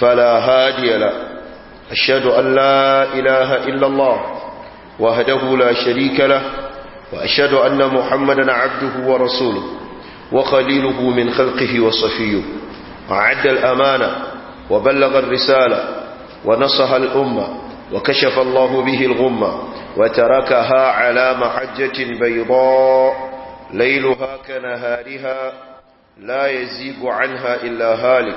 فلا هادي له أشهد أن لا إله إلا الله وهده لا شريك له وأشهد أن محمدا عبده ورسوله وخليله من خلقه وصفيه أعد الأمانة وبلغ الرسالة ونصح الأمة وكشف الله به الغمة وتركها على محجة بيضاء ليلها كنهارها لا يزيب عنها إلا هالك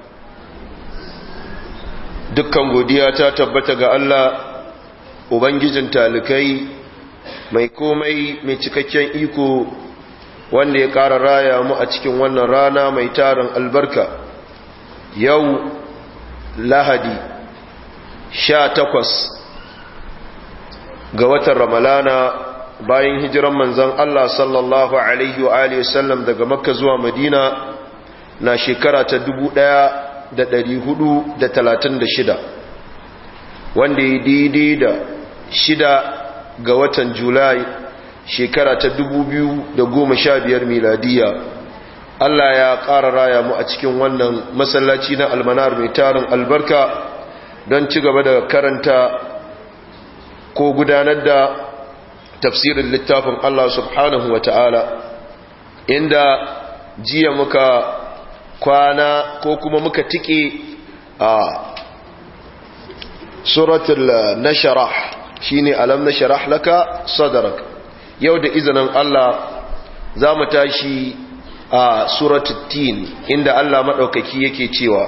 dukkan godiya ta tabbata ga Allah ubangijin talikai mai komai mai cikakken iko wanda ya ƙara raya mu a cikin wannan rana mai tarin albarka yau lahadi sha takwas ga watan ramalana bayan hijiran manzan Allah sallallahu alaihi wa sallam daga makka zuwa madina na shekara ta dubu ɗaya da ɗari hudu da talatin da shida wanda ya daidai da shida ga watan julai shekara ta dubu biyu da goma sha biyar miladiya Allah ya ƙara raya mu a cikin wannan masallaci na almanar mai tarin albarka don ci gaba da karanta ko gudanar da tafsirin littafin Allah subhanahu wa ta'ala inda jiya muka kwana ko kuma muka tike a suratul nasharah shine alam nasharah laka sadrak yau da izinin Allah za mu tashi a suratul tin inda Allah madaukaki yake cewa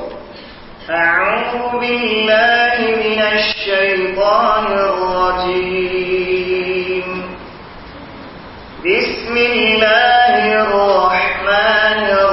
a'udhu billahi minash shaitanir rajim بسم الله الرحمن الرحيم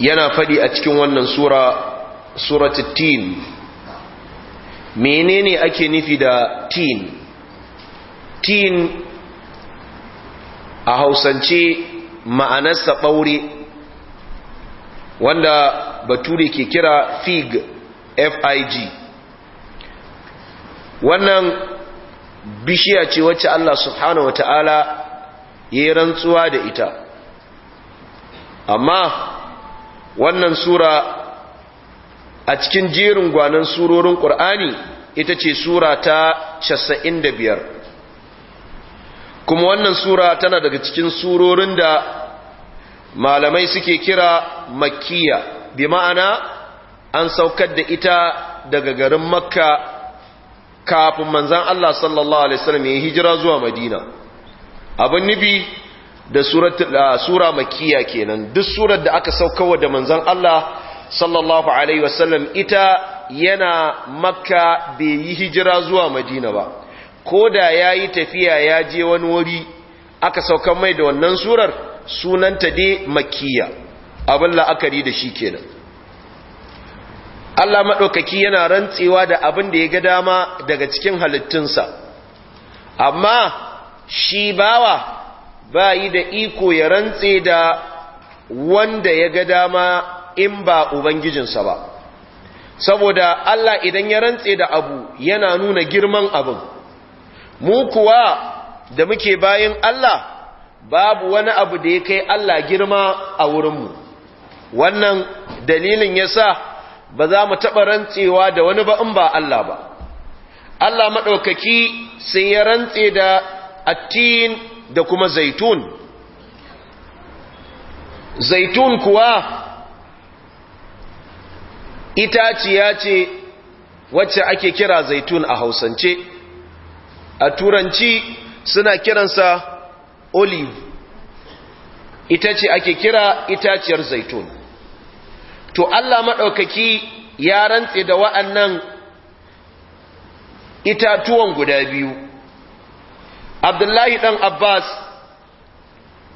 yana faɗi a cikin wannan sura suratul tin menene ake nufi da tin tin a hausance ma'anarsa ɓaure wanda bature ke kira fig fig wannan bishiya ce wacce Allah subhanahu wa ta'ala ya yi rantsuwa da ita amma wannan sura a cikin jerin gwanan surorin ƙur'ani ita ce sura ta 95 kuma wannan sura tana daga cikin surorin da malamai suke kira Makiya. bi ma'ana an saukar da ita daga garin makka kafin manzan Allah sallallahu Alaihi wasallam ya hijira zuwa madina abin nufi da sura makiya kenan duk surar da aka saukawa da manzan Allah sallallahu alaihi wasallam ita yana makka bai yi hijira zuwa madina ba ko da ya yi tafiya ya je wani wuri aka sauka mai da wannan surar sunanta dai makiya abin la'akari da shi kenan Allah maɗaukaki yana rantsewa da abin da ya ga dama daga cikin halittunsa amma shi bawa ba yi da iko ya rantse da wanda ya ga dama in ba ubangijinsa ba saboda Allah idan ya rantse da abu yana nuna girman abin mu kuwa da muke bayan Allah babu wani abu da ya kai Allah girma a wurinmu wannan dalilin ya sa ba za mu taɓa rantsewa da wani ba in ba Allah ba Allah maɗaukaki sai ya rantse da attin da kuma zaitun zaitun kuwa itaciya ce wacce ake kira zaitun a hausance a turanci suna kiransa olive ita ce ake kira itaciyar zaitun to Allah maɗaukaki ya rantse da wa'annan itatuwan guda biyu abdullahi ɗan abbas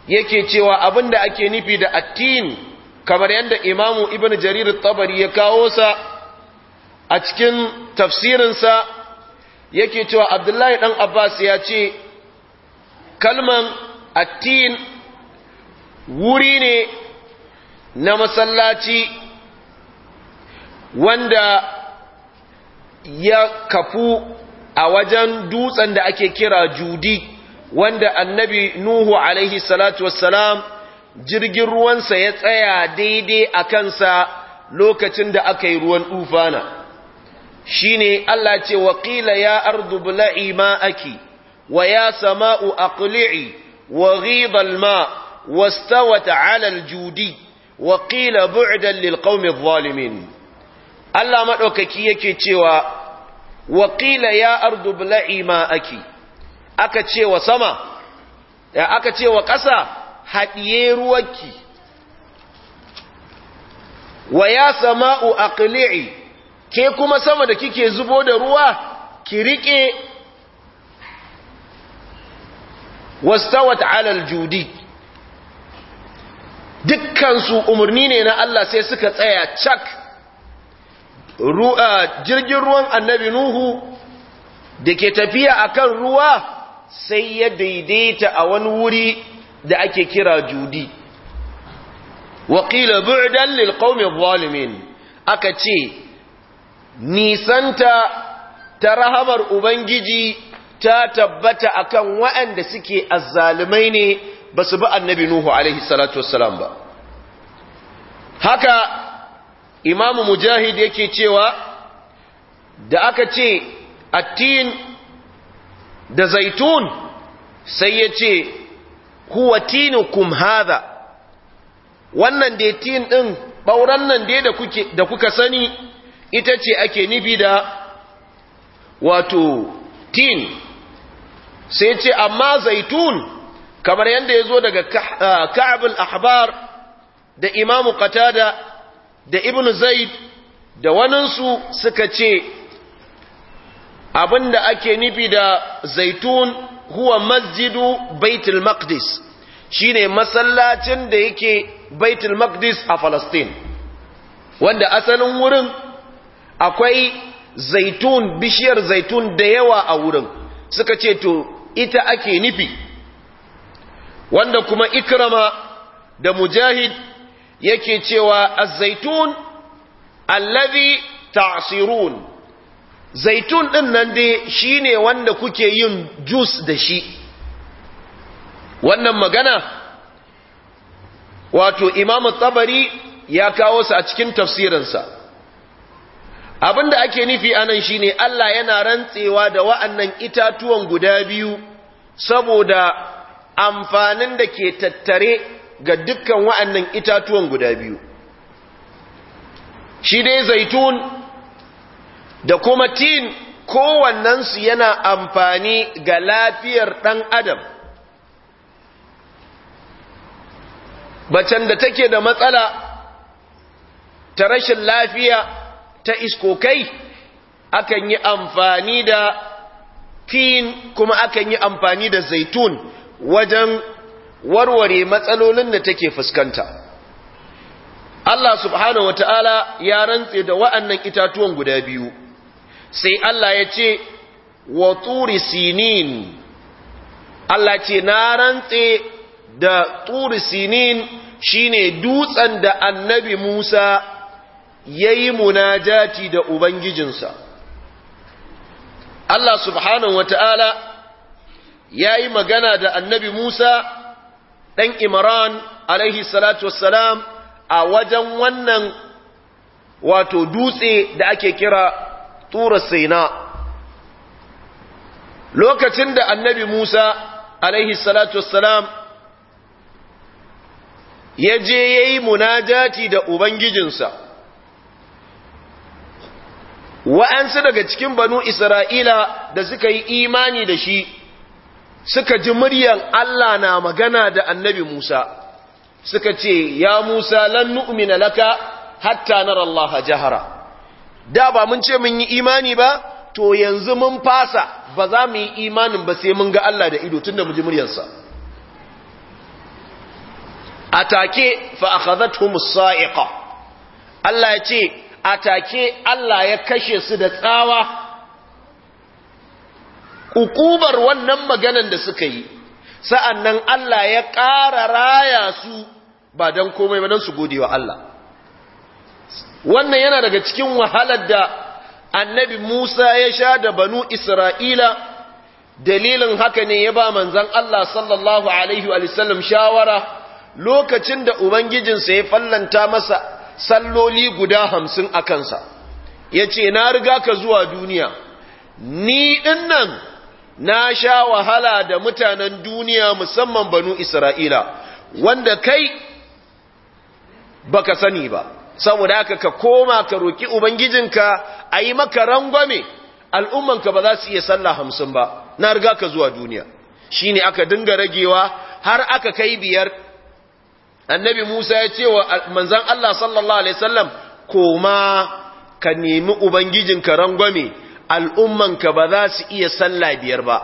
yake cewa abinda ake nufi da attin kamar yadda imamu ibn jarir tabari ya kawo sa a cikin tafsirinsa yake cewa abdullahi ɗan abbas ya ce kalman attin wuri ne na masallaci wanda ya kafu a wajen dutsen da ake kira judi wanda annabi nuhu alaihi salatu wassalam jirgin ruwansa ya tsaya daidai a kansa lokacin da aka yi ruwan ufana shi ne Allah ce waƙila ya ardu bula'i ma ake, wa ya sama'u ƙuli'i wa ghidal ma wastawata alal judi waƙila bu'dan lil qaumi zalimin Allah maɗaukaki yake cewa waƙila ya ardu bla'i ake. aka ce wa sama ya aka ce wa ƙasa haɗiye ruwanki wa ya sama'u aqli'i ke kuma sama da kike zubo da ruwa ki riƙe wastawat alal judi dukkansu umarni ne na Allah sai suka tsaya cak jirgin ruwan annabi nuhu da ke tafiya akan ruwa sai ya daidaita a wani wuri da ake kira judi waƙila bu'dan lil qaumin zalimin aka ce nisanta ta rahamar ubangiji ta tabbata akan waɗanda suke azzalumai ne basu bi annabi nuhu alaihi salatu wassalam ba haka imamu mujahid yake cewa da aka ce attin da zaitun sai ya ce huwa tinukum hadha wannan da tin din bauran nan dai da kuke da kuka sani ita ce ake nibi da wato tin sai ce amma zaitun kamar yadda ya zo daga ah, ka'abul ahbar da imamu qatada da ibn zaid da waninsu suka ce abinda ake nufi da zaitun huwa masjidu baitul maqdis shine masallacin da yake baitul maqdis a falastin wanda asalin wurin akwai zaitun bishiyar zaitun da yawa a wurin suka ce to ita ake nufi wanda kuma ikrama da mujahid yake cewa az-zaitun allazi ta'sirun zaitun din nan dai shine wanda kuke yin juice da shi wannan magana wato imamu tabari ya kawo su a cikin tafsirinsa abinda ake nufi anan shine Allah yana rantsewa da wa'annan itatuwan guda biyu saboda amfanin da ke tattare ga dukkan wa'annan itatuwan guda biyu shi dai zaitun da kuma tin kowannensu yana amfani ga lafiyar ɗan adam bacan da take da matsala ta rashin lafiya ta isko kai akan yi amfani da tin kuma akan yi amfani da zaitun wajen warware matsalolin da take fuskanta Allah subhanahu wataala ya rantse da wa'annan itatuwan guda biyu sai Allah ya ce wa turi sinin Allah ce na rantse da turi sinin shine dutsen da annabi Musa yayi munajati da ubangijinsa Allah subhanahu wataala yayi magana da annabi Musa ɗan imran alaihi salatu wassalam a wajen wannan wato dutse da ake kira tura saina lokacin da annabi musa alaihi salatu wassalam ya je ya yi munajati da ubangijinsa wa'ansu daga cikin banu isra'ila da suka yi imani da shi suka ji muryan Allah na magana da annabi Musa suka ce ya Musa lan nu'mina laka hatta nara Allah jahara da ba mun ce mun yi imani ba to yanzu mun fasa ba za mu yi imanin ba sai mun ga Allah da ido tunda mu ji muryarsa atake fa as sa'iqa Allah ya ce atake Allah ya kashe su da tsawa ukubar wannan maganan da suka yi sa'annan Allah ya ƙara raya su ba don komai ba don su gode wa Allah wannan yana daga cikin wahalar da annabi Musa ya sha da banu Isra'ila dalilin haka ne ya ba manzan Allah sallallahu Alaihi wasallam shawara lokacin da Ubangijinsa ya fallanta masa salloli guda hamsin a kansa ya ce na riga ka zuwa duniya ni ɗin nan na sha wahala da mutanen duniya musamman banu isra'ila wanda kai baka sani ba saboda haka ka koma ka roki ubangijinka a yi maka rangwame al'ummanka ba za su iya sallah hamsin ba na riga ka zuwa duniya shi ne aka dinga ragewa har aka kai biyar annabi musa ya ce wa manzan allah sallallahu alaihi sallam koma ka nemi ubangijinka rangwame al'ummanka ba za su iya sallah biyar ba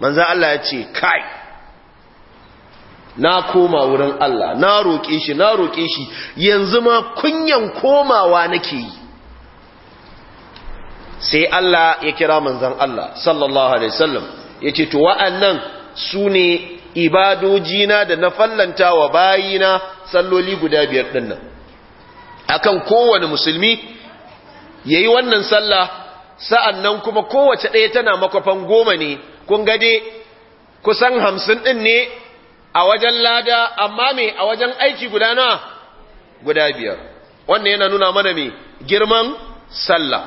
manzan Allah ya ce kai na koma wurin Allah na roƙe shi na roƙe shi yanzu ma kunyan komawa nake yi sai Allah ya kira manzan Allah sallallahu alaihi wasallam ya ce to wa'annan su ne ibadojina da na fallanta wa bayina salloli guda biyar ɗinnan akan kowane musulmi ya yi wannan sallah sa'an nan kuma kowace ɗaya tana makwafan goma ne kun gade kusan hamsin ɗin ne a wajen lada amma mai a wajen aiki guda na guda biyar wannan yana nuna mana mai girman sallah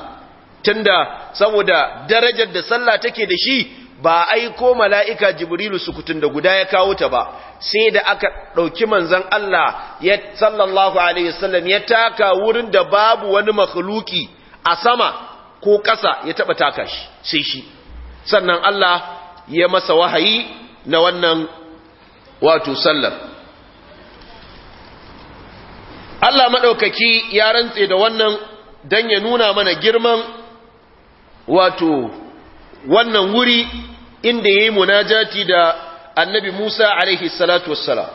tunda saboda darajar da sallah take da shi ba a aiko mala'ika jibrilu kutun da guda ya kawo ta ba sai da aka ɗauki manzan Allah ya sallallahu Alaihi wasallam ya taka wurin da babu wani makhluki a sama ko ƙasa ya taɓa taka shi sai shi sannan Allah ya masa wahayi na wannan wato sallar Allah maɗaukaki ya rantse da wannan don ya nuna mana girman wato wannan wuri inda ya yi munajati da annabi Musa alaihi salatu wassala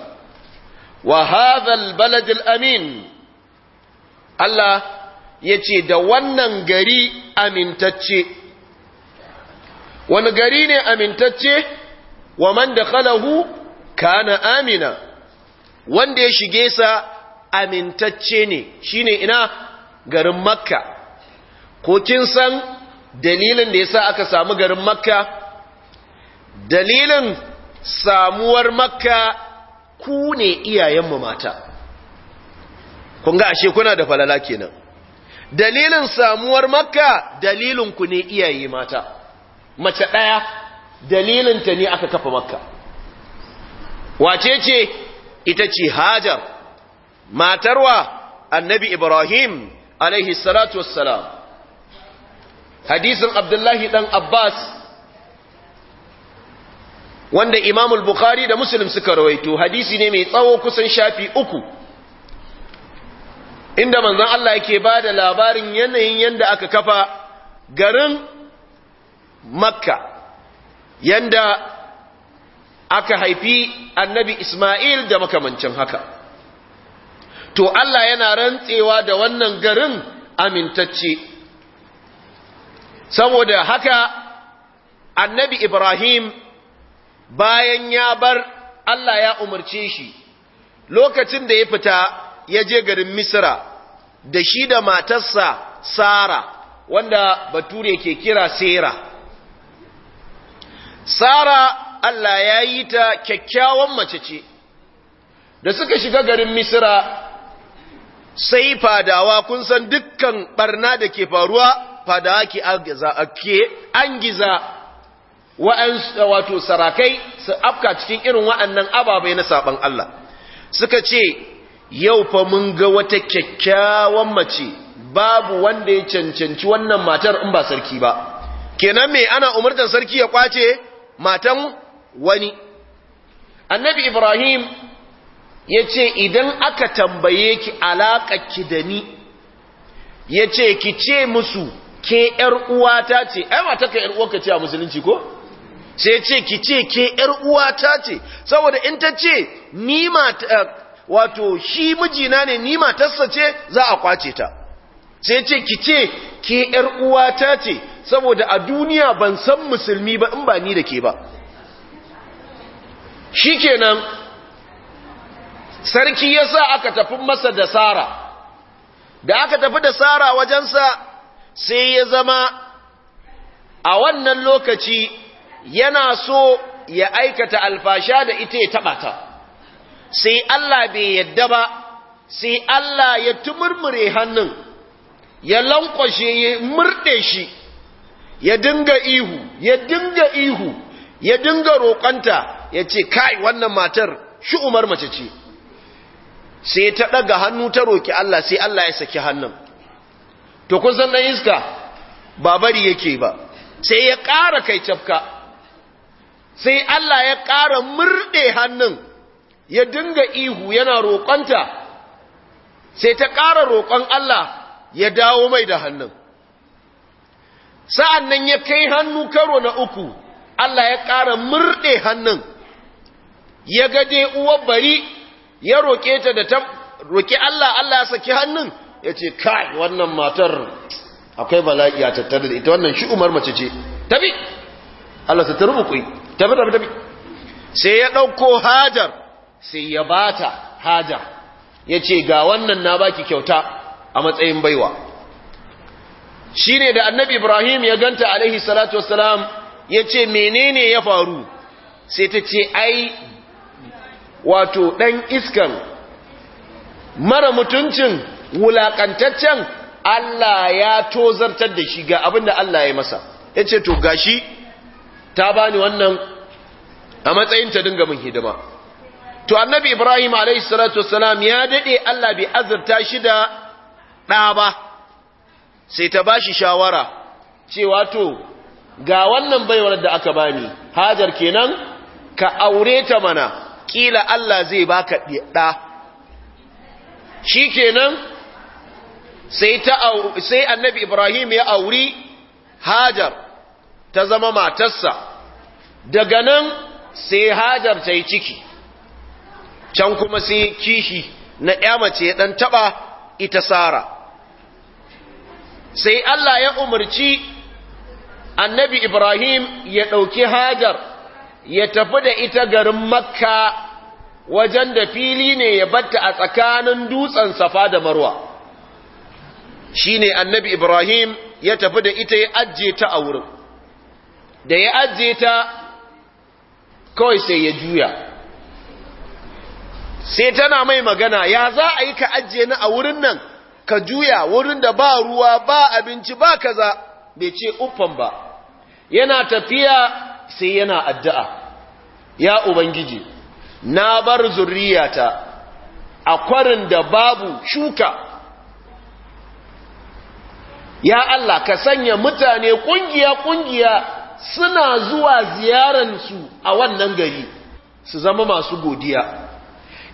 wa hadha baladil amin Allah ya ce da wannan gari amintacce wani gari ne amintacce wa man da kalahu kana amina wanda ya shige sa amintacce ne shine ina garin makka ko kin san dalilin da yasa aka samu garin makka dalilin samuwar makka ku ne iyayenmu mata kun ga ashe kuna da falala kenan dalilin samuwar makka dalilin ku ne iyaye mata mace ɗaya dalilinta ne aka kafa makka wace ce ita ce hajar matarwa annabi ibrahim alaihi salatu wassalam hadisin abdullahi dan abbas wanda imamul bukhari da muslim suka rawaito hadisi ne mai tsawo kusan shafi uku inda manzon Allah yake ba da labarin yanayin yanda aka kafa garin makka yanda aka haifi annabi Ismail da makamancin haka to Allah yana rantsewa da wannan garin amintacce saboda haka annabi Ibrahim bayan ya bar Allah ya umarce shi lokacin da ya fita ya je garin Misira da shi da matarsa sara wanda bature ke kira sera sara Allah ya yi ta kyakkyawan mace ce da suka shiga garin Misira sai fadawa kun san dukkan barna da ke faruwa fadawa ke an giza wato sarakai su afka cikin irin wa'annan ababai na saban Allah suka ce yau fa mun ga wata kyakkyawan mace babu wanda ya cancanci wannan matar in ba sarki ba kenan me ana umartar sarki ya kwace matan wani annabi ibrahim ya ce idan aka tambaye ki ki da ni ya ce ki ce musu ke uwata ce ai mata ka uwarka ce a musulunci ko? sai ce ki ce ke uwata ce saboda in ta ce ni mata wato shi mijina ne ni matarsa ce za a kwace ta sai ce ki ce ke yar uwata ce saboda a duniya ban san musulmi ba in ba ni da ke ba shikenan sarki yasa aka tafi masa da sara da aka tafi da sara wajensa sai ya zama a wannan lokaci yana so ya aikata alfasha da ita ya taɓa ta sai Allah bai yadda ba sai Allah ya tumurmure hannun ya lankwashe ya murde shi ya dinga ihu ya dinga ihu ya dinga roƙanta ya ce kai wannan matar shi umar mace ce sai ta ɗaga hannu ta roƙi Allah sai Allah ya saki hannun to kun ɗan iska ba bari yake ba sai ya ƙara kai cafka sai Allah ya ƙara murɗe hannun ya dinga ihu yana roƙonta sai ta ƙara roƙon Allah ya dawo mai da hannun sa'an nan ya kai hannu karo na uku Allah ya ƙara murɗe hannun ya gade uwa bari ya roƙe ta da ta roƙe Allah Allah ya saki hannun ya ce kai wannan matar akwai bala'i a tattare da ita wannan shi umar mace ce tabi Allah su ta rubu tabi tabi tabi sai ya ɗauko hajar sai ya bata haja ya ce ga wannan na baki kyauta a matsayin baiwa shi ne da annabi ibrahim ya ganta alaihi salatu wasalam ya ce menene ya faru sai ta ce ai wato ɗan iskan mara mutuncin wulaƙantaccen Allah ya tozartar da shi ga abin da Allah ya masa ya ce to gashi ta bani wannan a matsayin ta dinga mun hidima to annabi ibrahim alayhi salatu wassalam ya dade Allah bai azurta shi da ɗa ba sai ta bashi shawara cewa to ga wannan baiwar da aka bani hajar kenan ka aure ta mana kila Allah zai baka ɗa shikenan sai sai annabi ibrahim ya auri hajar ta zama matarsa daga nan sai hajar ta yi ciki can kuma sai kishi na ya mace ya ɗan taɓa ita sara sai Allah ya umarci annabi Ibrahim ya ɗauki Hajar ya tafi da ita garin Makka wajen da fili ne ya batta a tsakanin dutsen Safa da Marwa Shi ne annabi Ibrahim ya tafi da ita ya ajiye ta a wurin da ya ajiye ta kawai sai ya juya sai tana mai magana ya za a yi ka ajiye ni a wurin nan ka juya wurin da ba ruwa ba abinci ba kaza bai ce uffan ba yana tafiya sai yana addu'a ya ubangiji na bar zurriyata a kwarin da babu shuka ya Allah ka sanya mutane kungiya-kungiya suna zuwa ziyararsu a wannan gari su zama masu godiya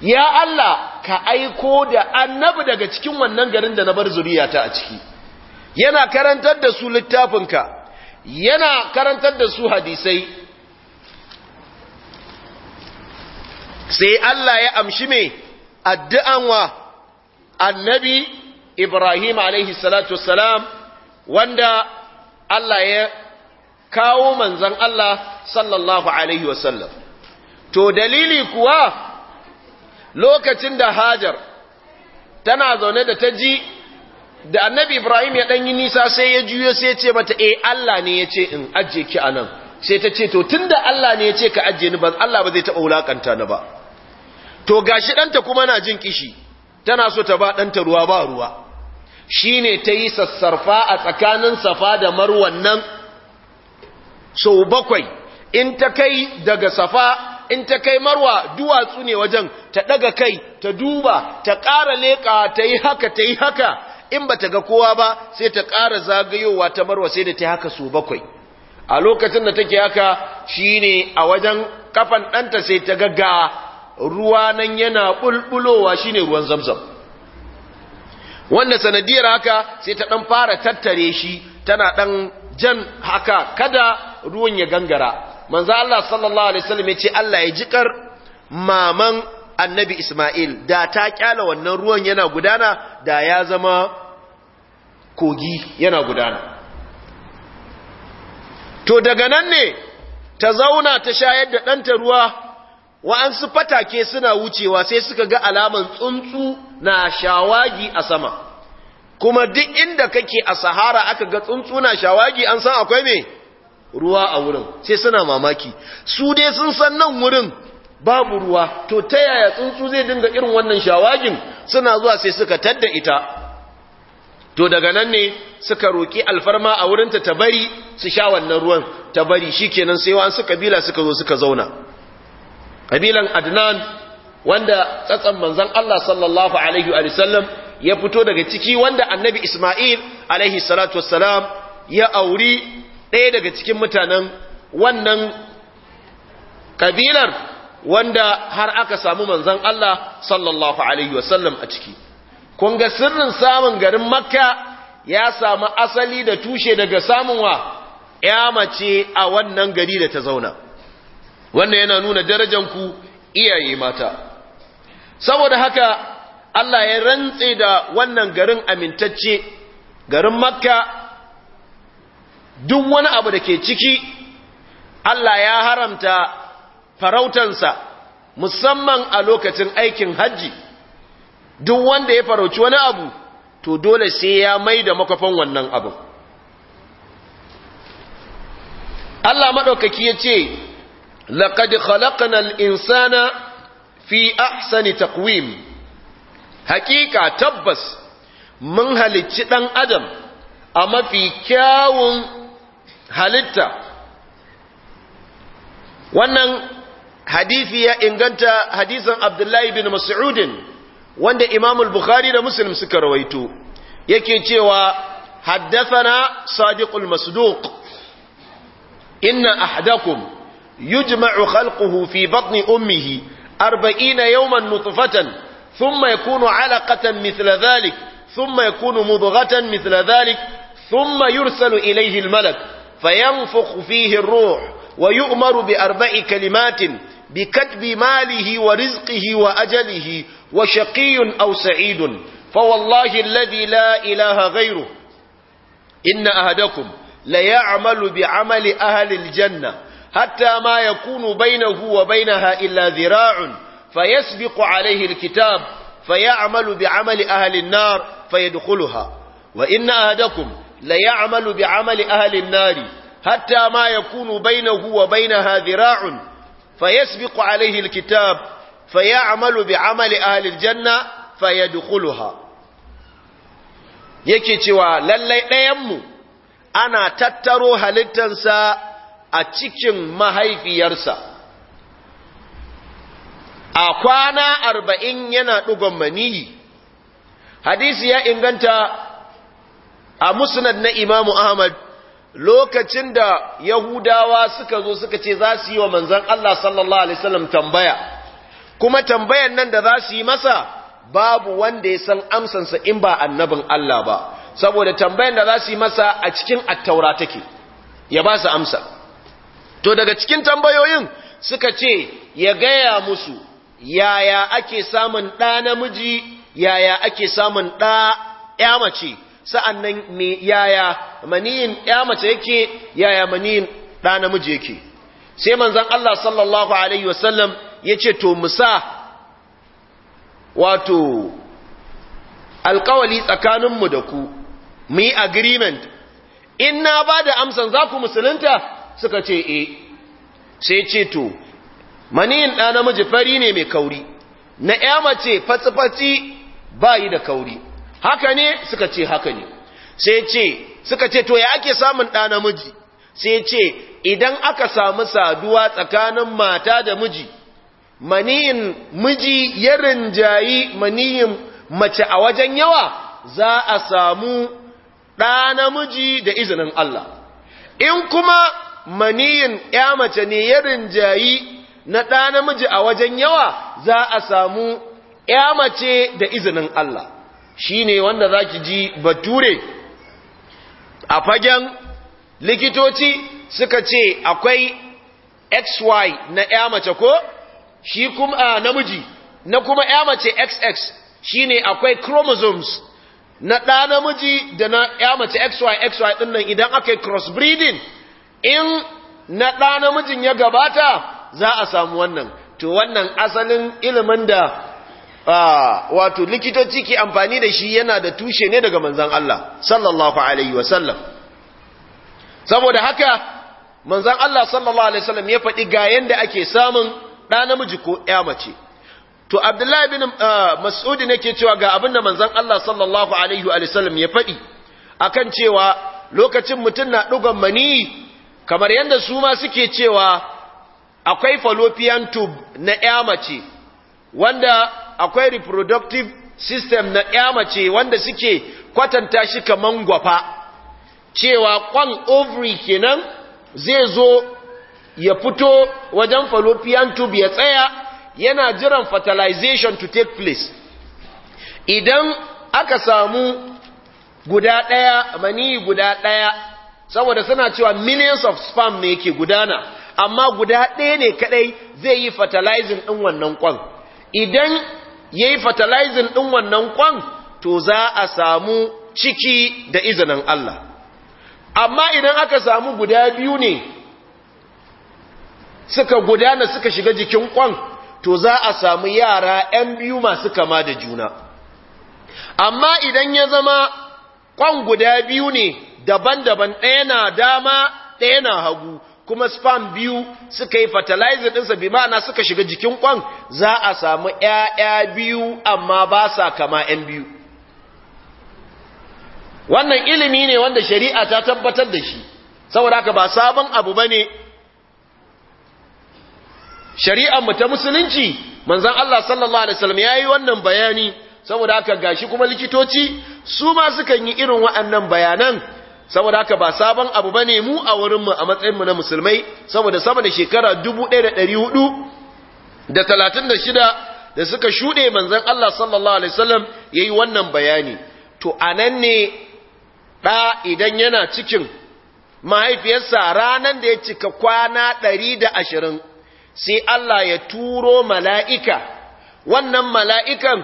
ya Allah ka aiko da annabi daga cikin wannan garin da na bar zuriyata a ciki yana karantar da su littafinka yana karantar da su hadisai sai Allah ya amshi me addu'an wa annabi Ibrahim alaihi salatu wassalam wanda Allah ya kawo manzon Allah sallallahu alaihi wasallam to dalili kuwa lokacin da hajar tana zaune da ta ji da annabi ibrahim ya ɗanyi nisa sai ya juyo sai ce mata e allah ne ya ce in ajiye ki a nan sai ta ce to tun da allah ne ya ce ka ajiye ni ba allah ba zai taɓa wulaƙanta ni ba to gashi ɗanta kuma na jin kishi tana so ta ba ɗanta ruwa ba ruwa shi ne ta yi sassarfa a tsakanin safa da marwan nan sau bakwai in ta kai daga safa in ta kai marwa duwatsu ne wajen ta daga kai ta duba ta ƙara leƙa ta yi haka ta yi haka in ba ta ga kowa ba sai ta ƙara zagayowa ta marwa sai da ta haka su bakwai a lokacin da take haka shi ne a wajen kafan ɗanta sai ta gaga ruwa nan yana shi ne ruwan zamzam wanda sanadiyar haka sai ta ɗan fara tattare shi tana ɗan jan haka kada ruwan ya gangara manzo Allah sallallahu alaihi wasallam yace Allah ya jikar maman annabi Isma'il da ta kyala wannan ruwan yana gudana da ya zama kogi yana gudana to daga nan ne ta zauna ta shayar da danta ruwa wa'ansu fatake suna wucewa sai suka ga alaman tsuntsu na shawagi a sama kuma duk inda kake a sahara aka ga tsuntsu na shawagi an san akwai me ruwa a wurin sai suna mamaki su dai sun san nan wurin babu ruwa to ta yaya tsuntsu zai dinga irin wannan shawagin suna zuwa sai suka tadda ita to daga nan ne suka roki alfarma a wurinta ta bari su sha wannan ruwan ta bari shikenan sai su kabila suka zo suka zauna kabilan adnan wanda tsatsan manzon Allah sallallahu alaihi wa sallam ya fito daga ciki wanda annabi Isma'il alaihi salatu wassalam ya auri ɗaya daga cikin mutanen wannan kabilar wanda har aka samu manzan Allah sallallahu alaihi wasallam a ciki kun sirrin samun garin makka ya samu asali da tushe daga samunwa ya mace a wannan gari da ta zauna wannan yana nuna darajanku iyaye mata saboda haka Allah ya rantse da wannan garin amintacce garin makka duk wani abu da ke ciki Allah ya haramta farautansa musamman a lokacin aikin hajji duk wanda ya farauci wani abu to dole sai ya mai da makwafan wannan abu Allah maɗaukaki ya ce laƙad khalaƙanar insana fi ahsani takwim Haƙiƙa tabbas mun halicci ɗan adam a mafi kyawun halitta wannan hadisi ya inganta hadisan abdullahi bin mas'udin wanda imam al-bukhari da muslim suka rawaito yake cewa haddathana sadiqul masduq inna ahdakum yujma'u khalquhu fi batni ummihi 40 yawman nutfatan thumma yakunu 'alaqatan mithla dhalik thumma yakunu mudghatan mithla dhalik thumma yursalu ilayhi al-malak فينفخ فيه الروح ويؤمر بأربع كلمات بكتب ماله ورزقه وأجله وشقي أو سعيد فوالله الذي لا إله غيره إن أهدكم ليعمل بعمل أهل الجنة حتى ما يكون بينه وبينها إلا ذراع فيسبق عليه الكتاب فيعمل بعمل أهل النار فيدخلها وإن أهدكم la ya'malu bi amali ahli an-nari hatta ma yakunu bainahu wa bainaha dhira'un fayasbiqu alayhi al-kitab fayamalu bi amali ahli al-janna fayadkhuluha yake cewa lallai ɗayan mu ana tattaro halittansa a cikin mahaifiyarsa a kwana arba'in yana ɗugon maniyi hadisi ya inganta a musnad na imamu ahmad lokacin da yahudawa suka zo suka ce za su yi wa manzan Allah sallallahu alaihi wasallam tambaya kuma tambayan nan da za su yi masa babu wanda ya san amsansa in ba annabin Allah ba saboda tambayan da za su yi masa a cikin attaura take ya ba su amsa to daga cikin tambayoyin suka ce ya gaya musu yaya ake samun ɗa namiji yaya ake samun ɗa ya mace sa'annan me yaya maniyin ya mace yake yaya maniyin ɗa namiji yake sai manzon Allah sallallahu alaihi wasallam ce to musa wato alkawali tsakaninmu da ku mu yi agreement in na ba da amsan za ku musulunta suka ce e sai ce to maniyin ɗa namiji fari ne mai kauri na ya mace fatsi-fatsi ba yi da kauri haka ne suka ce haka ne sai ce suka ce to ya ake samun ɗa namiji sai ce idan aka samu saduwa tsakanin mata da miji maniyin miji ya rinjayi maniyin mace a wajen yawa za a samu ɗa namiji da izinin Allah in kuma maniyin ya mace ne ya rinjayi na ɗa namiji a wajen yawa za a samu ya mace da izinin Allah shine wanda zaki ji bature a fagen likitoci suka ce akwai xy na ya mace ko shi kuma namiji na kuma ya mace xx shine akwai chromosomes na ɗa namiji da na ya mace xy xy ɗin nan idan aka yi crossbreeding in na ɗa namijin ya gabata za a samu wannan to wannan asalin ilimin da Ah, wato likitoci ke amfani da shi yana da tushe ne daga manzan Allah sallallahu alaihi wasallam saboda haka manzan Allah sallallahu alaihi wasallam ya faɗi ga yanda ake samun ɗa namiji ko ƴa mace to abdullahi bin ah, mas'udi nake cewa ga abin da manzan Allah sallallahu alaihi wasallam ya faɗi akan cewa lokacin mutum na ɗugan mani kamar yadda su ma suke cewa akwai fallopian tube na ƴa mace wanda akwai reproductive system na mace wanda suke kwatanta shi kaman gwafa cewa kwan ovary kenan zai zo ya fito wajen fallopian tube ya tsaya yana jiran fertilization to take place idan aka samu guda ɗaya mani guda ɗaya saboda suna cewa millions of sperm ne yake gudana amma guda ɗaya ne kadai zai yi fertilizing ɗin wannan kwan idan Yayi yi fertilizing ɗin wannan kwan to za a samu ciki da izinin Allah amma idan aka samu guda biyu ne suka gudana suka shiga jikin kwan to za a samu yara 'yan biyu masu kama da juna amma idan ya zama kwan guda biyu ne daban-daban ɗaya na dama ɗaya na hagu kuma sperm biyu suka yi fertilizer ɗinsa bi ma'ana suka shiga jikin kwan za a samu ‘ya'ya biyu amma ba sa kama ‘yan biyu wannan ilimi ne wanda shari'a ta tabbatar da shi saboda haka ba sabon abu ba ne mu ta musulunci manzan Allah sallallahu Alaihi wasallam ya yi wannan bayani saboda haka gashi kuma likitoci su ma sukan yi irin waɗannan bayanan saboda haka ba sabon abu bane mu a wurinmu a matsayinmu na musulmai saboda sama da shekara 1400 da da suka shuɗe manzon Allah sallallahu alaihi wasallam yayi wannan bayani to anan ne da idan yana cikin mahaifiyarsa ranan da ya cika kwana 120 sai Allah ya turo mala'ika wannan mala'ikan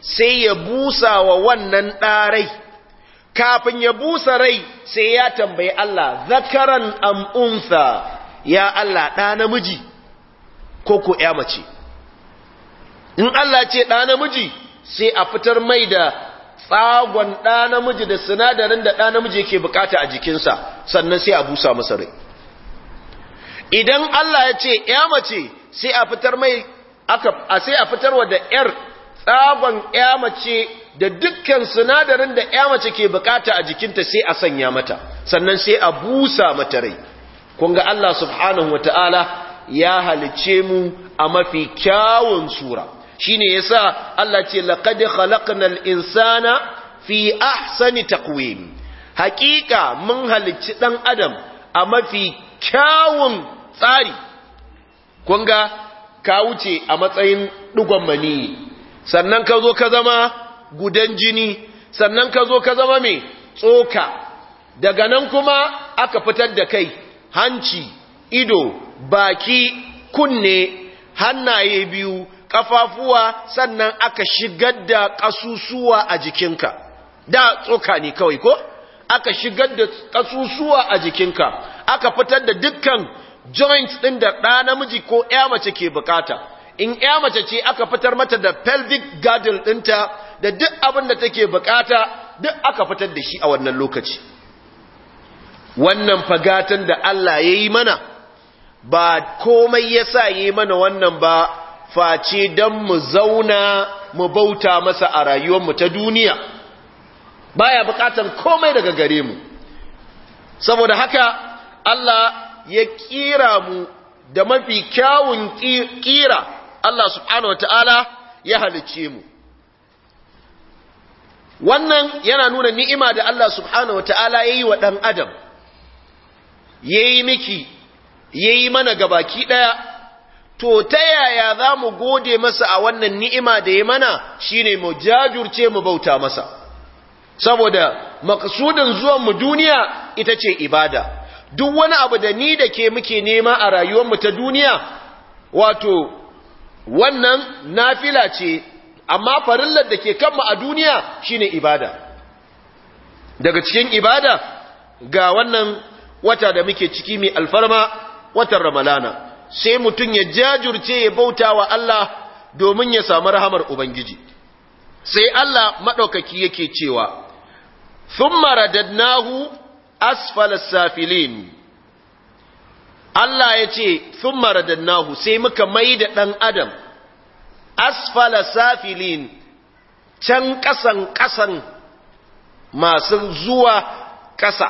sai ya busa wa wannan ɗarai kafin ya busa rai sai ya tambayi Allah zakaran am unsa ya Allah ɗa namiji ko ko ya mace in Allah ce ɗa namiji sai a fitar mai da tsagon ɗa namiji da sinadarin da ɗa namiji yake bukata a jikinsa sannan sai a busa masa rai idan Allah ya ce ya mace sai a fitar mai aka sai a wa da yar tsagon ya mace da dukkan sinadarin da ya mace ke bukata a jikinta sai a sanya mata sannan sai a busa mata rai kun ga Allah subhanahu wata'ala ya halice mu a mafi kyawun sura shine yasa Allah ce laqad khalaqnal insana fi ahsani taqwim hakika mun halicci dan adam a mafi kyawun tsari kun ga ka wuce a matsayin dugon mani sannan ka zo ka zama gudan jini sannan ka zo ka zama mai tsoka daga nan kuma aka fitar da kai hanci ido baki kunne hannaye biyu kafafuwa sannan aka shigar da kasusuwa a jikinka da tsoka ne kawai ko aka shigar da kasusuwa a jikinka aka fitar da dukkan joints din da ɗa namiji ko ƴa mace ke bukata in ya mace ce aka fitar mata da pelvic girdle ɗinta da duk abin da take bukata duk aka fitar da shi a wannan lokaci wannan fagatan da Allah ya yi mana ba komai ya sa yi mana wannan ba face don mu zauna mu bauta masa a rayuwar mu ta duniya baya bukatan komai daga gare mu saboda haka Allah ya kira mu da mafi kyawun kira Allah subhanahu wataala ya halicce mu wannan yana nuna ni'ima da Allah subhanahu wataala yayi wa dan adam yayi miki yayi mana gabaki daya to ta yaya za mu gode masa a wannan ni'ima da ya mana shine mu jajurce mu bauta masa saboda maksudin zuwan mu duniya ita ce ibada duk wani abu da ni da ke muke nema a rayuwar mu ta duniya wato wannan nafila ce amma farillar da ke kanmu a duniya shine ibada daga cikin ibada ga wannan wata da muke ciki mai alfarma watan ramalana sai mutum ya jajurce ya bauta wa Allah domin ya samu rahamar ubangiji sai Allah maɗaukaki yake cewa thumma radadnahu asfalas safilin Allah ya ce sun nahu sai muka mai da ɗan adam asfala safilin can ƙasan ƙasan masu zuwa ƙasa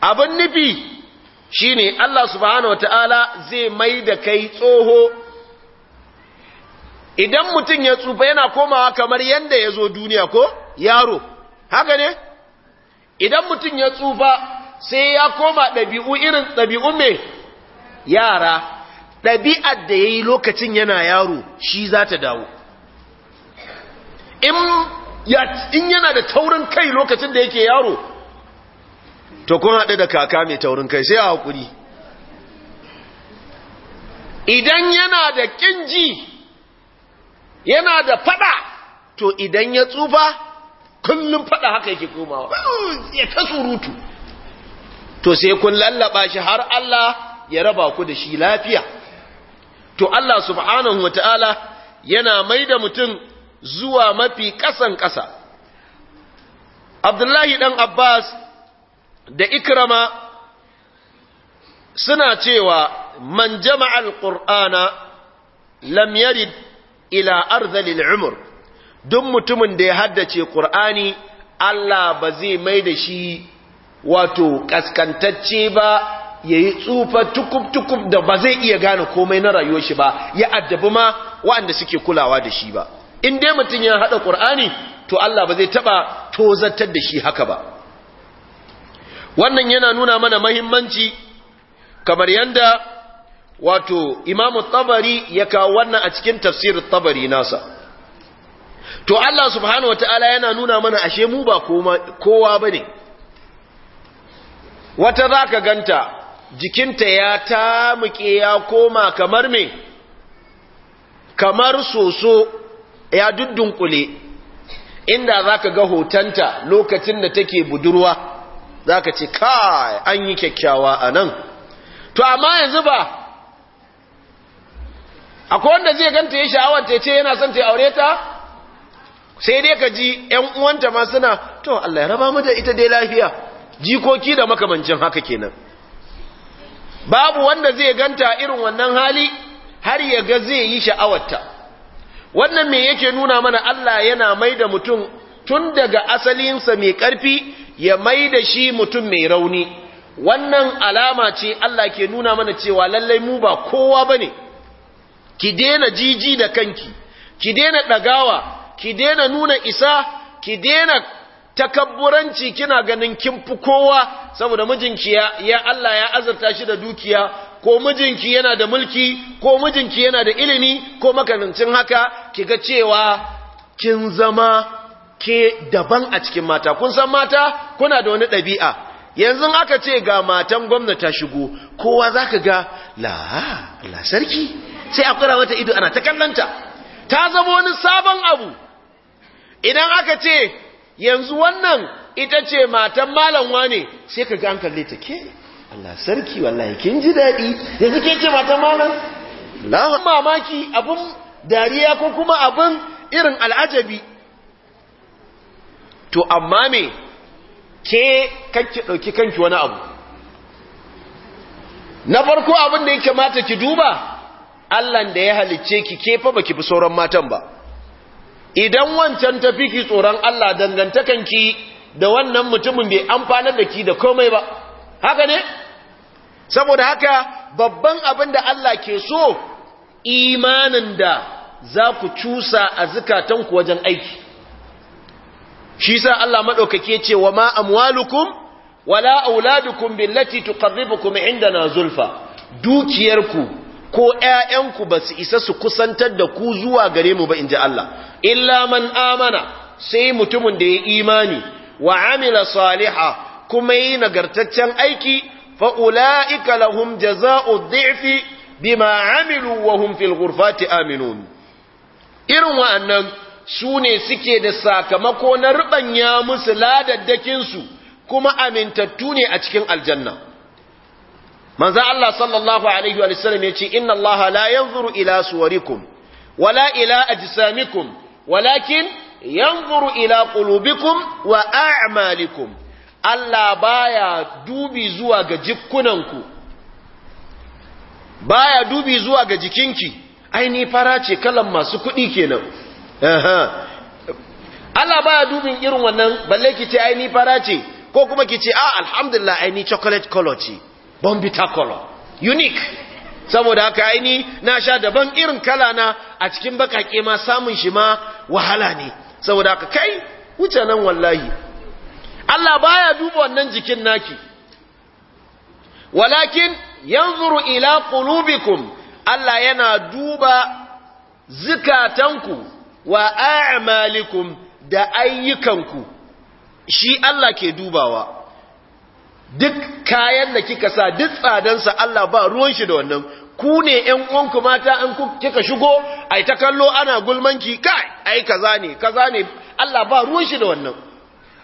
abin nufi shi ne Allah subhanahu ta’ala zai mai da kai tsoho idan mutum ya tsufa yana komawa kamar yadda ya zo duniya ko yaro haka ne idan mutum ya tsufa sai ya koma ɗabi'u irin ɗabi'u mai yara ɗabi'ar da ya yi lokacin yana yaro shi za ta dawo in yana da taurin kai lokacin da yake yaro to kun haɗu da kaka mai taurin kai sai a haƙuri idan yana da ƙinji yana da fada to idan ya tsufa kullum fada haka yake komawa ya ta surutu to sai kun lallaba shi har Allah ya raba ku da shi lafiya to Allah subhanahu wataala yana maida mutum zuwa mafi kasan kasa Abdullahi dan Abbas da Ikrama suna cewa man jama'al qur'ana lam yarid ila arzalil umr duk mutumin da ya haddace qur'ani Allah ba zai mai da shi wato kaskantacce ba ya yi tsufa tukub-tukub da ba zai iya gane komai na rayuwar shi ba ya addabi ma waɗanda suke kulawa da shi ba in dai mutum ya haɗa ƙur'ani to Allah ba zai taɓa tozartar da shi haka ba wannan yana nuna mana mahimmanci kamar yadda wato imamu tabari ya kawo wannan a cikin tafsirin tabari nasa to Allah subhanahu wa ta'ala yana nuna mana ashe mu ba kowa ba ne wata za ka ganta jikinta ya tamuke ya koma kamar me kamar soso ya duddunkule inda za ka ga hotonta lokacin da take budurwa za ka ce kai an yi kyakkyawa a nan to amma yanzu ba akwai wanda zai ganta ya sha'awar ta ce yana son ta aure ta sai dai ka ji 'yan uwanta ma suna to Allah ya raba mu da ita dai lafiya jikoki da makamancin haka kenan babu wanda zai ganta irin wannan hali har ya ga zai yi sha'awarta wannan me yake nuna mana Allah yana mai da mutum tun daga asalinsa mai ƙarfi ya mai da shi mutum mai rauni wannan alama ce Allah ke nuna mana cewa lallai mu ba kowa bane ki daina jiji da kanki ki daina dagawa ki daina nuna isa ki daina takabburanci kina ganin kin fi kowa saboda mijinki ya, ya Allah ya azurta shi da dukiya ko mijinki yana da mulki ko mijinki yana da ilimi ko makamancin haka kiga cewa kin zama ke daban a cikin mata kun san mata kuna da wani ɗabi'a yanzu aka ce ga matan gwamnati ta shigo kowa zaka ga la la sarki sai a kura mata ido ana ta kallanta ta zama wani sabon abu idan aka ce yanzu wannan ita ce matan malamwa wane sai ka ganka an ke Allah sarki wallahi kin ji daɗi yanzu ke ce matan malam la mamaki abun dariya ko kuma abun irin al'ajabi to amma me ke kake dauki kanki wani abu na farko abin da ya kamata ki duba Allah da ya halicce ki ke fa baki bi sauran matan ba idan wancan tafi ki tsoron Allah ki da wannan mutumin bai amfanar da ki da komai ba haka ne saboda haka babban abin da Allah ke so imanin da za ku cusa a zukatanku wajen aiki shi sa Allah maɗaukake ce wa ma amwalukum wala auladukum billati tuqarribukum indana zulfa dukiyarku ko ‘ya'yanku ba su isa su kusantar da ku zuwa gare mu ba in ji Allah, illa man amana sai mutumin da ya imani wa amila saliha kuma yi nagartaccen aiki fa'ula'ika lahum jaza'u dhi'fi bima amilu wa fil ghurfati aminun. Irin wa'annan su ne suke da sakamako na ruɓanya musu ladaddakinsu kuma amintattu ne a cikin aljanna. manzo Allah sallallahu alaihi Wasallam ya ce, inna Allah la yanzuru ila suwarikum wala ila ajsamikum walakin yanzuru ila qulubikum wa a'malikum Allah baya dubi zuwa ga jikkunanku baya dubi zuwa ga jikinki ai ni fara ce kalan masu kuɗi kenan Allah baya dubin irin wannan balle ki ce aini ni fara ce ko kuma ki ce a ah, alhamdulillah aini chocolate color ce ta color unique saboda haka aini na sha daban irin kala na a cikin bakake ma samun shi ma wahala ne saboda haka kai wuce nan wallahi Allah baya duba wannan jikin naki walakin yanzuru ila qulubikum Allah yana duba zikatanku wa a'malikum da ayyukan ku shi Allah ke dubawa duk kayan da kika sa duk tsadansa Allah ba ruwan shi da wannan ku ne ƴan uwanku mata an kika shigo ai ta kallo ana gulmanki kai ai kaza ne kaza ne Allah ba ruwan shi da wannan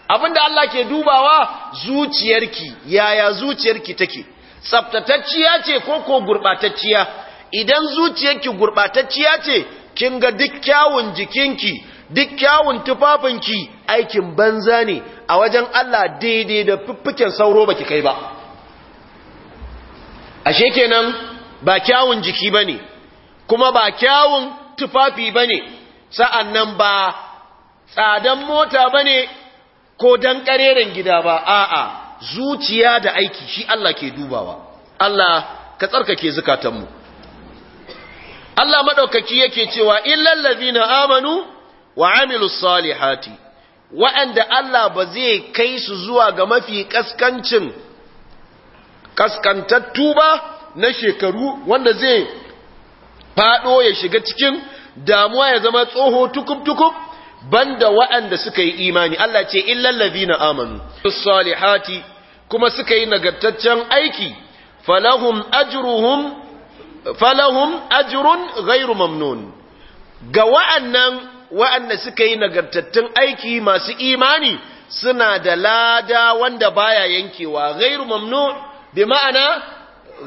abinda Allah ke dubawa zuciyarki yaya zuciyarki take tsaftatacciya ce ko ko gurbatacciya idan zuciyarki gurbatacciya ce kin ga duk jikinki duk kyawun tufafinki aikin banza ne a wajen Allah daidai da fuffuken sauro baki kai ba ashe kenan ba kyawun jiki bane kuma ba kyawun tufafi bane sa'annan ba tsadan mota bane ko dan kareren gida ba a'a zuciya da aiki shi Allah ke dubawa Allah ka tsarkake zukatanmu Allah madaukaki yake cewa illal ladina amanu wa amilu salihati wa'anda Allah ba zai kai su zuwa ga mafi kaskancin kaskantattu ba na shekaru wanda zai fado ya shiga cikin damuwa ya zama tsoho tukub-tukub banda wa'anda suka yi imani Allah ce illallazi na amanu salihati kuma suka yi nagartaccen aiki falahum ajruhum falahum ajrun ghairu mamnun ga wa'annan wa'anda suka yi nagartattun aiki masu imani suna da lada wanda baya yankewa gairu mamnu bi ma'ana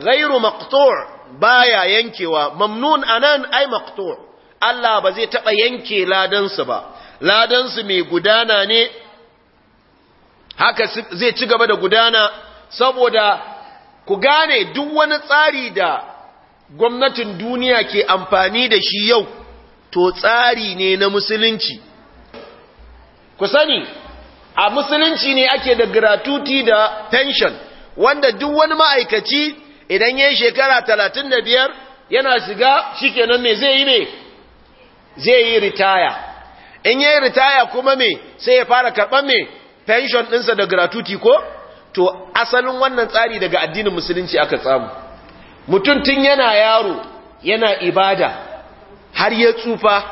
gairu maqtu' baya yankewa mamnun anan ai maqtu' Allah ba zai taba yanke ladansu ba ladansu mai gudana ne haka zai ci gaba da gudana saboda ku gane duk wani tsari da gwamnatin duniya ke amfani da shi yau to tsari ne na musulunci ku sani a musulunci ne ake da gratuity da pension wanda duk wani ma'aikaci idan ya shekara talatin da biyar yana shiga shikenan me zai yi ne zai yi ritaya in yayi yi ritaya kuma me sai ya fara karɓar me pension dinsa da gratuity ko to asalin wannan tsari daga addinin musulunci aka samu mutum tun yana yaro yana ibada har ya tsufa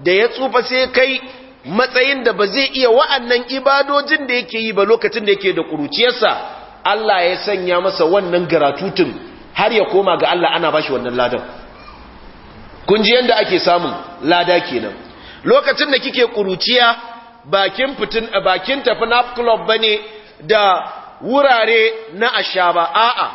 da ya tsufa sai kai matsayin da ba zai iya wa'annan ibadojin da yake yi ba lokacin da yake da kuruciyarsa Allah ya sanya masa wannan garatutun har ya koma ga Allah ana bashi wannan ladan kun ji yanda ake samun lada kenan lokacin da kike kuruciya bakin fitin bakin tafi nap club bane da wurare na ashaba a'a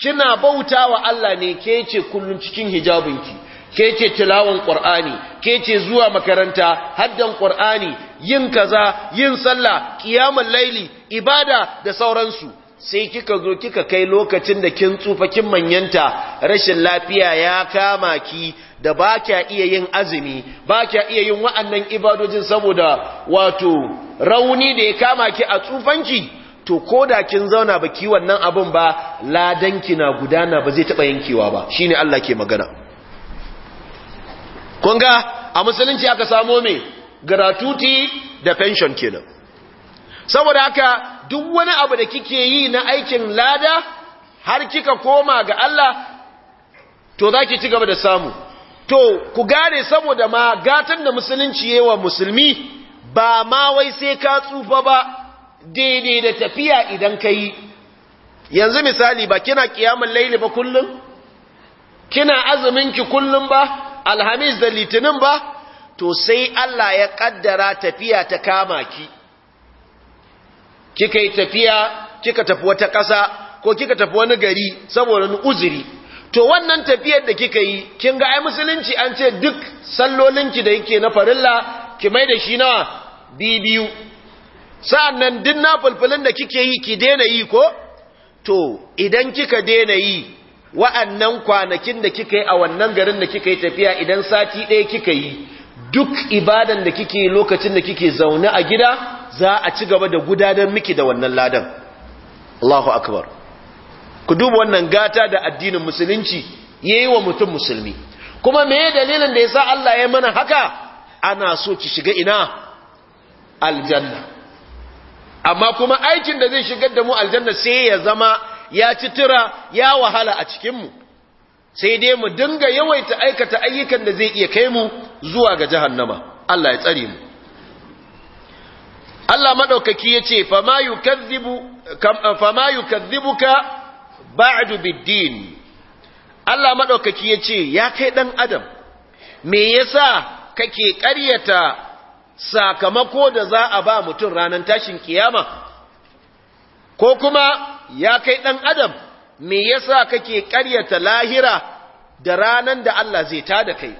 kina bautawa Allah ne ke ce kullun cikin hijabinki ke ce tilawan ƙwar'ani ke ce zuwa makaranta haddan ƙwar'ani yin kaza yin sallah ƙiyamun laili ibada da sauransu sai kika zo kika kai lokacin da kin tsufa kin manyanta rashin lafiya ya kama ki da ba kya iya yin azumi ba kya iya yin wa'annan ibadojin saboda wato rauni da ya kama ki a tsufanki to ko da kin zauna ba ki wannan abin ba ladanki na gudana ba zai taɓa yankewa ba shine Allah ke magana Kunga a musulunci aka samo mai gratuity da pension kenan saboda haka duk wani abu da kike yi na aikin lada har kika koma ga Allah to za ki ci gaba da samu to ku gane saboda ma gatan da musulunci yawa musulmi ba ma wai sai ka tsufa ba daidai da tafiya idan ka yi yanzu misali ba kina kiyamun laili ba kullum kina azuminki kullum ba alhamis da litinin ba to sai Allah ya kaddara tafiya ta kama ki kika yi tafiya kika tafi wata ƙasa ko kika tafi wani gari saboda wani uzuri to wannan tafiyar da kika yi kin ga ai musulunci an ce duk sallolinki da yake na farilla ki mai da shi nawa bibiyu sa'annan duk na fulfulin da kike yi ki daina yi ko to idan kika daina yi wa'annan kwanakin da kika yi a wannan garin da kika yi tafiya idan sati ɗaya kika yi duk ibadan da kike lokacin da kike zaune a gida za a ci gaba da gudanar miki da wannan ladan Allahu akbar ku duba wannan gata da addinin musulunci yayi wa mutum musulmi kuma ya dalilin da ya sa Allah ya mana haka ana so ki shiga ina aljanna amma kuma aikin da zai shigar da mu aljanna sai ya zama ya ci tura ya wahala a cikinmu sai dai mu dinga yawaita aikata ayyukan da zai iya kai mu zuwa ga jahannama Allah ya tsare mu Allah madaukaki yace fama yukazzibu fama yukazzibuka ba'du biddin Allah madaukaki yace ya kai dan adam me yasa kake ƙaryata sakamako da za a ba mutum ranar tashin kiyama ko kuma ya kai ɗan adam me yasa kake ƙaryata lahira da ranan da Allah zai ta da kai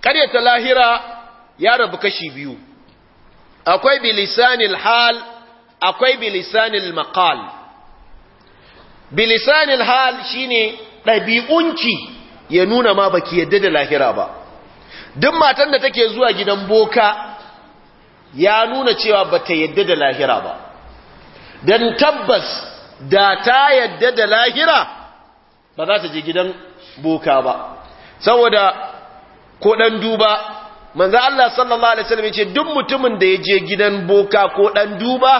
ƙaryata lahira ya rabu kashi biyu akwai bilisanil hal akwai bilisanil maqal bilisanil hal shine ɗabi'unki ya nuna ma baki yadda da lahira ba duk matan da take zuwa gidan boka ya nuna cewa bata yadda da lahira ba Dan tabbas da ta yadda da lahira ba za ta je gidan boka ba saboda ko dan duba manzo Allah sallallahu alaihi wasallam yace duk mutumin da ya je gidan boka ko dan duba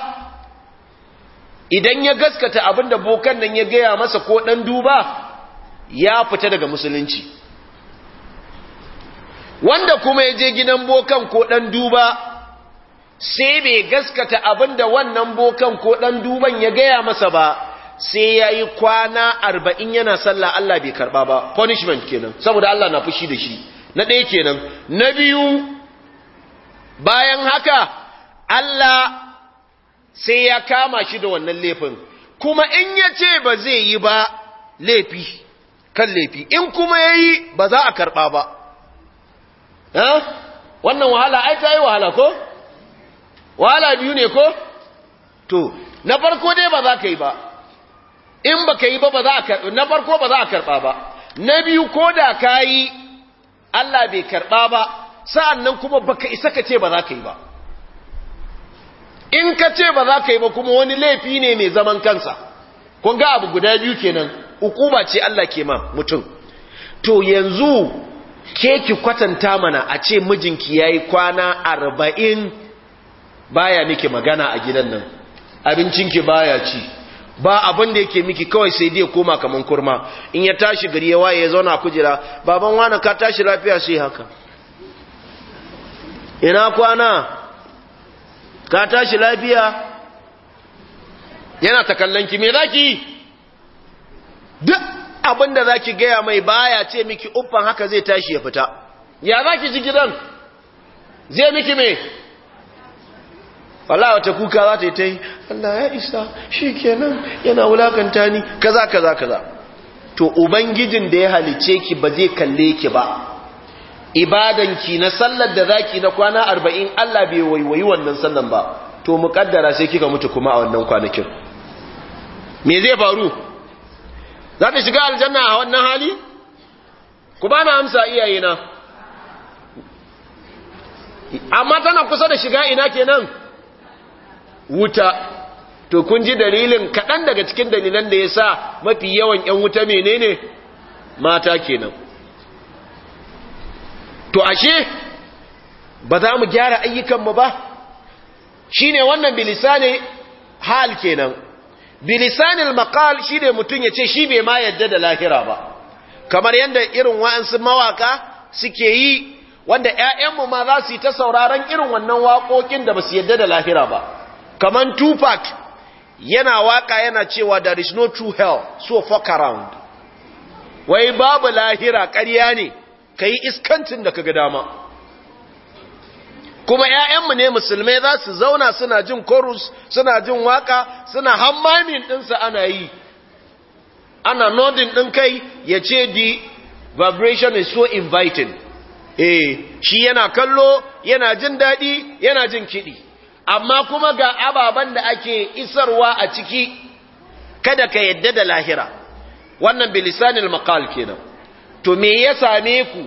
idan ya gaskata abinda bokan nan ya gaya masa ko ɗan duba ya fita daga musulunci wanda kuma ya je gidan bokan ko ɗan duba sai bai gaskata abinda wannan bokan ko dan duban ya gaya masa ba sai ya yi kwana arba'in yana sallah Allah bai karɓa ba punishment kenan saboda Allah na fushi da shi na ɗaya kenan na biyu bayan haka Allah sai ya kama shi da wannan laifin kuma in ya ce ba zai yi ba laifi kan laifi in kuma ya yi ba za a karɓa ba eh? wannan wahala ai ta yi wahala ko? wahala biyu ne ko to na farko dai ba za ka yi ba in ba ka yi ba na farko ba za a karɓa ba na biyu ko da ka yi Allah bai karɓa ba sa'an nan kuma ba ka isa ka ce ba za ka yi ba in ka ce ba za ka yi ba kuma wani laifi ne mai zaman kansa kun ga abu guda biyu kenan hukuma ce Allah ke ma mutum to yanzu ke ki kwatanta mana a ce mijinki ya yi kwana arba'in baya miki magana a gidan nan abincinki baya ci ba abin da yake miki kawai sai dai koma kaman kurma in ya tashi gari ya waye ya zauna kujera baban wani ka tashi lafiya sai haka ina kwana ka tashi lafiya yana ta kallonki me zaki duk abin da zaki gaya mai baya ce miki uffan haka zai tashi ya fita ya zaki ji gidan zai miki me Wala wata kuka za ta yi ta yi Allah ya isa shi kenan yana wulakanta ni kaza kaza kaza to ubangijin da ya halice ki ba zai kalle ki ba Ibadan ki na sallar da zaki na kwana arba'in Allah bai waiwayi wannan sallan ba to muƙaddara sai kika mutu kuma a wannan kwanakin me zai faru za ta shiga aljanna a wannan hali ku ba na amsa iyayena amma tana kusa da shiga ina kenan wuta to kun ji dalilin kaɗan daga cikin dalilan da ya sa mafi yawan 'yan wuta menene mata kenan to ashe ba za mu gyara ayyukanmu ba shi ne wannan bilisanin hal kenan bilisanin makal shi ne mutum ya ce shi bai ma yadda da lahira ba kamar yadda irin wa'ansu mawaka suke yi wanda 'ya'yanmu ma za su yi ta sauraron irin wannan waƙoƙin da ba su yadda da lahira ba kaman tupac yana waka yana cewa there is no true hell so fuck around wai babu lahira ƙarya ne ka yi iskantin da kaga dama kuma ‘ya'yanmu ne musulmai za su zauna suna jin korus suna jin waka suna hammamin ɗinsa ana yi ana nodin ɗin kai ya ce the vibration is so inviting eh shi yana kallo yana jin daɗi yana jin kiɗi amma kuma ga ababen da ake isarwa a ciki kada ka yadda da lahira wannan bilisanil maqal kenan to me ya same ku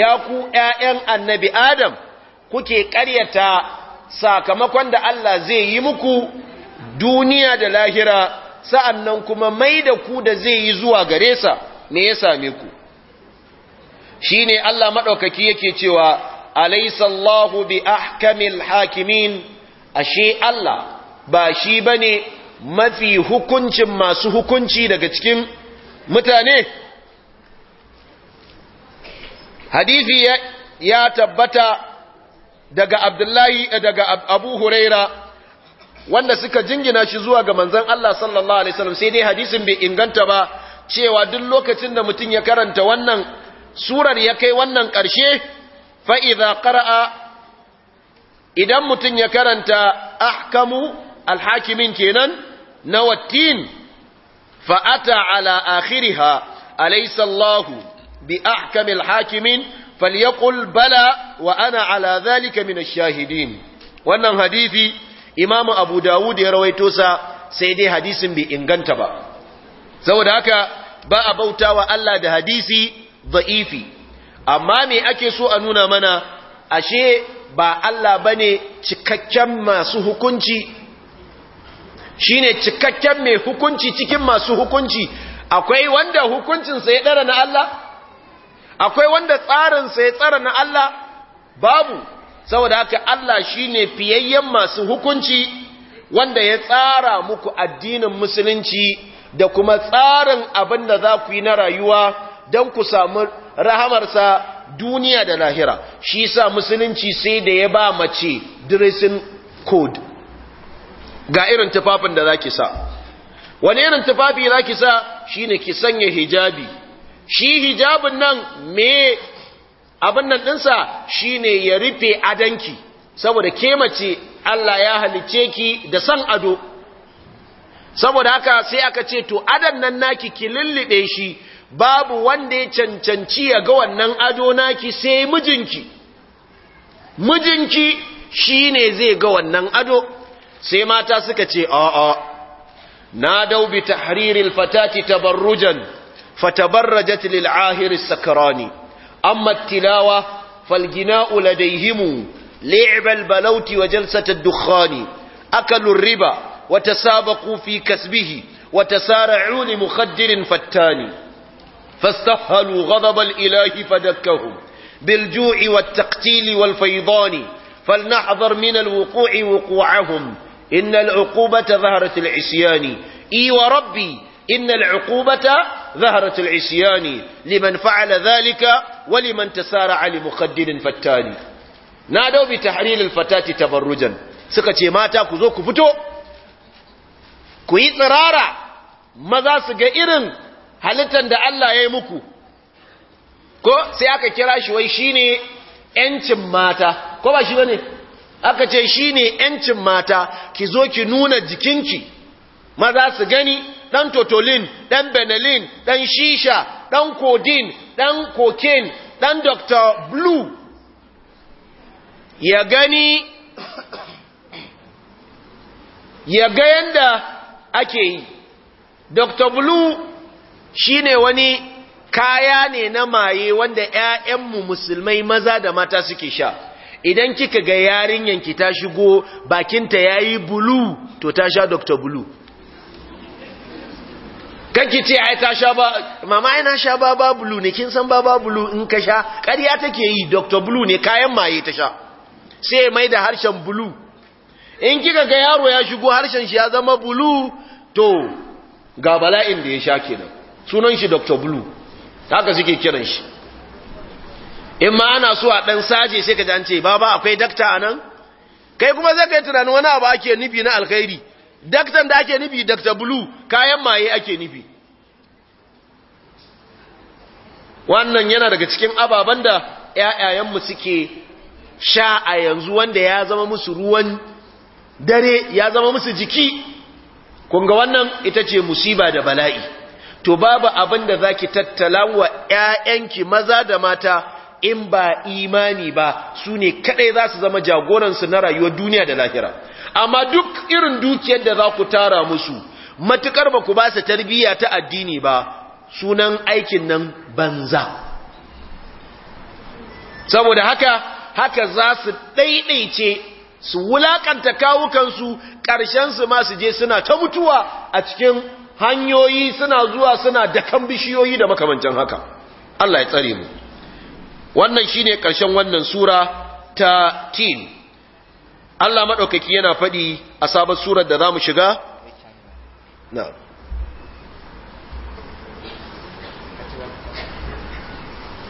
ya ku ƴaƴan annabi adam kuke ƙaryata sakamakon da Allah zai yi muku duniya da lahira sa'annan kuma mai da ku da zai yi zuwa gare sa me ya same ku shine Allah madaukaki yake cewa alaysa Allahu bi ahkamil hakimin ashe Allah ba shi bane mafi hukuncin masu hukunci daga cikin mutane hadisi ya, ya tabbata daga abdullahi daga abu huraira wanda suka jingina shi zuwa ga manzon Allah sallallahu alaihi wasallam sai dai hadisin bai inganta ba cewa duk lokacin da mutum ya karanta wannan surar ya kai wannan ƙarshe fa ƙara'a. idan mutum ya karanta ahkamu alhakimin kenan na wattin fa'ata ala akhiriha alaysa Allah bi ahkamil hakimin falyaqul bala wa ana ala zalika min shahidin wannan hadisi Imam Abu Dawud ya rawaito sa sai dai hadisin bai inganta ba saboda haka ba a bauta wa Allah da hadisi za'ifi amma me ake so a nuna mana ashe ba Allah bane cikakken masu hukunci shine cikakken mai hukunci cikin masu hukunci akwai wanda hukuncinsa ya tsara na Allah akwai wanda tsarinsa ya tsara na Allah babu saboda haka Allah shine fiyayyen masu hukunci wanda ya tsara muku addinin musulunci da kuma tsarin abin da za ku yi na rayuwa don ku samu rahamarsa duniya da lahira shi sa musulunci sai da ya ba mace dressing code ga irin tufafin da zaki sa wani irin tufafi za ki sa shi ne ki sanya hijabi shi hijabin nan me abin nan dinsa ne ya rufe adanki saboda ke mace Allah ya halice ki da san ado saboda haka sai aka ce to adan nan naki ki lullube shi babu wanda ya cancanci ya ga wannan ado naki sai mijinki mijinki shine zai ga wannan ado sai mata suka ce a'a na dau bi tahriril fatati tabarrujan fatabarrajat lil ahir sakrani amma tilawa falgina'u ladayhim لعب البلوت وجلسة الدخان أكلوا الربا kasbihi, في كسبه وتسارعوا لمخدر fattani. فاستفهلوا غضب الإله فدكهم بالجوع والتقتيل والفيضان فلنحذر من الوقوع وقوعهم إن العقوبة ظهرت العصيان إي وربي إن العقوبة ظهرت العصيان لمن فعل ذلك ولمن تسارع لمخدر فتان نادوا بتحرير الفتاة تبرجا سكتي ماتا كذوك فتو كويت مرارا ماذا إرن halittar da Allah ya yi muku ko sai aka kira shi wai shi ne ‘yancin mata ko ba shi ba ne aka ce shi ne ‘yancin mata ki zo ki nuna jikinki maza su gani ɗan totolin ɗan benelin ɗan shisha ɗan kodin ɗan cocaine ɗan dr blue ya gani ya ga yanda ake yi dr blue Shi ne wani kaya ne na maye wanda ‘ya'yanmu musulmai maza da mata suke sha idan kika ga ki ta shigo bakinta ya yi bulu to ta sha dr bulu kanki ce ai ta sha ba mama yana sha baba bulu ne kin san baba bulu in ka sha ƙarya take yi dr bulu ne kayan maye ta sha sai mai da harshen bulu in kika ga yaro ya shigo harshen shi ya zama bulu to ga bala'in da ya sha kenan sunan shi dr blue haka suke kiran shi in ma ana so a dan saje sai ka dance baba akwai dakta a nan kai kuma zai kai tunanin wani abu ake nufi na alkhairi daktan da ake nufi dr blue kayan maye ake nufi wannan yana daga cikin ababan da ‘ya'yayenmu suke sha a yanzu wanda ya zama musu ruwan dare ya zama musu jiki kunga wannan ita ce musiba da bala'i to babu abin da zaki tattala wa ƴaƴanki maza da mata in ba imani ba su ne kadai za su zama jagoransu na rayuwar duniya da lahira amma duk irin dukiyar da za ku tara musu matukar ba ku ba su tarbiyya ta addini ba sunan aikin nan banza saboda haka haka za su ɗaiɗaice su wulakanta kawukansu ƙarshensu ma su je suna ta mutuwa a cikin hanyoyi suna zuwa suna dakan bishiyoyi da makamancin haka Allah ya tsare mu wannan shine karshen wannan sura ta tin Allah madaukaki yana faɗi a sabon surar da zamu shiga na'am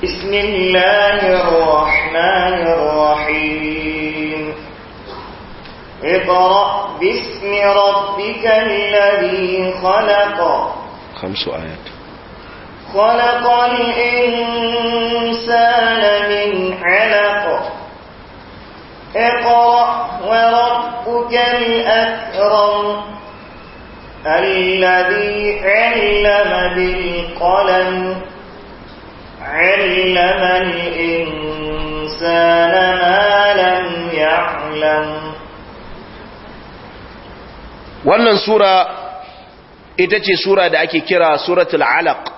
بسم الله الرحمن الرحيم اقرأ باسم ربك الذي خلق خمس آيات خلق الإنسان من علق اقرأ وربك الأكرم الذي علم بالقلم علم الإنسان ما لم يعلم wannan sura ita ce sura da ake kira suratul alaq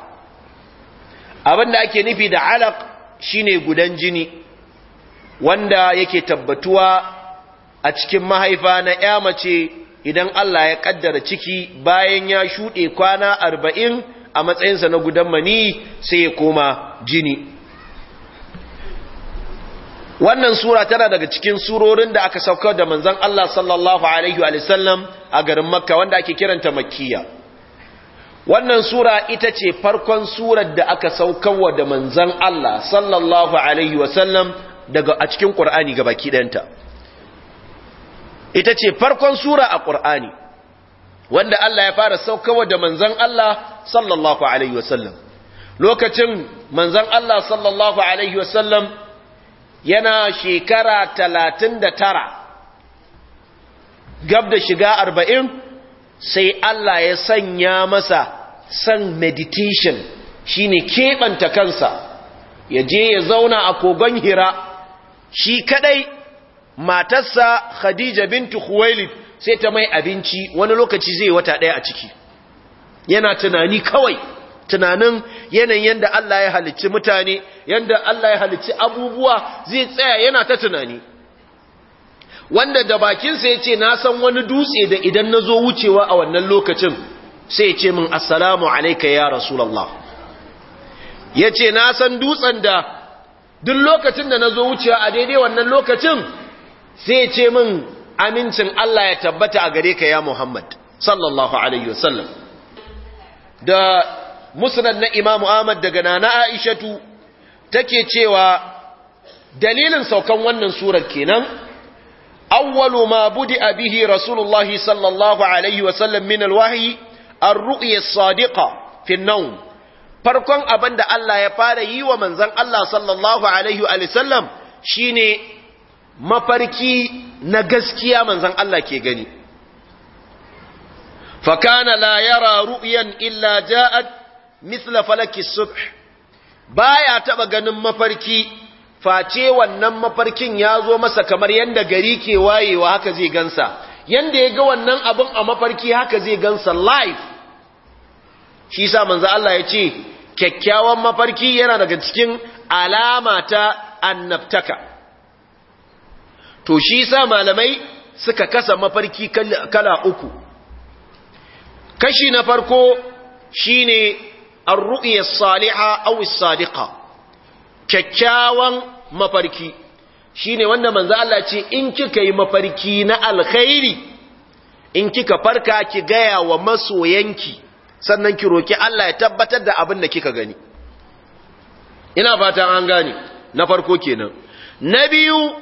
abinda ake nufi da alaq shine gudan jini wanda yake tabbatuwa a cikin mahaifa na ya mace idan Allah ya kaddara ciki bayan ya shuɗe kwana arba'in a matsayinsa na gudan mani sai ya koma jini wannan sura tana daga cikin surorin da aka saukar da manzan Allah sallallahu alaihi wa sallam a garin Makka wanda ake kiranta Makiya. wannan sura ita ce farkon surar da aka saukarwa da manzan Allah sallallahu alaihi wa sallam daga a cikin Qur'ani baki ɗanta ita ce farkon sura a Qur'ani wanda Allah ya fara saukarwa da manzan Allah sallallahu alaihi wa sallam lokacin manzan Allah sallallahu alaihi wa sallam yana shekara talatin da tara gab da shiga arba'in sai Allah ya sanya masa san meditation shine keɓanta kansa ya je ya zauna a kogon hira shi kadai matarsa khadija bintu khuwailid sai ta mai abinci wani lokaci zai wata ɗaya a ciki yana tunani kawai tunanin yanayin yanda Allah ya halicci mutane yanda Allah ya halicci abubuwa zai tsaya yana ta tunani wanda da bakinsa ya ce na san wani dutse da idan na zo wucewa a wannan lokacin sai ya ce min assalamu alaika ya rasulallah ya ce na san dutsen da duk lokacin da na zo wucewa a daidai wannan lokacin sai ya ce min amincin Allah ya tabbata a gare ka ya Muhammad sallallahu alaihi wasallam da musnad na imamu ahmad daga nana aishatu take cewa dalilin saukan wannan surar kenan awwalu ma budi'a bihi rasulullah sallallahu alaihi sallam min alwahyi ar-ru'ya as-sadiqa fi an-nawm farkon abin da Allah ya fara yi wa manzon Allah sallallahu alaihi wa sallam shine mafarki na gaskiya manzon Allah ke gani fakana la yara ru'yan illa ja'at misla falaki subh baya taba ganin mafarki face wannan mafarkin ya zo masa kamar yanda gari ke wayewa haka zai gansa yanda ya ga wannan abun a mafarki haka zai gansa life shi sa manzo Allah ya ce kyakkyawan mafarki yana daga cikin alama ta annabtaka to shi sa malamai suka kasa mafarki kala uku kashi na farko shine An ruya saliha aw sadiqa kyakkyawan mafarki shine wanda manzo Allah ce in kika yi mafarki na alkhairi in kika farka ki gaya wa masoyanki sannan ki roki Allah ya tabbatar da abin da kika gani ina fatan an gane na farko kenan na biyu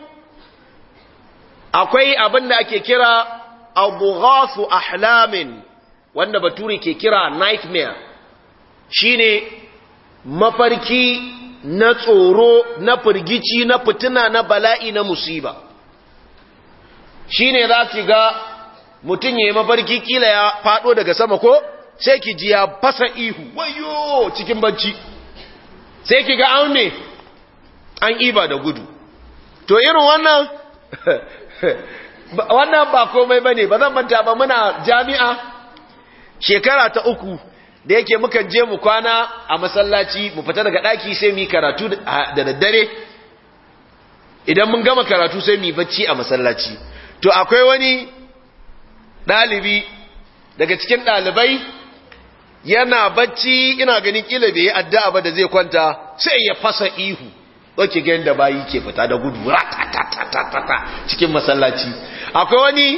akwai abin da ake kira abughasu ahlamin wanda bature ke kira nightmare shine mafarki na tsoro na firgici na fitina na bala'i na musiba shine za ki ga mutum ya yi mafarki kila ya fado daga sama ko sai ki ji ya fasa ihu wayo cikin banci sai ki ga an ne an iba da gudu to irin wannan wannan ba komai bane ba zan manta ba muna jami'a shekara ta uku da yake mukan je mu kwana a masallaci mu fita daga daki sai mu karatu da daddare idan mun gama karatu sai mu bacci a masallaci to akwai wani dalibi daga cikin dalibai yana bacci ina ganin kila bai yi addu'a ba da zai kwanta sai ya fasa ihu wake ganin da bayi ke fita da gudu ta cikin masallaci akwai wani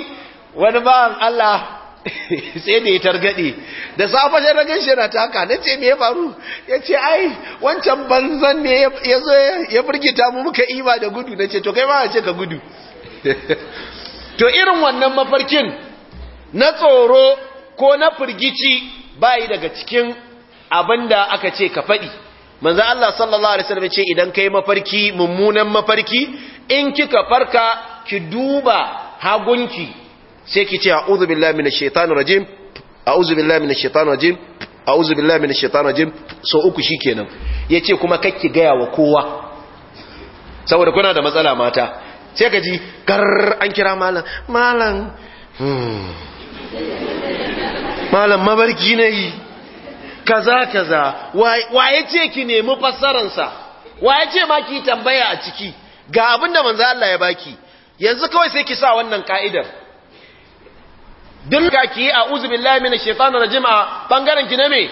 wani ba Allah sai da ya targaɗe da safe shi ragar shi na taka na ce me faru ya ce ai wancan banzan ne ya zo ya firgita mu muka iba da gudu na ce to kai ma ce ka gudu to irin wannan mafarkin na tsoro ko na firgici bayi daga cikin abin da aka ce ka faɗi manzan Allah sallallahu Alaihi wasallam ce idan ka yi mafarki mummunan mafarki in kika farka ki duba hagunki sai ki ce a'udhu billahi minash shaitanir rajim a'udhu billahi minash shaitanir rajim a'udhu billahi minash shaitanir rajim so uku shikenan yace kuma kakki gaya wa kowa saboda kuna da matsala mata sai ka ji kar an kira malam malam hmm. malam mabarki nayi. yi kaza kaza ya ce ki nemi fassararsa ya ce ma ki tambaya a ciki ga abinda manzo Allah ya baki yanzu kawai sai ki sa wannan ka'idar duk ga ki a uzubillahi minash shaitanir rajim a bangaren ki na me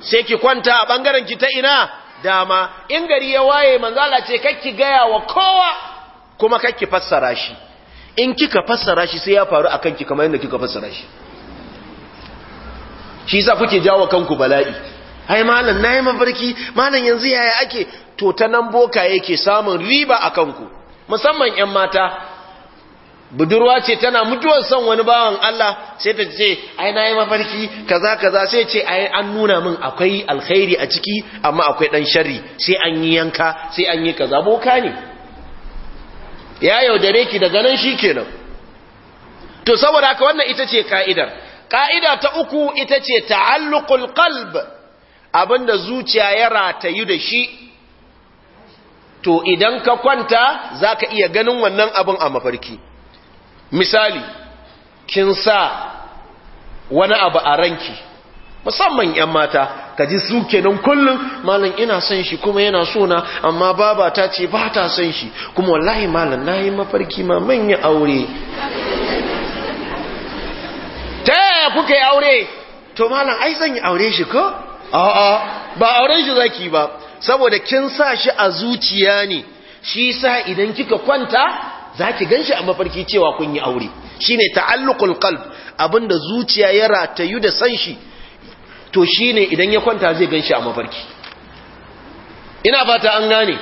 sai ki kwanta a bangaren ki ta ina dama in gari ya waye manzala ce kakki gaya wa kowa kuma kakki fassara shi in kika fassara shi sai ya faru akan ki kamar yadda kika fassara shi shi yasa kuke jawo kanku bala'i ai malam nayi mafarki malam yanzu yaya ake to ta nan boka yake samun riba akan ku musamman 'yan mata budurwa ce tana mutuwar son wani bawan Allah sai ta ce ai nayi mafarki kaza kaza sai ce ai an nuna min akwai alkhairi a ciki amma akwai dan sharri sai an yi yanka sai an yi kaza boka ne ya yaudare ki daga nan shi kenan. to saboda haka wannan ita ce ka'idar ka'ida ta uku ita ce ta'alluqul qalb abinda zuciya ya ratayu da shi to idan ka kwanta zaka iya ganin wannan abin a mafarki misali kin sa wani abu a ranki musamman 'yan mata ka ji su kenan kullum malam ina son shi kuma yana so na amma baba ta ce ba ta son shi kuma wallahi malam na yi mafarki ma manya aure ta yaya kuka yi aure to malam ai zan yi aure shi ko? a'a ba auren shi zaki ba saboda kin sa shi a zuciya ne shi sa idan kika kwanta za ki gan shi a mafarki cewa kun yi aure shi ne ta'allukul kalb abinda zuciya ya ratayu da san shi to shi ne idan ya kwanta zai gan shi a mafarki ina fata an gane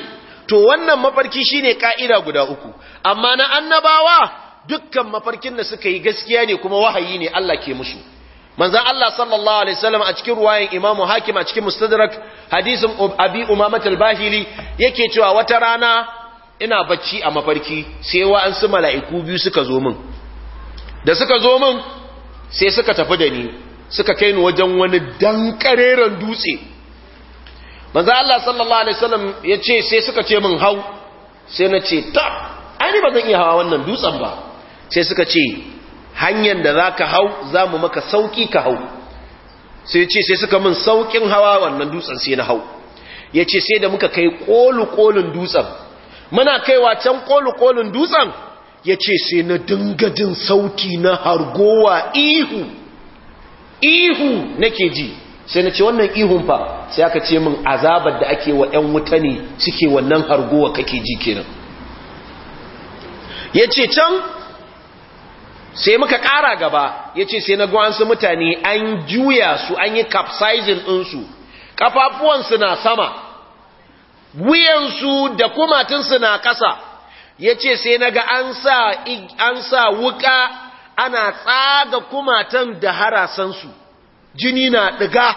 to wannan mafarki shi ne ka'ida guda uku amma na annabawa dukkan mafarkin da suka yi gaskiya ne kuma wahayi ne Allah ke musu manzan Allah sallallahu Alaihi wasallam a cikin ruwayan imamu hakim a cikin mustadrak hadisin abi umamat al-bahili yake cewa wata rana ina bacci a mafarki sai wa'ansu mala'iku biyu suka zo min da suka zo min sai suka tafi da ni suka kai ni wajen wani dankareren dutse manzo Allah sallallahu alaihi wasallam yace sai suka ce min hau sai na ce ta ai ba zan iya hawa wannan dutsen ba sai suka ce hanyar da zaka hau zamu maka sauki ka hau sai ce sai suka min saukin hawa wannan dutsen sai na hau yace sai da muka kai kolu kolun dutsen muna kaiwa can kolu-kolun dutsen ya ce sai na dingadin sauti na hargowa ihu ihu nake ji sai na ce wannan ihun fa sai aka ce min azabar da ake wa 'yan wuta ne suke wannan hargowa kake ji kenan ya ce can sai muka ƙara gaba ya ce sai na gwansu mutane an juya su an yi capsizing ɗinsu ƙafafuwansu na sama wuyansu da kumatinsu na ƙasa ya ce sai na ga an sa wuka ana tsaga kumatan da harasansu jini na ɗiga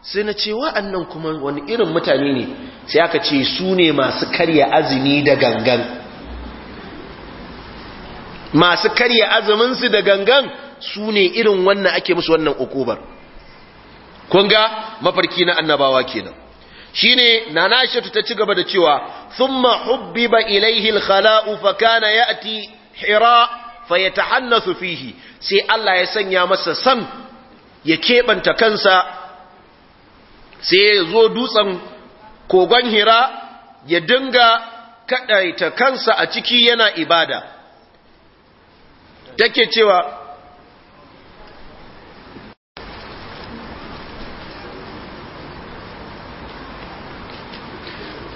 sai na ce wa'annan kuma wani irin mutane ne sai aka ce su ne masu karya azumi da gangan masu karya azuminsu da gangan su ne irin wannan ake musu wannan ukubar kun ga mafarki na annabawa kenan shine nana shatu ta ci gaba da cewa thumma hubbiba ilaihil al-khala'u fa kana ya'ti hira fa fayatahannasu fihi sai Allah ya sanya masa san ya keɓanta kansa sai ya zo dutsen kogon hira ya dinga kaɗaita kansa a ciki yana ibada take cewa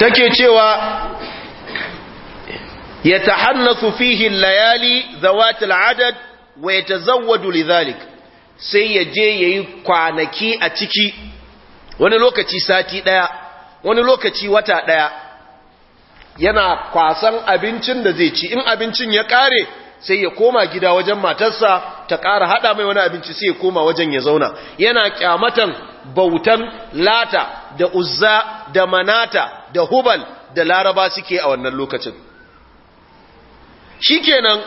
take cewa ya su fihi layali watal adad wa zawadu lidhalik sai ya je yayi kwanaki a ciki wani lokaci sati daya wani lokaci wata daya yana kwasan abincin da zai ci in abincin ya kare sai ya koma gida wajen matarsa ta ƙara haɗa mai wani abinci sai ya koma wajen ya zauna yana kyamatan bautan lata da uzza da manata da hubal da laraba suke a wannan lokacin shikenan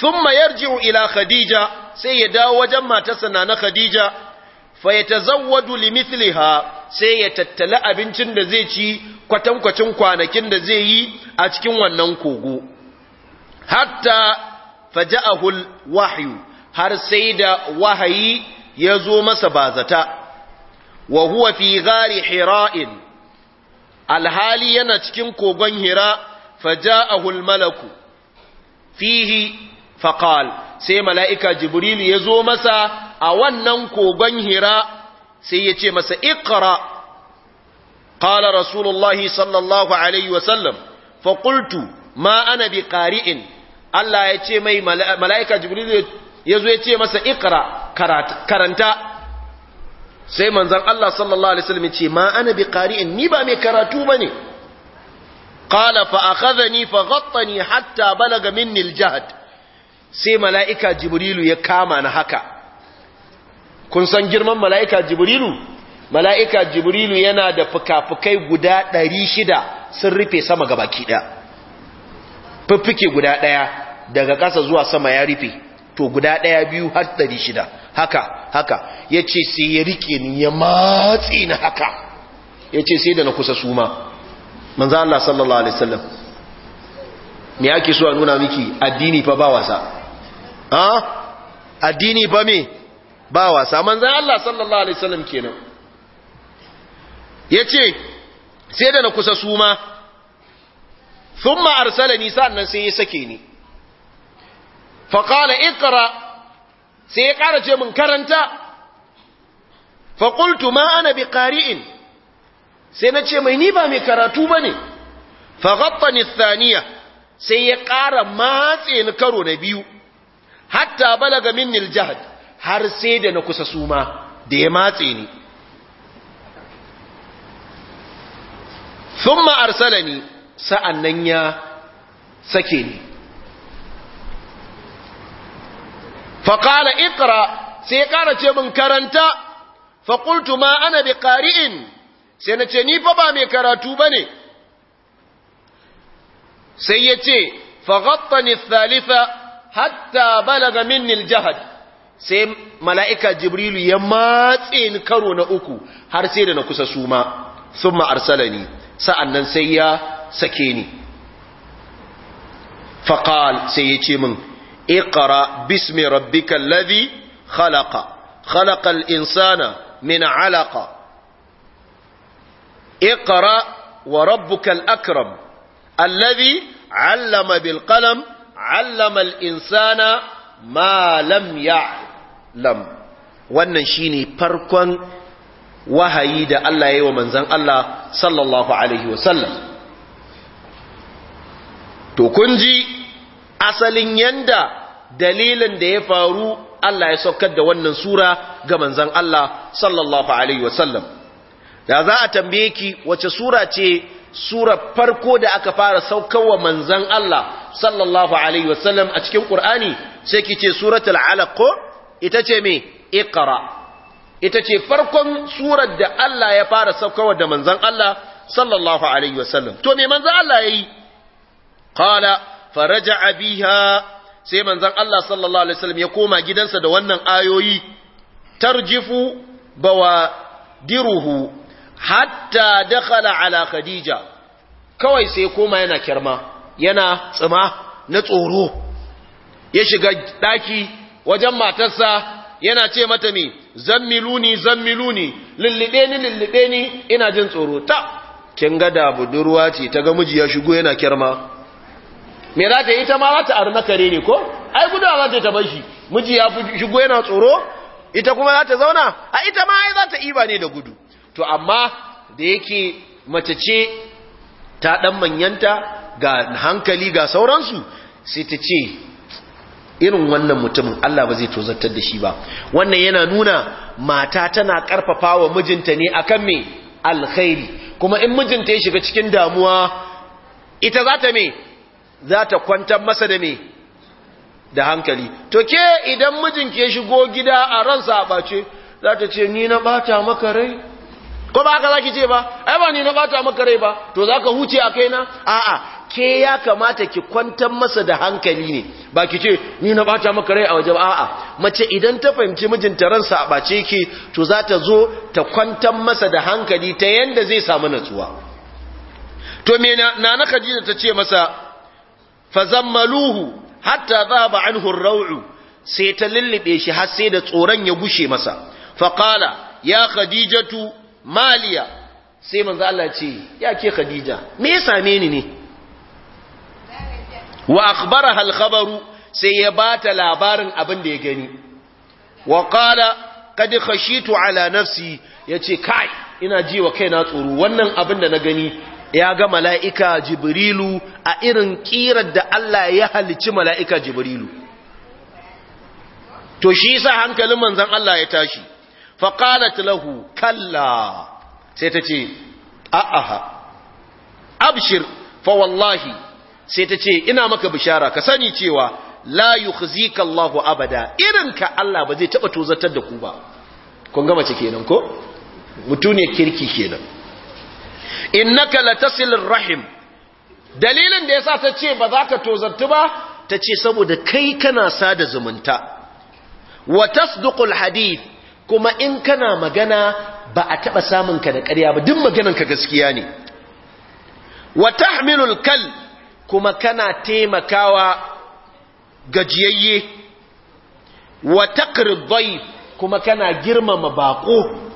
thumma yarji'u ila khadija sai ya dawo wajen matarsa na na khadija fa yatazawwadu limithliha sai ya tattala abincin da zai ci kwatankwacin kwanakin da zai yi a cikin wannan kogo hatta faja'ahu wahyu har sai da wahayi ya zo masa bazata wa huwa fi ghari hira'in alhali yana cikin kogon hira faja'ahu almalaku fihi faƙal. sai mala'ika jibril ya zo masa a wannan kogon hira sai ya ce masa iqra qala rasulullahi sallallahu alaihi wasallam fa ma ana bi ƙari'in. Allah ya ce mai mala'ika jibril ya zo ya ce masa ikra karanta sai manzan Allah sallallahu alaihi wasallam ce ma ana bi qari'in ni ba mai karatu bane qala fa akhadhani fa ghattani hatta balaga minni aljahd sai malaika jibrilu ya kama na haka kun san girman malaika jibrilu malaika jibrilu yana da fukafukai guda 600 sun rufe sama gabaki daya fiffike guda daya daga ƙasa zuwa sama ya rufe to guda daya biyu har 600 haka haka ya ce sai ya rike ni ya matsi na haka ya ce sai da na kusa suma manzan Allah sallallahu alaihi wasallam me ake so a nuna miki addini fa ba wasa ha addini fa me ba wasa manzan Allah sallallahu alaihi wasallam kenan ya ce sai da na kusa suma sun ma'arsala nisa nan sai ya sake ni faƙala ikara sai ya ƙara ce mun karanta faƙultu ma ana bi ƙari'in sai na ce mai ni ba mai karatu ba ne faƙaɓa nisaniya sai ya ƙara matse ni karo na biyu hatta balaga min niljahad har sai da na kusa suma da ya matse ni sun ma'arsalani sa'an nan ya sake ni faƙala ikra sai ƙara ce min karanta faƙultu ma ana bi ƙari'in sai na ce ni fa ba mai karatu ba ne sai ya ce faƙattani thalitha hatta balaga minnil jihad sai mala'ika jibrilu ya matse ni karo na uku har sai da na kusa suma sun ma'arsalani sa'an nan sai ya sake ni faƙal sai ya ce min iqra bismi rabbikal ladhi khalaqa khalaqal insana min alaqa اقرأ وربك الأكرم الذي علم بالقلم علم insana ما لم يعلم wannan shine farkon wahayi da Allah ya yi wa manzon Allah sallallahu alaihi wasallam to kun ji asalin yanda dalilin da ya faru Allah ya saukar da wannan sura ga manzon Allah sallallahu alaihi wasallam da za a tambaye ki wace sura ce sura farko da aka fara saukarwa manzon Allah sallallahu alaihi wasallam a cikin Qur'ani sai ki ce suratul alaq ita ce me iqra ita ce farkon surar da Allah ya fara saukarwa da manzon Allah sallallahu alaihi wasallam to me manzon Allah yayi qala faraja biha sai manzon Allah sallallahu alaihi wasallam ya koma gidansa da wannan ayoyi tarjifu bawadiruhu hatta dakhala ala khadija kawai sai koma yana kirma yana tsima na tsoro ya shiga daki wajen matarsa yana ce mata me zammiluni zammiluni lullube ni ina jin tsoro ta kin ga da budurwa ce ta ga miji ya shigo yana kirma me za ta yi ta ma za ta aru na kare ne ko ai guda za ta ban shi miji ya fi shigo yana tsoro ita kuma za ta zauna a ita ma ai za ta iba ne da gudu to amma da yake mace ce ta dan manyanta ga hankali ga sauransu sai ta ce irin wannan mutumin Allah ba zai tozartar da shi ba wannan yana nuna mata tana karfafa wa mijinta ne akan me alkhairi kuma in mijinta ya shiga cikin damuwa ita za ta me za ta kwantar masa da me da hankali to ke idan mijin ke shigo gida a ransa a ɓace za ta ce ni na ɓata maka rai ko ba haka za ki ce ba ai ba ni na ɓata maka rai ba to za ka huce a kaina a'a ke ya kamata ki kwantar masa da hankali ne ba ki ce ni na ɓata maka rai a waje ba a'a mace idan ta fahimci mijinta ransa a ɓace ki to za ta zo ta kwantar masa da hankali ta yanda zai samu natsuwa to me na na Khadija ta ce masa fazammaluhu hatta za anhu ar-raw'u sai ta lullube shi har sai da tsoron ya gushe masa faqala ya khadijatu maliya sai manzo Allah ce ya ke khadija me ya same ni ne wa akhbaraha al-khabaru sai ya bata labarin abin da ya gani wa qala qad khashitu ala nafsi yace kai ina ji wa kaina tsoro wannan abin da na gani ya ga mala'ika jibrilu a irin ƙirar da Allah ya halici mala'ika jibrilu to shi sa hankalin manzan Allah ya tashi faƙalat lahu kalla sai ta ce a'aha abshir fa wallahi sai ta ce ina maka bishara ka sani cewa la yukhzika Allahu abada irinka Allah ba zai taɓa tozatar da ku ba kun gama ce kenan ko ne kirki kenan innaka latasilir rahim dalilin da yasa ta ce ba za ka tozartu ba ta ce saboda kai kana sada zumunta wa tasduqul hadith kuma in kana magana ba a taba samun ka da ƙarya ba duk maganan ka gaskiya ne wa tahmilul kal kuma kana taimakawa gajiyayye wa taqrid kuma kana girmama bako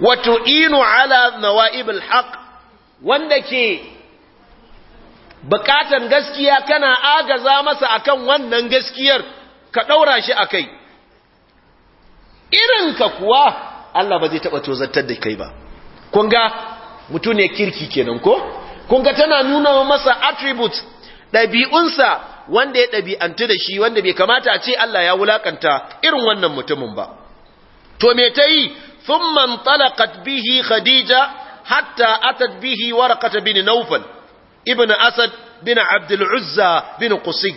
Wato inu ala nawaib alhaq wanda ke bukatan gaskiya kana agaza masa akan wannan gaskiyar ka daura shi akai ka kuwa Allah ba zai taba tozartar da kai ba kun ga ne kirki kenan ko kun ga tana nuna masa attributes ɗabi'unsa wanda ya ɗabi'antu da shi wanda bai kamata a ce Allah ya wulakanta irin wannan mutumin ba to me ta yi ثم انطلقت به خديجة حتى أتت به ورقة بن نوفل ابن أسد بن عبد العزى بن قصي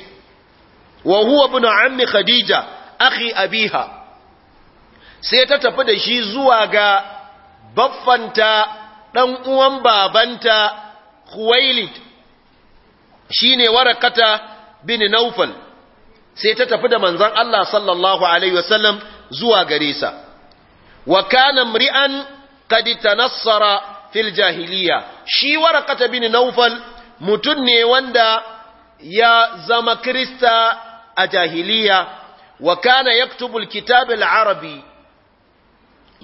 وهو ابن عم خديجة أخي أبيها سيتتفد شي زواغا بفنتا دان uwan babanta Khuwailid shine warakata bin Naufal sai ta tafi da manzon Allah sallallahu zuwa gare sa wa kana mri'an qad tanassara fil jahiliya shi warqata bin nawfal mutun ne wanda ya zama kirista a jahiliya wa kana yaktubu alkitab alarabi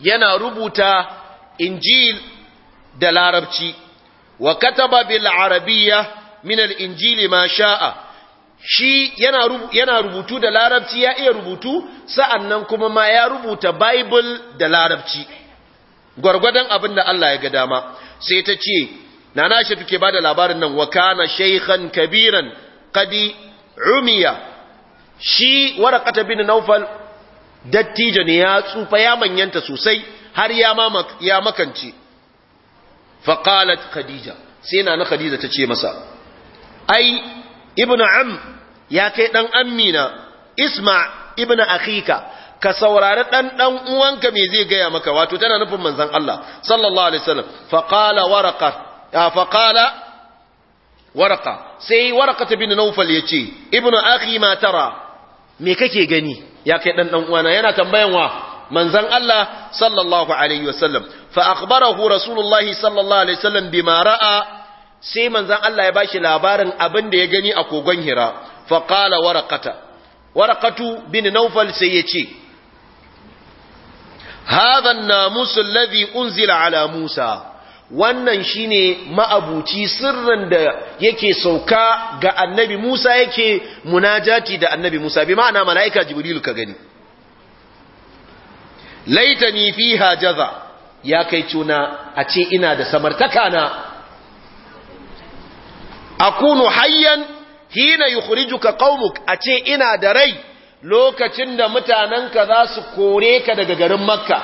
yana rubuta injil da larabci wa kataba bil arabiyya min injili ma sha'a shi yana rubutu da larabci ya iya rubutu sa'annan kuma ma ya rubuta bible da larabci gwargwadon abin da Allah ya ga dama sai ta ce na tuke ba da labarin nan Wakana, kana kabiran kadi rumiya shi warakata bin naufal dattijo ne ya tsufa ya manyanta sosai har ya makance faƙalat khadija sai na na khadija ta ce masa ai ibnu am ya kai dan Amina, isma ibnu akhika ka saurari dan dan uwanka me zai gaya maka wato tana nufin manzon Allah sallallahu alaihi wasallam fa qala waraqa fa qala waraqa sai waraqa bin nawfal yace ibnu akhi ma tara me kake gani ya kai dan dan uwana yana tambayan wa manzon Allah sallallahu alaihi wasallam fa akhbarahu rasulullahi sallallahu alaihi wasallam bima ra'a sai manzan Allah ya bashi labarin abin da ya gani a kogon hira faƙala warakata warakatu bin naufal sai ya ce haɗan musu lazi unzila ala musa wannan shine ma'abuci sirrin da yake sauka ga annabi musa yake munajati da annabi musa bi ma'ana mala'ika jibrilu ka gani laitani fiha jaza ya kai cuna a ce ina da samartaka na akunu hayyan hina yukhrijuka qaumuk a ce ina da rai lokacin da mutanen ka za su kore ka daga garin makka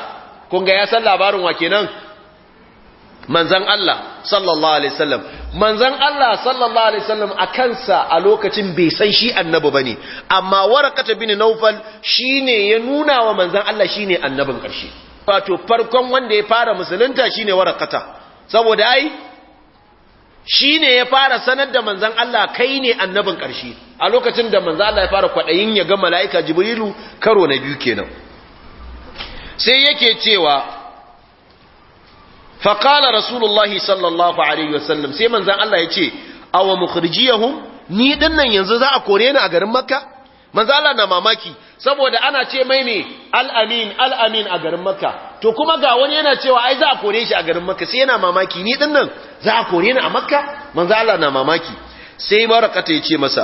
kun ga ya san labarin wa kenan manzan Allah sallallahu alaihi wasallam manzan Allah sallallahu alaihi wasallam a kansa a lokacin bai san shi annabi bane amma warakata bin naufal shine ya nuna wa manzan Allah shine annabin karshe wato farkon wanda ya fara musulunta shine warqata saboda ai shi ne ya fara sanar da manzan Allah kai ne annabin ƙarshe a lokacin da manzan Allah ya fara kwaɗayin ya ga mala'ika jibrilu karo na biyu kenan sai yake cewa faƙala rasulullahi sallallahu alaihi wasallam sai manzan Allah ya ce awa mukhrijiyahum ni dinnan yanzu za a kore ni a garin makka manzan Allah na mamaki saboda ana ce mai ne al'amin al'amin a garin makka to kuma ga wani yana cewa ai za a kore shi a garin makka sai yana mamaki ni din nan za a kore ni a makka manzo Allah na mamaki sai warqata yace masa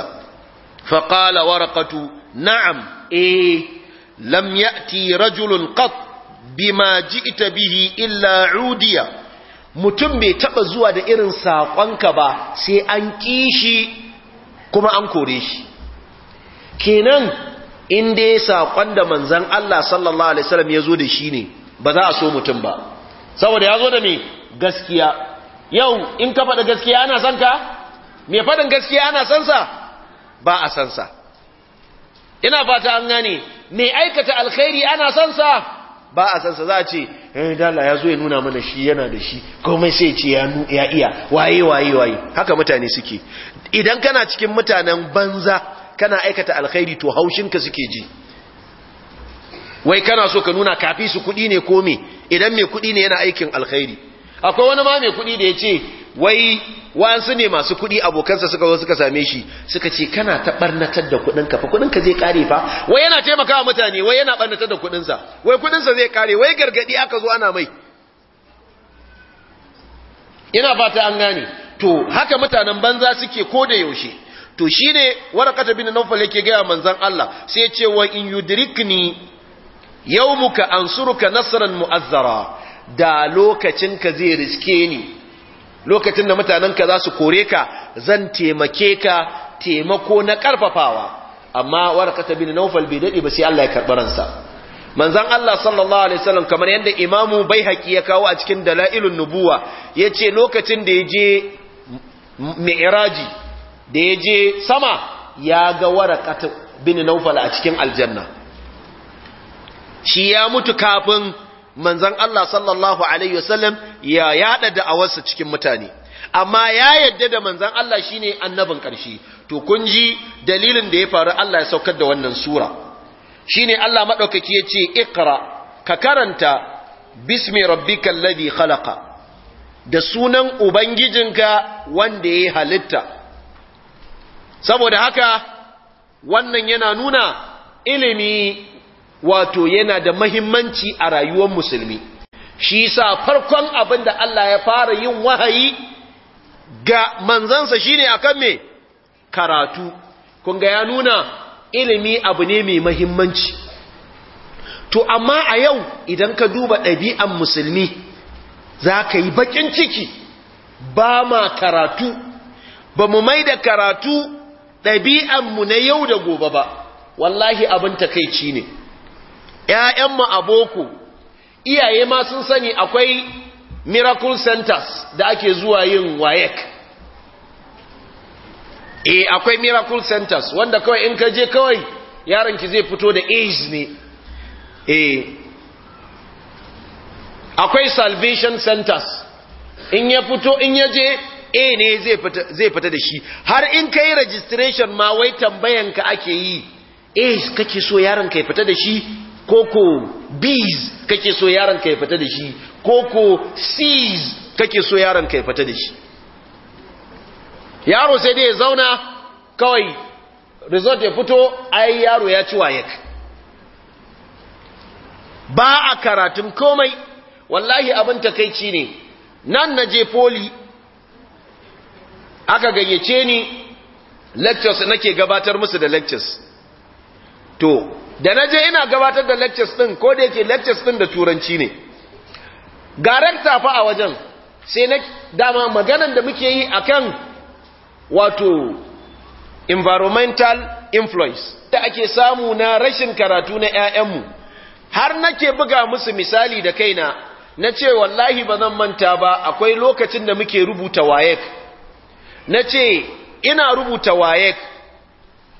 fa qala warqatu na'am eh lam ya'ti rajulun qat bima ji'ta bihi illa udiya mutum bai taba zuwa da irin sakonka ba sai an kishi kuma an kore shi kenan in dai sakon da manzon Allah sallallahu alaihi wasallam ya zo da shi ne ba za a so mutum ba saboda ya zo da mai gaskiya yau in ka faɗa gaskiya ana san ka me faɗin gaskiya ana san sa ba a san sa ina fata an gane mai aikata alkhairi ana sansa sa ba a san sa za a ce eh dala ya zo ya nuna mana shi yana da shi komai sai ce ya ya iya waye waye waye haka mutane suke idan kana cikin mutanen banza kana aikata alkhairi to haushinka suke ji wai kana so ka nuna kafi su kuɗi ne ko me idan mai kuɗi ne yana aikin alkhairi akwai wani ma mai kuɗi da ya ce wai wasu ne masu kuɗi abokansa suka zo suka same shi suka ce kana ta barnatar da kuɗinka fa kuɗinka zai kare fa wai yana taimakawa mutane wai yana barnatar da kuɗinsa wai kuɗinsa zai kare wai gargadi aka zo ana mai ina fata an gane to haka mutanen banza suke ko da yaushe to shine warakata bin nawfal yake ga manzon Allah sai ya ce wa in yudrikni Yau yawmuka ansuruka nasran mu'azzara da lokacin ka zai riske ni lokacin da mutanenka ka za su kore ka zan taimake ka taimako na ƙarfafawa. amma warqata bin nawfal bai daɗe ba sai Allah ya karɓaransa. ransa manzon Allah sallallahu alaihi wasallam kamar yadda imamu baihaqi ya kawo a cikin dalailun nubuwa yace lokacin da yaje mi'raji da je sama ya ga warqata bin nawfal a cikin aljanna shi ya mutu kafin manzon Allah sallallahu alaihi wasallam ya yada da'awarsa cikin mutane amma ya yadda da manzon Allah shine annabin ƙarshe to kun ji dalilin da ya faru Allah ya saukar da wannan sura Shi ne Allah ya ce, iqra ka karanta bismi rabbikal ladhi khalaqa da sunan ubangijinka wanda ya halitta saboda haka wannan yana nuna ilimi wato yana da mahimmanci a rayuwar musulmi shi sa farkon abin da Allah ya fara yin wahayi ga manzansa shine akan me karatu kun ga ya nuna ilimi abu ne mai mahimmanci to amma a yau idan ka duba ɗabi'an musulmi za ka yi bakin ciki ba ma karatu ba mu mai da karatu ɗabi'anmu na yau da gobe ba wallahi abin takaici ne ‘ya'yanmu a boko iyaye ma sun sani akwai miracle centers da ake zuwa yin wayek e eh, akwai miracle centers wanda kawai in ka je kawai yaranki zai fito da age ne e akwai salvation centers in ya fito in ya je a ne zai fita da shi har in ka yi registration ma wai tambayanka ake yi a eh, kake so yaron ka ya fita da shi koko bees kake so yaron ka ya fita da shi koko seas kake so yaron ka ya fita da shi yaro sai dai ya zauna kawai result ya fito ai yaro ya ci waye ba a karatun komai wallahi abin takaici ne nan na je poli aka gayyace ni lectures nake gabatar musu da lectures to da na je ina gabatar da lectures din ko da yake lectures din da turanci ne ga rector fa a wajen sai na dama maganan da muke yi akan wato environmental influence da ake samu na rashin karatu na 'ya'yanmu har nake buga musu misali da kaina na ce wallahi ba zan manta ba akwai lokacin da muke rubuta wayek na ce ina rubuta wayek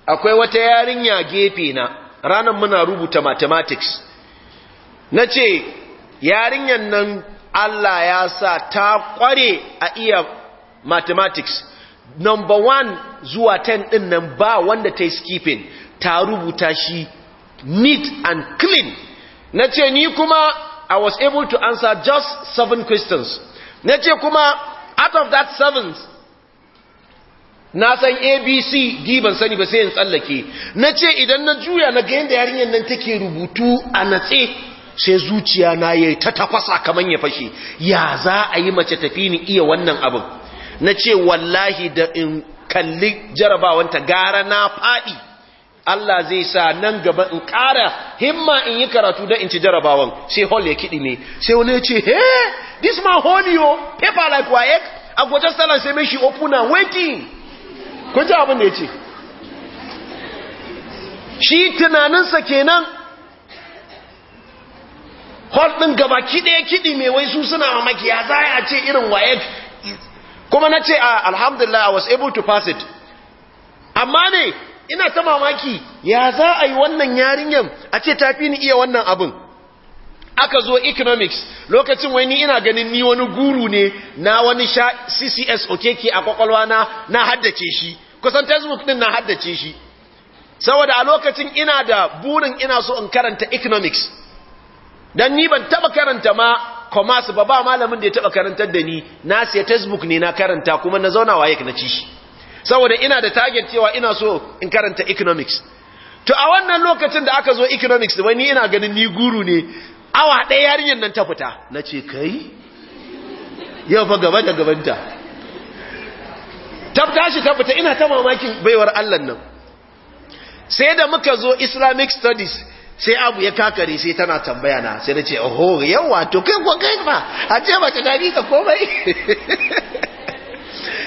akwai wata yarinya gefe na ranar muna rubuta mathematics na ce yarinyar nan Allah ya sa ta kware a iya mathematics number one zuwa 10 din nan ba wanda ta yi skipping ta rubuta shi neat and clean na ce ni kuma I was able to answer just seven questions na ce kuma out of that seven na san abc d ban sani ba sai in tsallake na ce idan na juya na ga yadda yarinyar nan take rubutu a natse sai zuciya na ya yi ta tafasa kamar ya fashe ya za a yi mace tafi ni iya wannan abin na ce wallahi da in kalli jarabawanta gara na faɗi Allah zai sa nan gaba in ƙara himma in yi karatu da in ci jarabawan sai hall ya kiɗi ne sai wani ya ce he, this man hall yo paper like waek a gwajen salon sai mai shi opuna and waiting kun ji abin da ya ce shi tunaninsa kenan holdin ɗin gaba kiɗe kiɗi mai wai su suna mamaki ya za a ce irin waye kuma na ce ah, alhamdulillah i was able to pass it amma ne ina ta mamaki ya za a yi wannan yarinyan a ce tafi ni iya wannan abin aka zo economics lokacin wani ina ganin ni wani guru ne na wani sha ccs okeke a kwakwalwa na na haddace shi kusan textbook din na haddace shi saboda a lokacin ina da burin ina so in karanta economics don ni ban taba karanta ma commerce ba ba malamin da ya taba karantar da ni na siya textbook ne na karanta kuma na zauna waye na ci shi saboda ina da target cewa ina so in karanta economics to a wannan lokacin da aka zo economics wani ina ganin ni guru ne awa ɗaya yarinyar nan ta fita na ce kai yau fa gaba da gabanta ta shi ta fita ina ta mamakin baiwar allan nan sai da muka zo islamic studies sai abu ya kakare sai tana tambaya na sai na ce oho yau wato kai ko kai fa a ce ba ta dami ka komai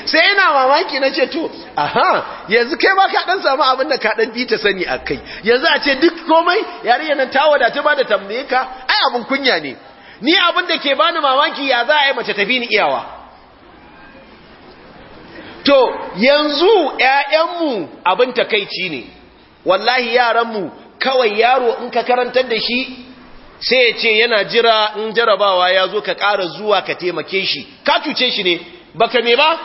sai yana mamaki na ce to aha yanzu kai ma ka dan samu abin da ka dan bi ta sani a kai yanzu a ce duk komai yarinya nan ta wadace ba da tambaye ka ai abin kunya ne ni abin da ke bani mamaki ya za a yi mace tafi ni iyawa to yanzu ƴaƴanmu abin takaici ne wallahi yaranmu kawai yaro in ka karantar da shi sai ya ce yana jira in jarabawa ya zo ka ƙara zuwa ka taimake shi ka cuce shi ne baka me ba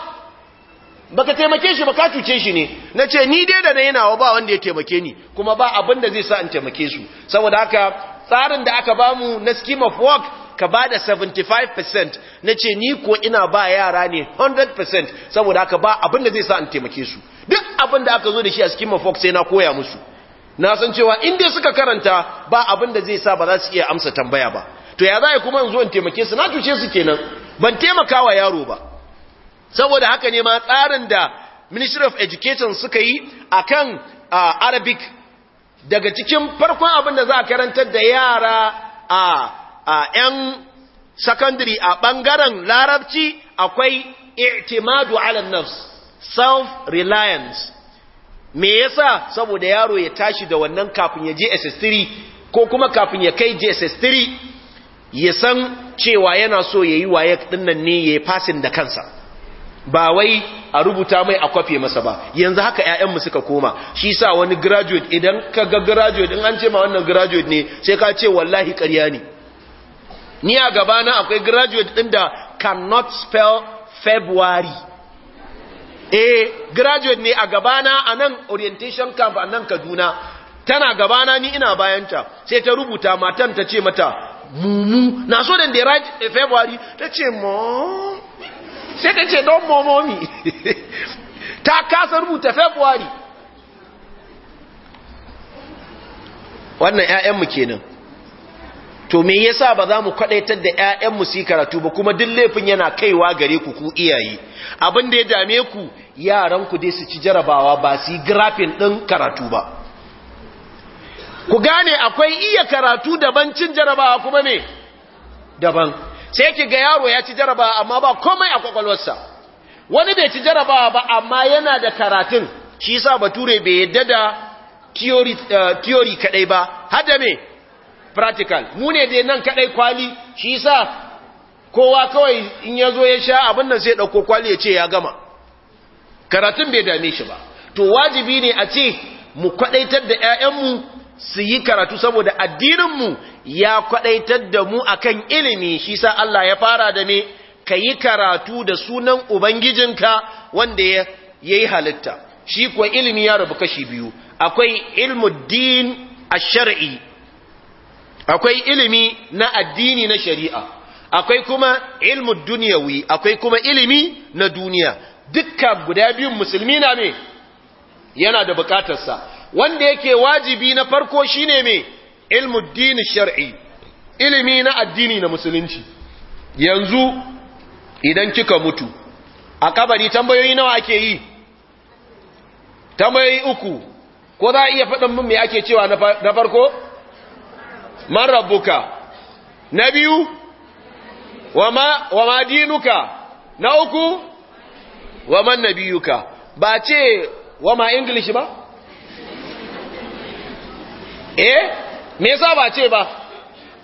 baka taimake shi ba ka cuce shi ne na ce ni dai da na yi nawa ba wanda ya taimake ni kuma ba abin da zai sa in taimake su saboda haka tsarin da aka bamu na scheme of work ka ba da 75% na ce ni ko ina ba yara ne 100% saboda haka ba abin da zai sa in taimake su duk abin da aka zo da shi a scheme of work sai na koya musu na san cewa in dai suka karanta ba abin da zai sa ba za su iya amsa tambaya ba to ya za kuma in zo in taimake su na cuce su kenan ban taimaka wa yaro ba saboda haka ne ma tsarin da ministry of education suka yi a akan arabic daga cikin farkon abin da za a karantar da yara a yan secondary a bangaren larabci akwai i'timadu ala nafs self reliance me yasa saboda yaro ya tashi da wannan kafin ya je SS3 ko kuma kafin ya kai JSS3 ya san cewa yana so yayi waye dinnan ne yayi fasin da kansa ba wai a rubuta mai a kwafe masa ba yanzu haka yayan mu suka koma shi sa wani graduate idan ka ga graduate in an ce ma wannan graduate ne sai ka ce wallahi karya ne ni a gabana akwai graduate din da cannot spell february eh graduate ne a gabana a nan orientation camp a nan Kaduna tana gabana ni ina bayanta sai ta rubuta matan ta ce mata mumu na so da right eh, february ta ce mom sai ta ce don momomi ta kasa rubuta februari wannan 'ya'yanmu kenan to me yasa ba za mu kwadaitar da 'ya'yanmu su karatu ba kuma duk laifin yana kaiwa gare ku ku iyaye abin da ya dame ku yaran ku dai su ci jarabawa ba su yi grafin ɗin karatu ba ku gane akwai iya karatu daban cin jarabawa kuma ne daban sai ki ga yaro ya ci jaraba amma ba komai a kwakwalwarsa wani bai ci jaraba ba amma yana da karatun shi yasa bature bai yadda da theory eh, theory kadai ba hada me practical mu ne dai nan kadai kwali shi yasa kowa kawai in ya zo ya sha abin nan sai dauko kwali ya ce ya gama karatun bai dame shi ba to wajibi ne a ce mu kwadaitar da ƴaƴanmu su yi karatu saboda addininmu ya kwadaitar da mu akan ilimi shi sa Allah ya fara da me kayi karatu da sunan ubangijinka wanda ya yayi halitta shi ko ilimi ya rabu kashi biyu akwai din ash-shar'i akwai ilimi na addini na shari'a akwai kuma ilmu dunyawi akwai kuma ilimi na duniya dukkan guda biyun musulmi na me yana da bukatarsa wanda yake wajibi na farko shine me ilmu dini shar'i ilimi na addini na musulunci yanzu idan kika mutu a kabari tambayoyi nawa ake yi tambayoyi uku ko za a iya faɗin mun me ake cewa na farko man rabbuka na biyu wa dinuka na uku wa man nabiyuka ba ce wama ma english ba eh me yasa ba ce ba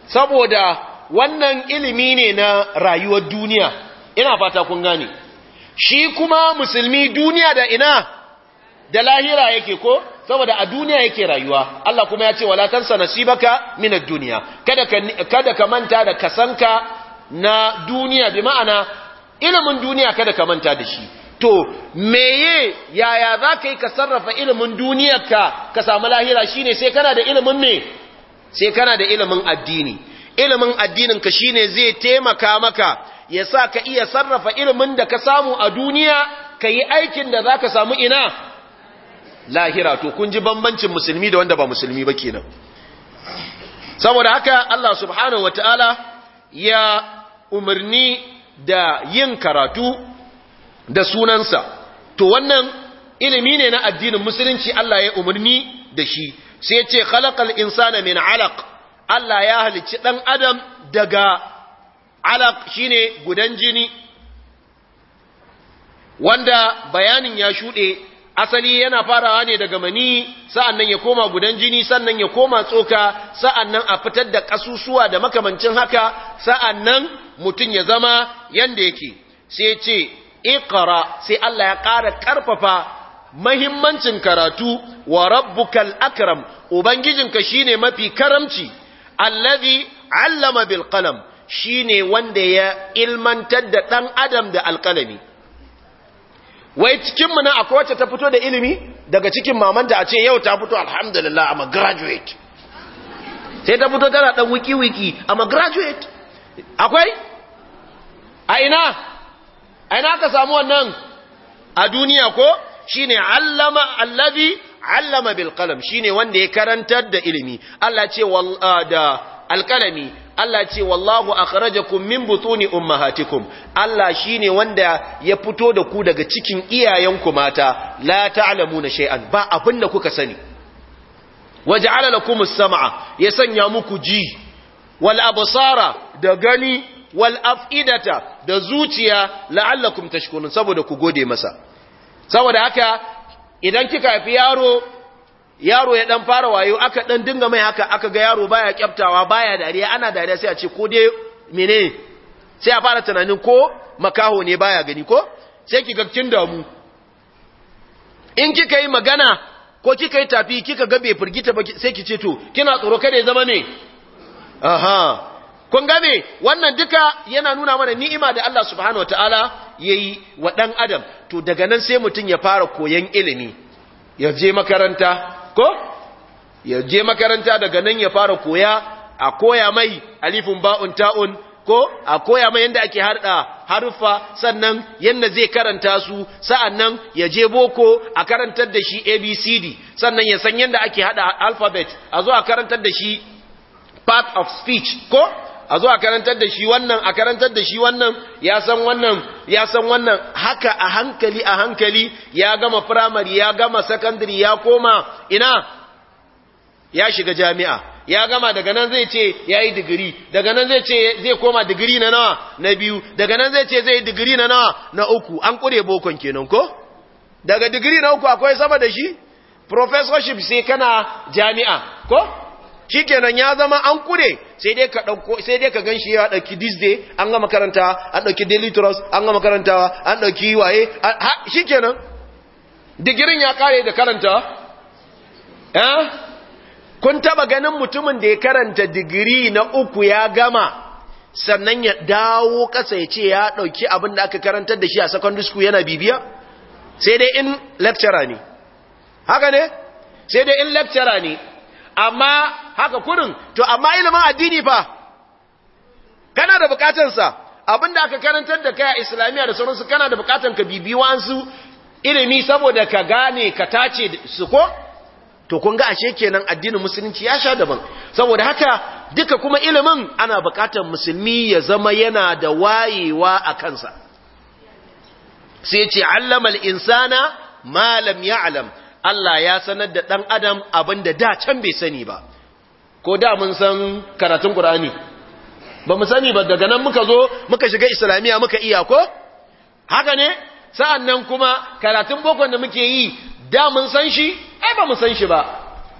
saboda wannan ilimi ne na rayuwar duniya ina fata kun gane shi kuma musulmi duniya da ina da lahira yake ko saboda a duniya yake rayuwa Allah kuma ya ce wala tansa nasibaka minad dunya kada ka kada ka manta da kasanka na duniya bi ma'ana ilimin duniya kada ka manta da shi to meye yaya za ka yi ka sarrafa ilimin duniyarka ka samu lahira shine sai kana da ilimin me sai kana da ilimin addini ilimin addinin ka shine zai taimaka maka ya sa ka iya sarrafa ilimin da ka samu a duniya ka yi aikin da za ka samu ina lahira to kun ji bambancin musulmi da wanda ba musulmi ba kenan saboda haka Allah subhanahu ta'ala ya umarni da yin karatu da sunansa to wannan ilimi ne na addinin musulunci Allah ya umarni da shi sai ce khalaqal insana min alaq Allah ya halicci dan adam daga alaq shine gudan jini wanda bayanin ya shude asali yana farawa ne daga mani sa'annan ya koma gudan jini sannan ya koma tsoka sa'annan a fitar da kasusuwa da makamancin haka sa'annan mutun ya zama yanda yake sai ce iqra sai Allah ya ƙara ƙarfafa mahimmancin karatu wa rabbukal akram ubangijinka shine mafi karamci allazi allama bil qalam shine wanda ya ilmantar da dan adam da alqalami wai cikin mu na akwai wacce ta fito da ilimi daga cikin mamanta a ce yau ta fito alhamdulillah amma graduate sai ta fito tana dan wiki wiki amma graduate akwai a ina a ina ka samu wannan a duniya ko shine allama allazi allama bil qalam shine wanda ya karantar da ilimi Allah ce ah, da alqalami Allah ce wallahu akhrajakum min butuni ummahatikum Allah shine wanda ya fito da ku daga cikin iyayenku mata la ta'lamuna shay'an ba abinda kuka sani waja'ala lakumus sam'a ya sanya muku ji wal absara da gani wal af'idata da zuciya la'allakum tashkurun saboda ku gode masa saboda haka idan kika haifi yaro yaro ya dan fara wayo aka dan dinga mai haka aka ga yaro baya kyaftawa baya dariya ana dariya sai a ce ko dai mene sai a fara tunanin ko makaho ne baya gani ko sai kika kin damu in kika yi magana ko kika yi tafi kika ga bai firgita ba sai ki ce to kina tsoro kada ya zama me aha kun game wannan duka yana nuna mana ni'ima da Allah subhanahu wataala yayi wa dan adam to daga nan sai mutum ya fara koyan ilimi ya je makaranta ko ya je makaranta daga nan ya fara koya a koya mai alifin ba'un ta'un ko a koya mai yadda ake harda haruffa sannan yadda zai karanta su sa'annan ya je boko a karantar da shi abcd sannan ya san yadda ake hada alphabet a zo a karantar da shi part of speech ko a zo a karantar da shi wannan a karantar da shi wannan ya san wannan ya san wannan haka a hankali a hankali ya gama firamare ya gama sakandare ya koma ina ya shiga jami'a ya gama daga nan zai ce ya yi digiri daga nan zai ce zai koma digiri na nawa na biyu daga nan zai ce zai yi digiri na nawa na uku an kure bokon kenan ko daga digiri na uku akwai sama da shi professorship sai kana jami'a ko kenan ya zama an kure sai dai ka dauko sai dai ka ganshi ya dauki disney an ga makaranta an dauki daily trust an ga makaranta an dauki waye kenan digirin ya kare da karanta eh kun taba ganin mutumin da ya karanta digiri na uku ya gama sannan ya dawo kasa ya ce ya dauki abin da aka karantar da shi a secondary school yana bibiya sai dai in lecturer ne haka ne sai dai in lecturer ne amma haka kurin to amma ilimin addini fa kana da bukatansa abinda aka karantar da kai a islamiyya da sauransu kana da bukatan ka bibi wansu ilimi saboda ka gane ka tace su ko to kun ga ashe kenan addinin musulunci ya sha daban saboda haka duka kuma ilimin ana bukatar musulmi ya zama yana da wayewa a kansa sai ce allama insana ma lam ya'lam Allah ya sanar da ɗan adam abin da da can bai sani ba ko da mun san karatun ƙur'ani ba mu sani ba daga nan muka zo muka shiga islamiyya muka iya ko haka ne sa'an nan kuma karatun bokon da muke yi da mun san shi ai ba mu san shi ba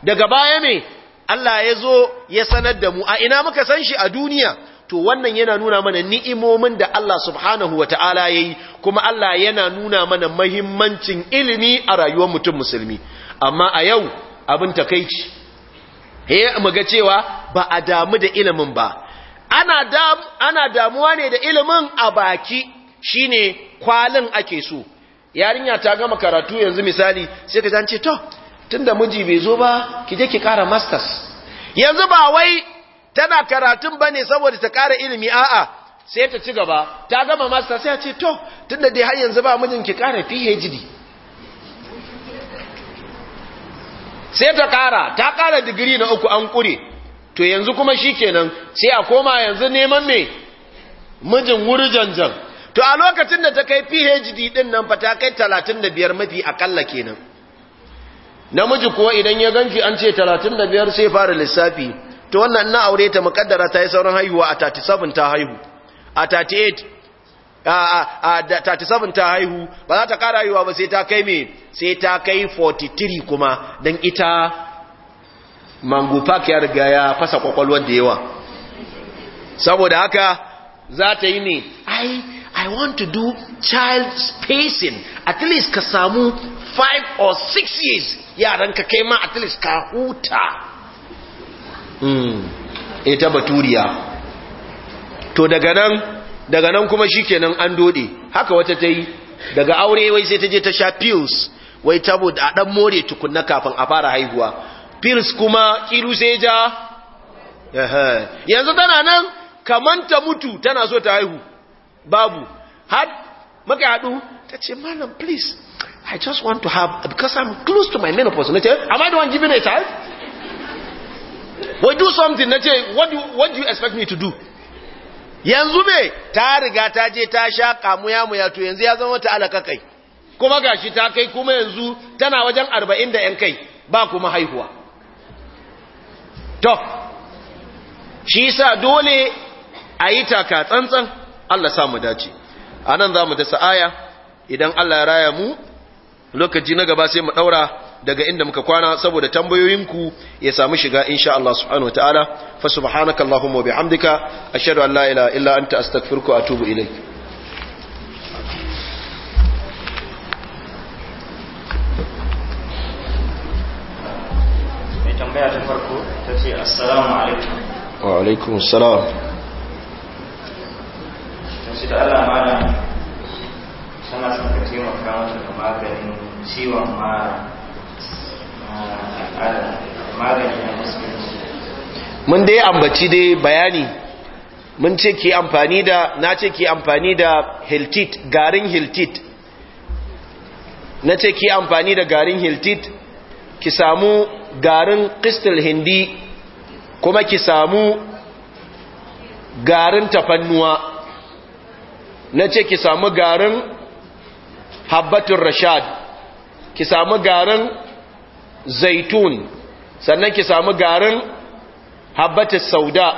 daga baya me Allah ya zo ya sanar da mu a ina muka san shi a duniya to wannan yana nuna mana ni'imomin da Allah subhanahu wa ta'ala ya yi kuma Allah yana nuna mana mahimmancin ilimi a rayuwar mutum musulmi amma a yau abin takaici Mu ga cewa ba a damu da ilimin ba ana, dam, ana damuwa ne da ilimin a baki shine kwalin ake so yarinya ta gama karatu yanzu misali sai ka zance to tunda miji bai zo ba ki je ki kara masters yanzu ba wai tana karatun bane saboda ta kara ilimi a'a sai ta ci gaba ta gama master sai ce to tunda dai har yanzu ba mijin ki ƙara PhD sai ta kara, ta kara digiri na uku an kure to yanzu kuma shikenan sai a koma yanzu neman me mijin wuri janjan to a lokacin da ta kai PhD din nan fa ta kai biyar mafi akalla kenan namiji kuwa idan ya ganki an ce talatin da biyar sai fara lissafi to wannan na aure ta mukaddara ta yi sauran haihuwa a 37 ta haihu a 38 a a a 37 ta haihu ba za ta kara haihuwa ba sai ta kai me sai ta kai 43 kuma don ita mango park ya riga ya fasa kwakwalwar da yawa saboda haka za ta yi ne ai I want to do child spacing at least ka samu 5 or 6 years ka kai ma at least ka huta Mm. ita baturiya to daga nan daga nan kuma shikenan an dode haka wata ta yi daga aure wai sai ta je ta sha pills wai tabo a dan more tukunna kafin a fara haihuwa pills kuma kilu sai ja yanzu tana nan kaman ta mutu tana so ta haihu babu har maka hadu ta ce malam please i just want to have because i'm close to my menopause nace am i the one giving a child wai do something na ce what do, what you expect me to do yanzu me ta riga ta je ta sha kamuya muya to yanzu ya zama ta alaka kai kuma gashi ta kai kuma yanzu tana wajen arba'in da yan kai ba kuma haihuwa to shi sa dole a yi taka tsantsan Allah samu dace a nan za mu dasa aya idan Allah ya raya mu lokaci na gaba sai mu ɗaura daga inda muka kwana saboda tambayoyinku ya samu shiga insha Allah subhanahu wataala fa subhanaka allahumma wa bihamdika ashhadu an la ilaha illa anta astaghfiruka wa atubu ilayk mai ta farko tace assalamu alaikum wa alaikum assalam tace da Allah mana tana son ka taimaka mata maganin ciwon mara mun dai ambaci dai bayani mun ce ki amfani da na ce ki amfani da hiltit garin hiltit na ce ki amfani da garin hiltit ki samu garin kristal hindi kuma ki samu garin tafannuwa na ce ki samu garin habbatun rashad ki samu garin zaitun sannan ki samu garin habbatis sauda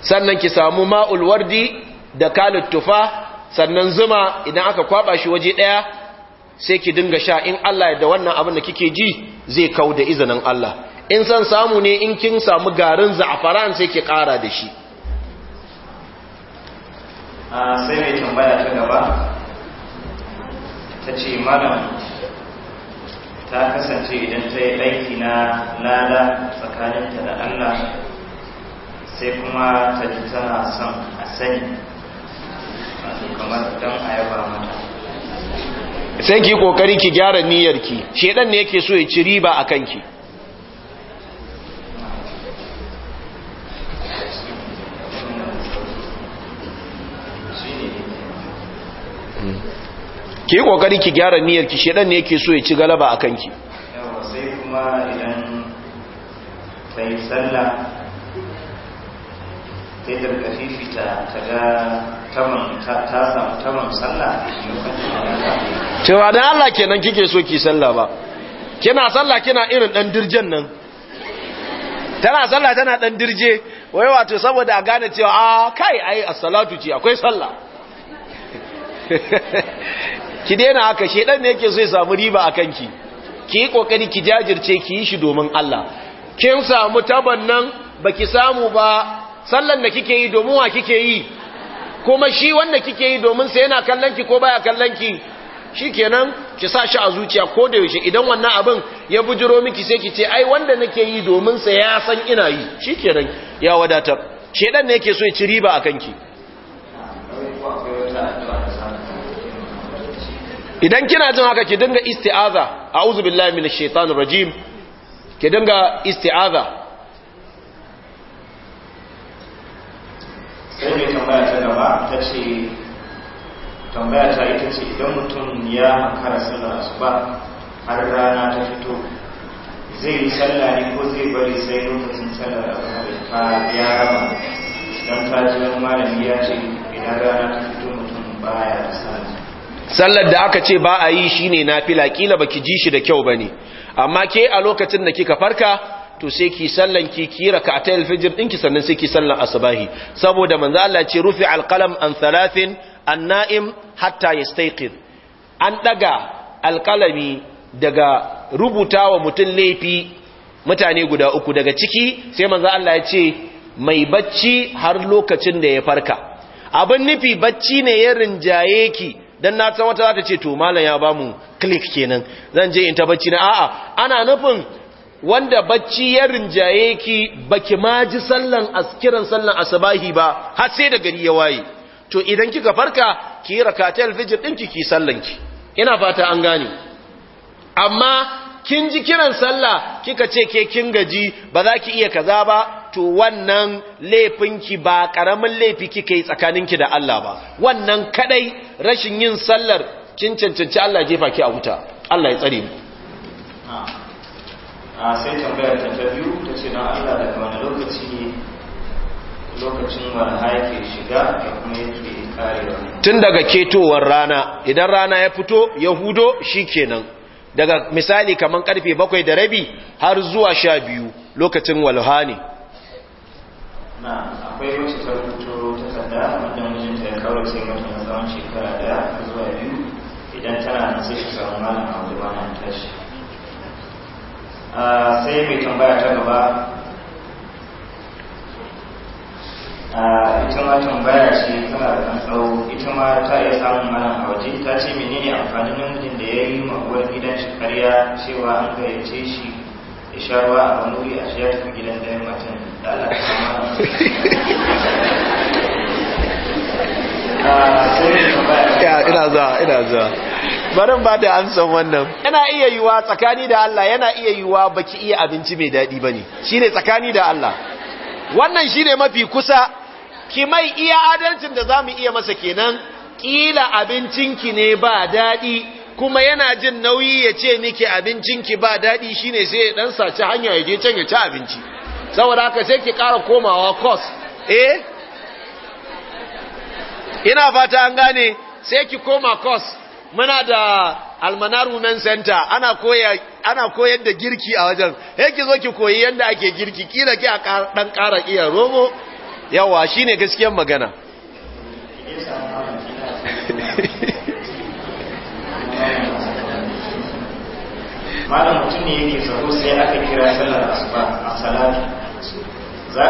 sannan ki samu ma'ul wardi da kalut tufa sannan zuma idan aka kwaba shi waje daya sai ki dinga sha in Allah da wannan abin da kike ji zai kau da izinin Allah in san samu ne in kin samu garin za'afaran sai ki kara da shi ah, sai mai tambaya ta gaba ta ce malam ta kasance idan ta yi aiki na lada tsakaninta da Allah sai kuma ta ji tana son a sani masu kamar don a yaba mata sai ki kokari ki gyara niyyarki shedan ne yake so ya ci riba a kanki ki yi kokari ki gyara niyyar ki shedan ne yake so ya ci galaba akan ki sai kuma idan sallah sai da cewa Allah kenan kike so ki sallah ba kina sallah kina irin dan dirjen nan tana sallah tana dan dirje wai wato saboda a gane cewa a ah, kai ai as-salatu ce akwai sallah ki daina haka shedan ne yake so ya samu riba a kanki ki yi kokari ki jajirce ki yi shi domin Allah kin samu taban nan baki samu ba sallan da kike yi domin wa kike yi kuma shi wanda kike yi domin sai yana kallon ki ko baya kallon ki shikenan ki sa shi a zuciya ko da yaushe idan wannan abin ya bujiro miki sai ki ce ai wanda nake yi domin sa ya san ina yi shikenan ya wadatar shedan ne yake so ya ci riba a kanki idan kina jin haka ki dinga isti'aza a'udhu billahi minash shaitanir rajim ki dinga isti'aza sai mai tambaya ta gaba ta ce tambaya ta ita ce idan mutum ya makara sallar asuba har rana ta fito zai yi sallah ne ko zai bari sai lokacin sallar asuba ta ya rama don ta ji wani malami ya ce idan rana ta fito mutum baya da sallah sallar da aka ce ba a yi shine nafila kila baki ji shi da kyau ba ne. amma ke a lokacin da kika farka to sai ki sallan ki kira ka atayil fijr din ki sannan sai ki sallan asbahi saboda manzo Allah ce rufi alqalam an thalathin annaim hatta yastayqid an daga alqalami daga rubutawa mutun laifi mutane guda uku daga ciki sai manzo Allah ya ce mai bacci har lokacin da ya farka abin nufi bacci ne ya rinjaye ki dan na san wata za ta ce to malam ya bamu, mu click kenan zan je in ta bacci na a'a ana nufin wanda bacci ya rinjaye ki baki ma ji sallan askiran sallan asabahi ba har sai da gari ya waye to idan kika farka ki yi rakata fijr din ki ki sallan ki ina fata an gane amma kin ji kiran sallah kika ce ke kin gaji ba za ki iya kaza ba to wannan laifinki ba ƙaramin laifi kike yi tsakaninki da Allah ba wannan kadai rashin yin sallar kin cancanci Allah jefa ki a wuta Allah ya tsare mu a ah, ah, sai tambaya ta ta biyu ta ce na Allah daga wani lokaci ne lokacin wanda haike shiga da kuma yake karewa tun daga ketowar rana idan rana ya fito ya hudo shikenan daga misali kaman karfe bakwai da rabi har zuwa sha biyu lokacin walha ne na akwai wacce ta rubuto takarda wanda mijinta ya kawai sai mata na tsawon shekara daya zuwa biyu idan tana na sai shi samu malam a wajen bana tashi ah, sai mai tambaya ta gaba ah, ita ma tambaya ce tana da ɗan tsawo ita ma ta iya samun malam a waje ta ce menene amfanin namijin da ya yi ma uwar gidan shi karya cewa an gayyace shi ya sha ruwa a wani wuri a shi ya tafi gidan da macen ina zuwa ina zuwa barin ba da amsan wannan yana iya yiwa tsakani da Allah yana iya yiwa baki iya abinci mai daɗi ba ne. Shi ne tsakani da Allah wannan shi ne mafi kusa ki mai iya adalcin da za mu iya masa kenan ƙila abincinki ne ba daɗi kuma yana jin nauyi ya ce miki abincinki ba daɗi shi ne sai ya dan saci hanya ya je can ya ci abinci saboda haka sai ki ƙara komawa course eh ina fata an gane sai ki koma course muna da almanar women center ana koya ana koyar da girki a wajen sai ki zo ki koyi yanda ake girki kila ki a dan ƙara iya romo yawa shine gaskiyar magana malam mutum ne yake tsaro sai aka kira sallar asuba a salatu za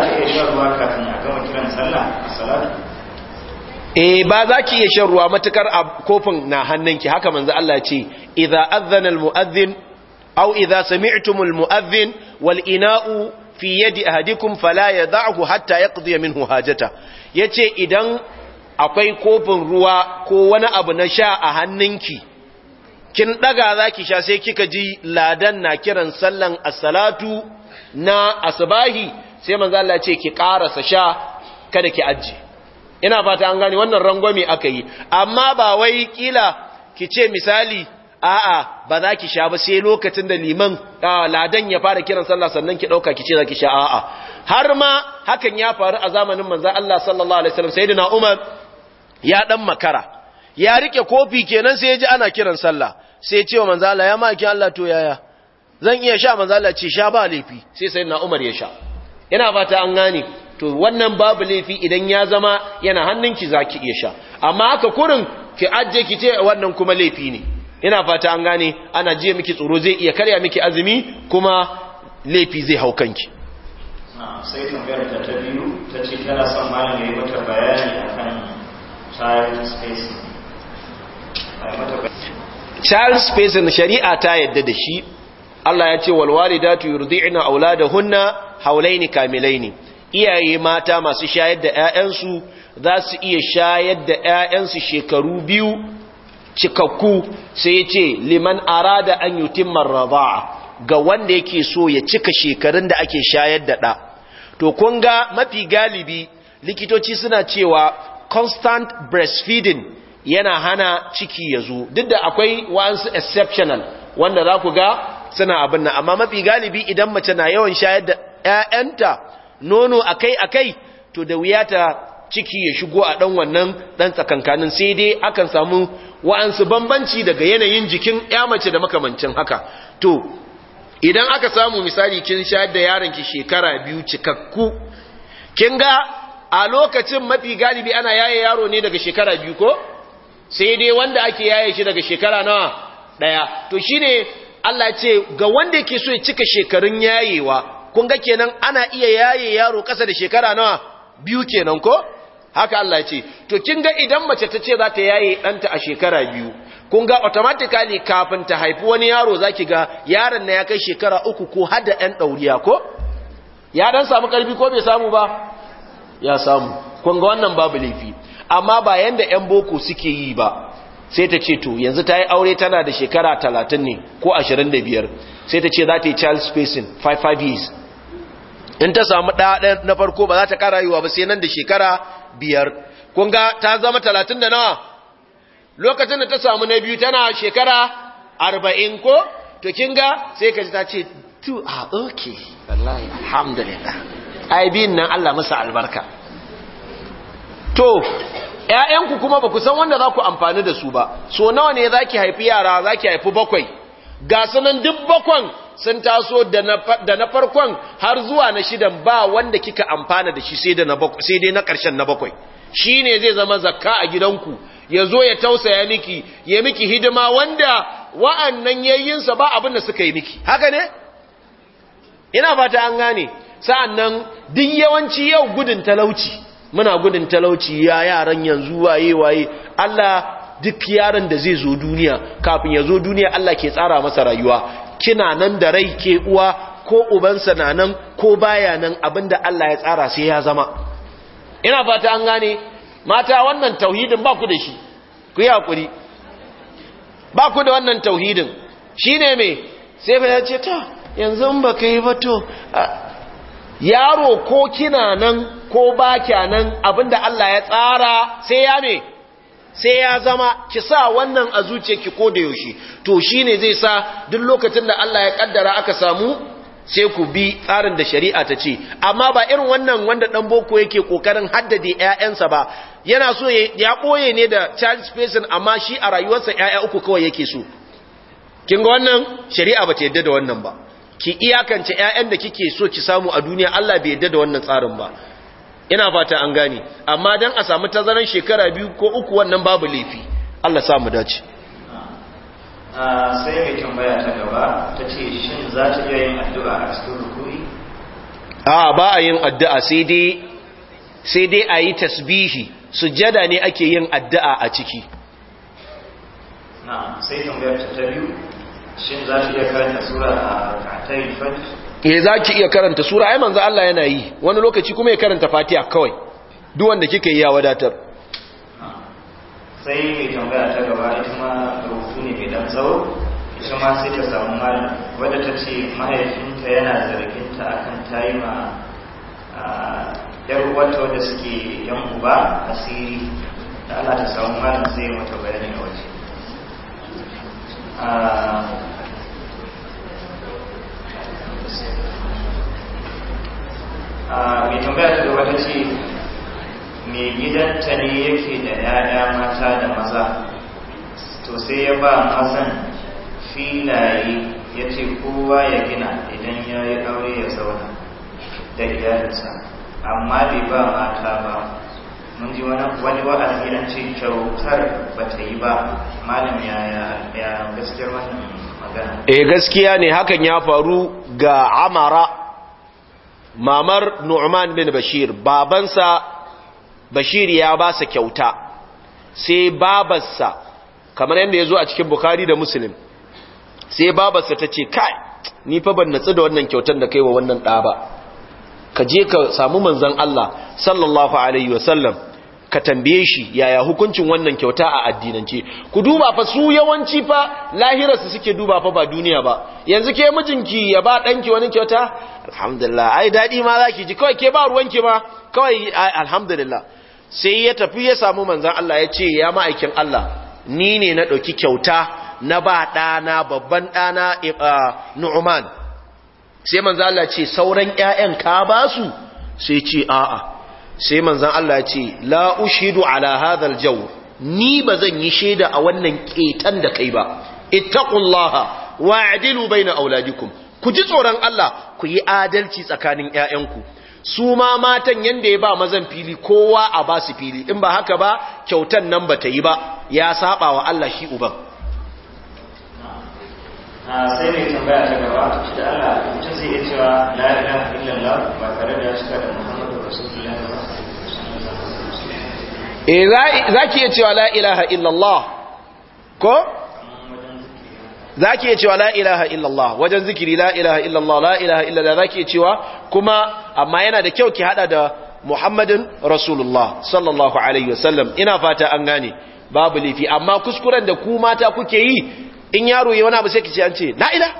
eh ba za ki iya shan ruwa matukar a kofin na hannunki haka manzo Allah ce idza adhana al au aw idza sami'tum al muadhdhin wal ina'u fi yadi ahadikum fala yad'uhu hatta yaqdi minhu hajata yace idan akwai kofin ruwa ko wani abu na sha a hannunki kin daga zaki sha sai kika ji ladan na kiran sallan as-salatu na asbahi sai manzo Allah ce ki karasa sha kada ki ajje ina fata an gane wannan rangwame aka yi amma ba wai kila ki ce misali a'a ba za ki sha ba sai lokacin da liman ladan ya fara kiran sallah sannan ki dauka ki ce za ki sha a'a har ma hakan ya faru a zamanin manzo Allah sallallahu alaihi wasallam sayyidina Umar ya dan makara ya rike kofi kenan sai ya ji ana kiran sallah sai ya ce wa manzo Allah ya maki Allah to yaya zan iya sha manzo Allah ce sha ba laifi sai sayyidina Umar ya sha ina fata an gane to wannan babu laifi idan ya zama yana hannunki zaki iya sha amma haka kurin ki ajje ki ce wannan kuma laifi ne ina fata an gane ana jiya miki tsoro zai iya karya miki azumi kuma laifi zai hau kanki sai tambayar ta ta ce tana son malam mata bayani akan child spacing child spacing shari'a ta yadda da shi Allah ya ce walwali da hunna yurdi'na auladahunna haulaini kamilaini iyaye mata masu shayar da 'yayansu za su iya shayar da yayansu shekaru biyu cikakku sai ce liman arada an yutimma rada'a ga wanda yake so ya cika shekarun da ake shayar da ɗa to kun ga mafi galibi likitoci suna cewa constant breastfeeding yana hana ciki ya zo duk da akwai wa'ansu exceptional wanda za ku ga suna abin nan amma mafi galibi idan mace na yawan shayar da ƴaƴanta nono akai-akai to da wuya ta ciki ya shigo a ɗan wannan ɗan tsakankanin sai dai akan samu wa'ansu bambanci daga yanayin jikin ya mace da makamancin haka to idan aka samu misali kin shayar da ki shekara biyu cikakku kin ga a lokacin mafi galibi ana yaye yaro ne daga shekara biyu ko sai dai wanda ake yaye shi daga shekara nawa ɗaya to shine Allah ce ga wanda yake so ya cika shekarun yayewa kun ga kenan ana iya yaye yaro kasa da shekara nawa biyu kenan ko haka Allah ce to kin ga idan mace ta ce za ta yaye danta a shekara biyu kun ga automatically kafin ta haifi wani yaro zaki ga yaron na ya kai shekara uku ko har da ɗan ɗauriya ko ya dan samu ƙarfi ko bai samu ba ya samu kun ga wannan babu laifi amma ba yanda ƴan boko suke yi ba sai ta ce to yanzu ta yi aure tana da shekara talatin ne ko ashirin da biyar sai ta ce za ta yi child spacing 5-5 years in ta samu ɗaɗa na farko ba za ta ƙara yiwa ba sai nan da shekara biyar kunga ta zama talatin da nawa lokacin da ta samu na biyu tana shekara arba'in ko to kinga sai ka ji ta ce tu a ah, ok wallahi alhamdulillah ai biyun nan allah masa albarka to ƴaƴanku kuma ba ku san wanda za ku amfani da su ba so nawa ne za ki haifi yara za ki haifi bakwai ga sanan duk bakwan sun taso da na farkon har zuwa na shidan ba wanda kika amfana da shi sai dai na karshen na bakwai shi ne zai zama zakka a gidanku ya zo ya tausaya miki ya miki hidima wanda wa'annan yayyinsa ba abin da suka yi miki haka ne? ina fata an gane Sa'annan duk yawanci yau gudun talauci muna gudun talauci ya yaran yanzu waye waye Allah duk yaran da zai zo duniya kafin ya zo duniya Allah ke tsara masa rayuwa kina nan da rai ke uwa ko ubansa na nan ko baya nan abinda Allah ya tsara sai ya zama ina fata an gane mata wannan tauhidin ba ku da shi ku yi hakuri ba ku da wannan tauhidin shine me sai fa ya ce ta yanzu ba kai ba to yaro ko kina nan ko ba kya nan abinda Allah ya tsara sai ya ne sai ya zama ki sa wannan a ki ko da yaushe to shi ne zai sa duk lokacin da Allah ya kaddara aka samu sai ku bi tsarin da shari'a ta ce amma ba irin wannan wanda dan boko yake kokarin haddade ƴaƴansa ba yana so ya ɓoye ne da child space amma shi a rayuwarsa ƴaƴa uku kawai yake so kin ga wannan shari'a ba ta yadda da wannan ba ki iyakance ƴaƴan da kike so ki samu a duniya Allah bai yarda da wannan tsarin ba ina fata an gane amma dan a samu tazaran shekara biyu ko uku wannan babu laifi Allah sa mu dace ah, sai mai tambaya ta gaba ta ce shin za ta iya yin addu'a a cikin rukuni a ba a yin addu'a sai dai sai dai a yi tasbihi sujjada ne ake yin addu'a a ciki na sai tambayar ta biyu shin za ki iya karanta sura a rak'atayn fajr eh, za karanta sura ai manzo Allah yana yi wani lokaci kuma ya karanta a kawai duk kika yi ya wadatar sai mai tambaya ta gaba ita ma rufu ne mai dan tsawo ita ma sai ta samu malam wadda ta ce mahaifinta yana zarginta akan ma yar wata wadda suke yan uba asiri da ana ta samu zai mata bayani a waje Ah, ah, mai tambaya da wata ce mai gidanta ne yake da 'ya'ya mata da maza to sai ya ba hasan filaye ya ce kowa ya gina idan ya yi aure ya zauna da idanunsa amma bai ba mata ba mun ji wani wa'azi an ce kyautar ba ta yi ba malam ya gaskiyar wannan magana eh gaskiya ne hakan ya faru ga amara mamar nu'man bin bashir babansa bashir ya ba sa kyauta sai babarsa kamar yadda ya zo a cikin bukari da musulun sai babarsa ta ce kai ni fa ban natsu da wannan kyautar da kai wa wannan ɗa ba ka je ka samu manzon Allah sallallahu alaihi wasallam ka tambaye shi yaya hukuncin wannan kyauta a addinance ku duba fa su yawanci fa lahirarsu suke duba fa ba duniya ba yanzu ke mijinki ya ba danki wani kyauta alhamdulillah ai dadi ma zaki ji kawai ke ba ruwanki ma kawai alhamdulillah sai ya tafi ya samu manzon Allah ya ce ya ma'aikin Allah ni ne na dauki kyauta na ba dana babban dana eh, ah, Nu'man sai manzo Allah ce sauran ƴaƴan ka ba su sai ce a'a sai manzan Allah ce la ushidu ala hadhal jaw ni ba zan yi shaida a wannan ƙetan da kai ba ittaqullaha wa'dilu baina auladikum ku ji tsoron Allah ku yi adalci tsakanin ƴaƴanku su ma matan yanda ya ba mazan fili kowa a ba su fili in ba haka ba kyautan nan ba ta yi ba ya saba wa Allah shi uban Ah, sai mai tambaya ta gaba da Allah mutum zai iya cewa la ilaha illallah ba tare da shiga da Muhammadu Rasulullah ba eh za ki iya cewa la ilaha illallah ko za ki iya cewa la ilaha illallah wajen zikiri la ilaha illallah la ilaha illallah za ki iya cewa kuma amma yana da kyau ki hada da Muhammadin Rasulullah sallallahu alaihi wasallam ina fata an gane babu laifi amma kuskuren da ku mata kuke yi in yaro yi wani abu sai kici ce an ce la'ila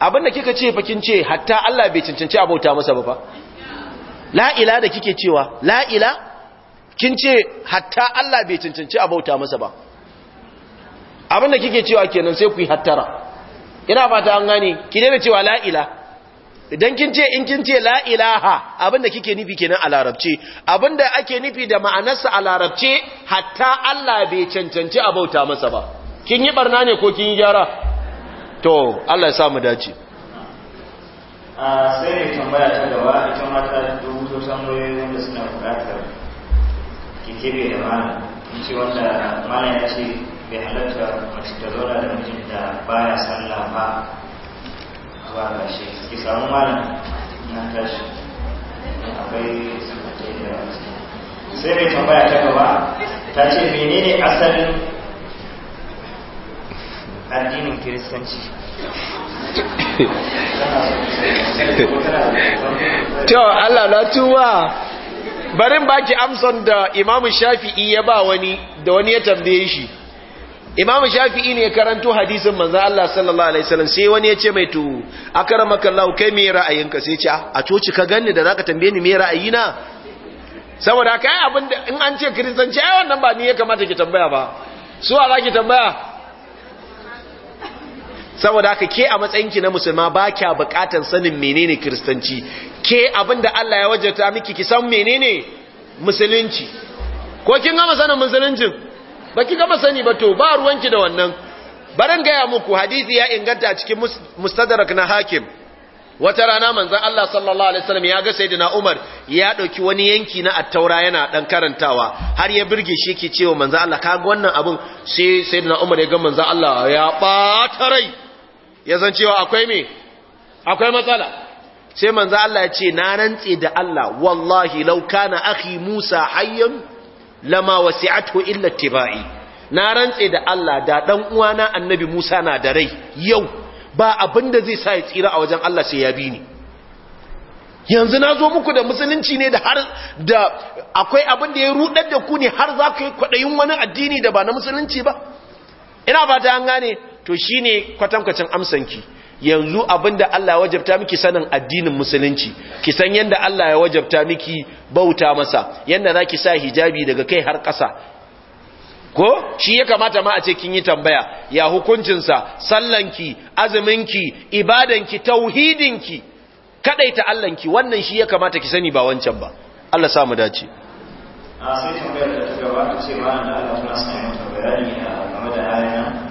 da kika ce fa kin ce hatta Allah bai cancanci abauta masa ba fa la'ila da kike cewa la'ila kin ce hatta Allah bai cancanci abauta masa ba da kike cewa kenan sai ku yi hattara ina fata an gane ki da cewa la'ila idan kin ce in kin ce la ilaha da kike nufi kenan a larabce da ake nufi da ma'anarsa a larabce hatta Allah bai cancanci abauta masa ba kin yi barna ne ko kin yi gyara to Allah ya sa mu dace a sai tambaya ta gaba ita mata da dubu san tambayoyin wanda suna bukatar ki kebe da mana in ce wanda mana ya ce bai halatta mace ta zauna da da baya sallah ba ba ga shi ki samu mana na tashi akwai sakatai da sai mai tambaya ta gaba ta ce menene asalin addinin kiristanci to Allah na tuwa barin baki Amson da imamu Shafi'i ya ba wani da wani ya tambaye shi imamu Shafi'i ne ya karanto hadisin manzo Allah sallallahu alaihi wasallam sai wani ya ce mai to akramakallahu kai me ra'ayinka sai ce a coci ka ganni da zaka tambaye ni me ra'ayina saboda kai abinda in an ce kiristanci ai wannan ba ni ya kamata ki tambaya ba suwa za zaki tambaya saboda haka ke a matsayinki na musulma ba kya bukatan sanin menene kiristanci ke abinda Allah ya wajata miki ki san menene musulunci ko kin gama sanin musuluncin ki gama sani ba to ba ruwanki da wannan barin gaya muku hadisi ya inganta cikin mustadrak na hakim wata rana manzon Allah sallallahu alaihi wasallam ya ga sayyidina Umar ya dauki wani yanki na attaura yana dan karantawa har ya burge shi yake cewa manzon Allah kaga wannan abun sai sayyidina Umar ya ga manzon Allah ya bata rai ya san cewa akwai me akwai matsala sai manzo Allah ya ce na rantse da Allah wallahi law kana akhi Musa hayyan lama wasi'athu illa tibai na rantse da Allah da dan uwana annabi Musa na da rai yau ba abinda zai sa ya tsira a wajen Allah sai ya bi ni yanzu na zo muku da musulunci ne da har da akwai abin da ya rudar da ku ne har za ku yi kwaɗayin wani addini da ba na musulunci ba ina fata ta an gane to shi ne kwatankwacin amsanki yanzu abinda Allah ya wajabta miki sanin addinin musulunci ki san yanda Allah ya wajabta miki bauta masa yanda zaki sa hijabi daga kai har ƙasa ko shi ya kamata ma a ce kin yi tambaya ya hukuncinsa sallanki azuminki ibadanki tauhidinki ta Allahnki wannan shi ya kamata ki sani ba wancan ba Allah samu dace a sai tambayar da ta gaba ta ce ma Allah ya sanya tambayani bayani game da ayyana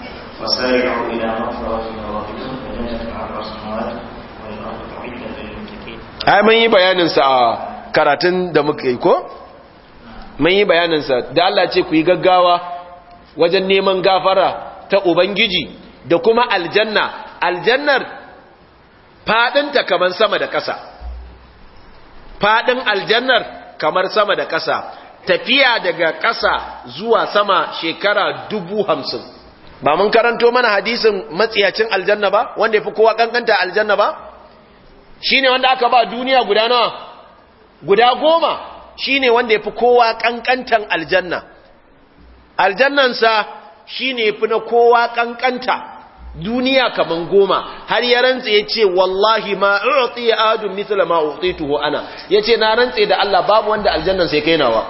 ai mun yi bayanin a karatun da muka yi ko? mun yi bayaninsa da Allah ce ku yi gaggawa wajen neman gafara ta Ubangiji da kuma aljanna aljannar faɗinta kamar sama da ƙasa faɗin aljannar kamar sama da ƙasa tafiya daga ƙasa zuwa sama shekara dubu hamsin ba mun karanto mana hadisin matsiyacin aljanna ba wanda ya fi kowa kankanta aljanna ba shi ne wanda aka ba duniya guda nawa guda goma shi ne wanda ya fi kowa kankantan aljanna aljannansa shi ne fi na kowa kankanta duniya kaman goma har ya rantse ya ce wallahi ma urti ya adun misala ana ya ce na rantse da Allah babu wanda aljannansa ya kai nawa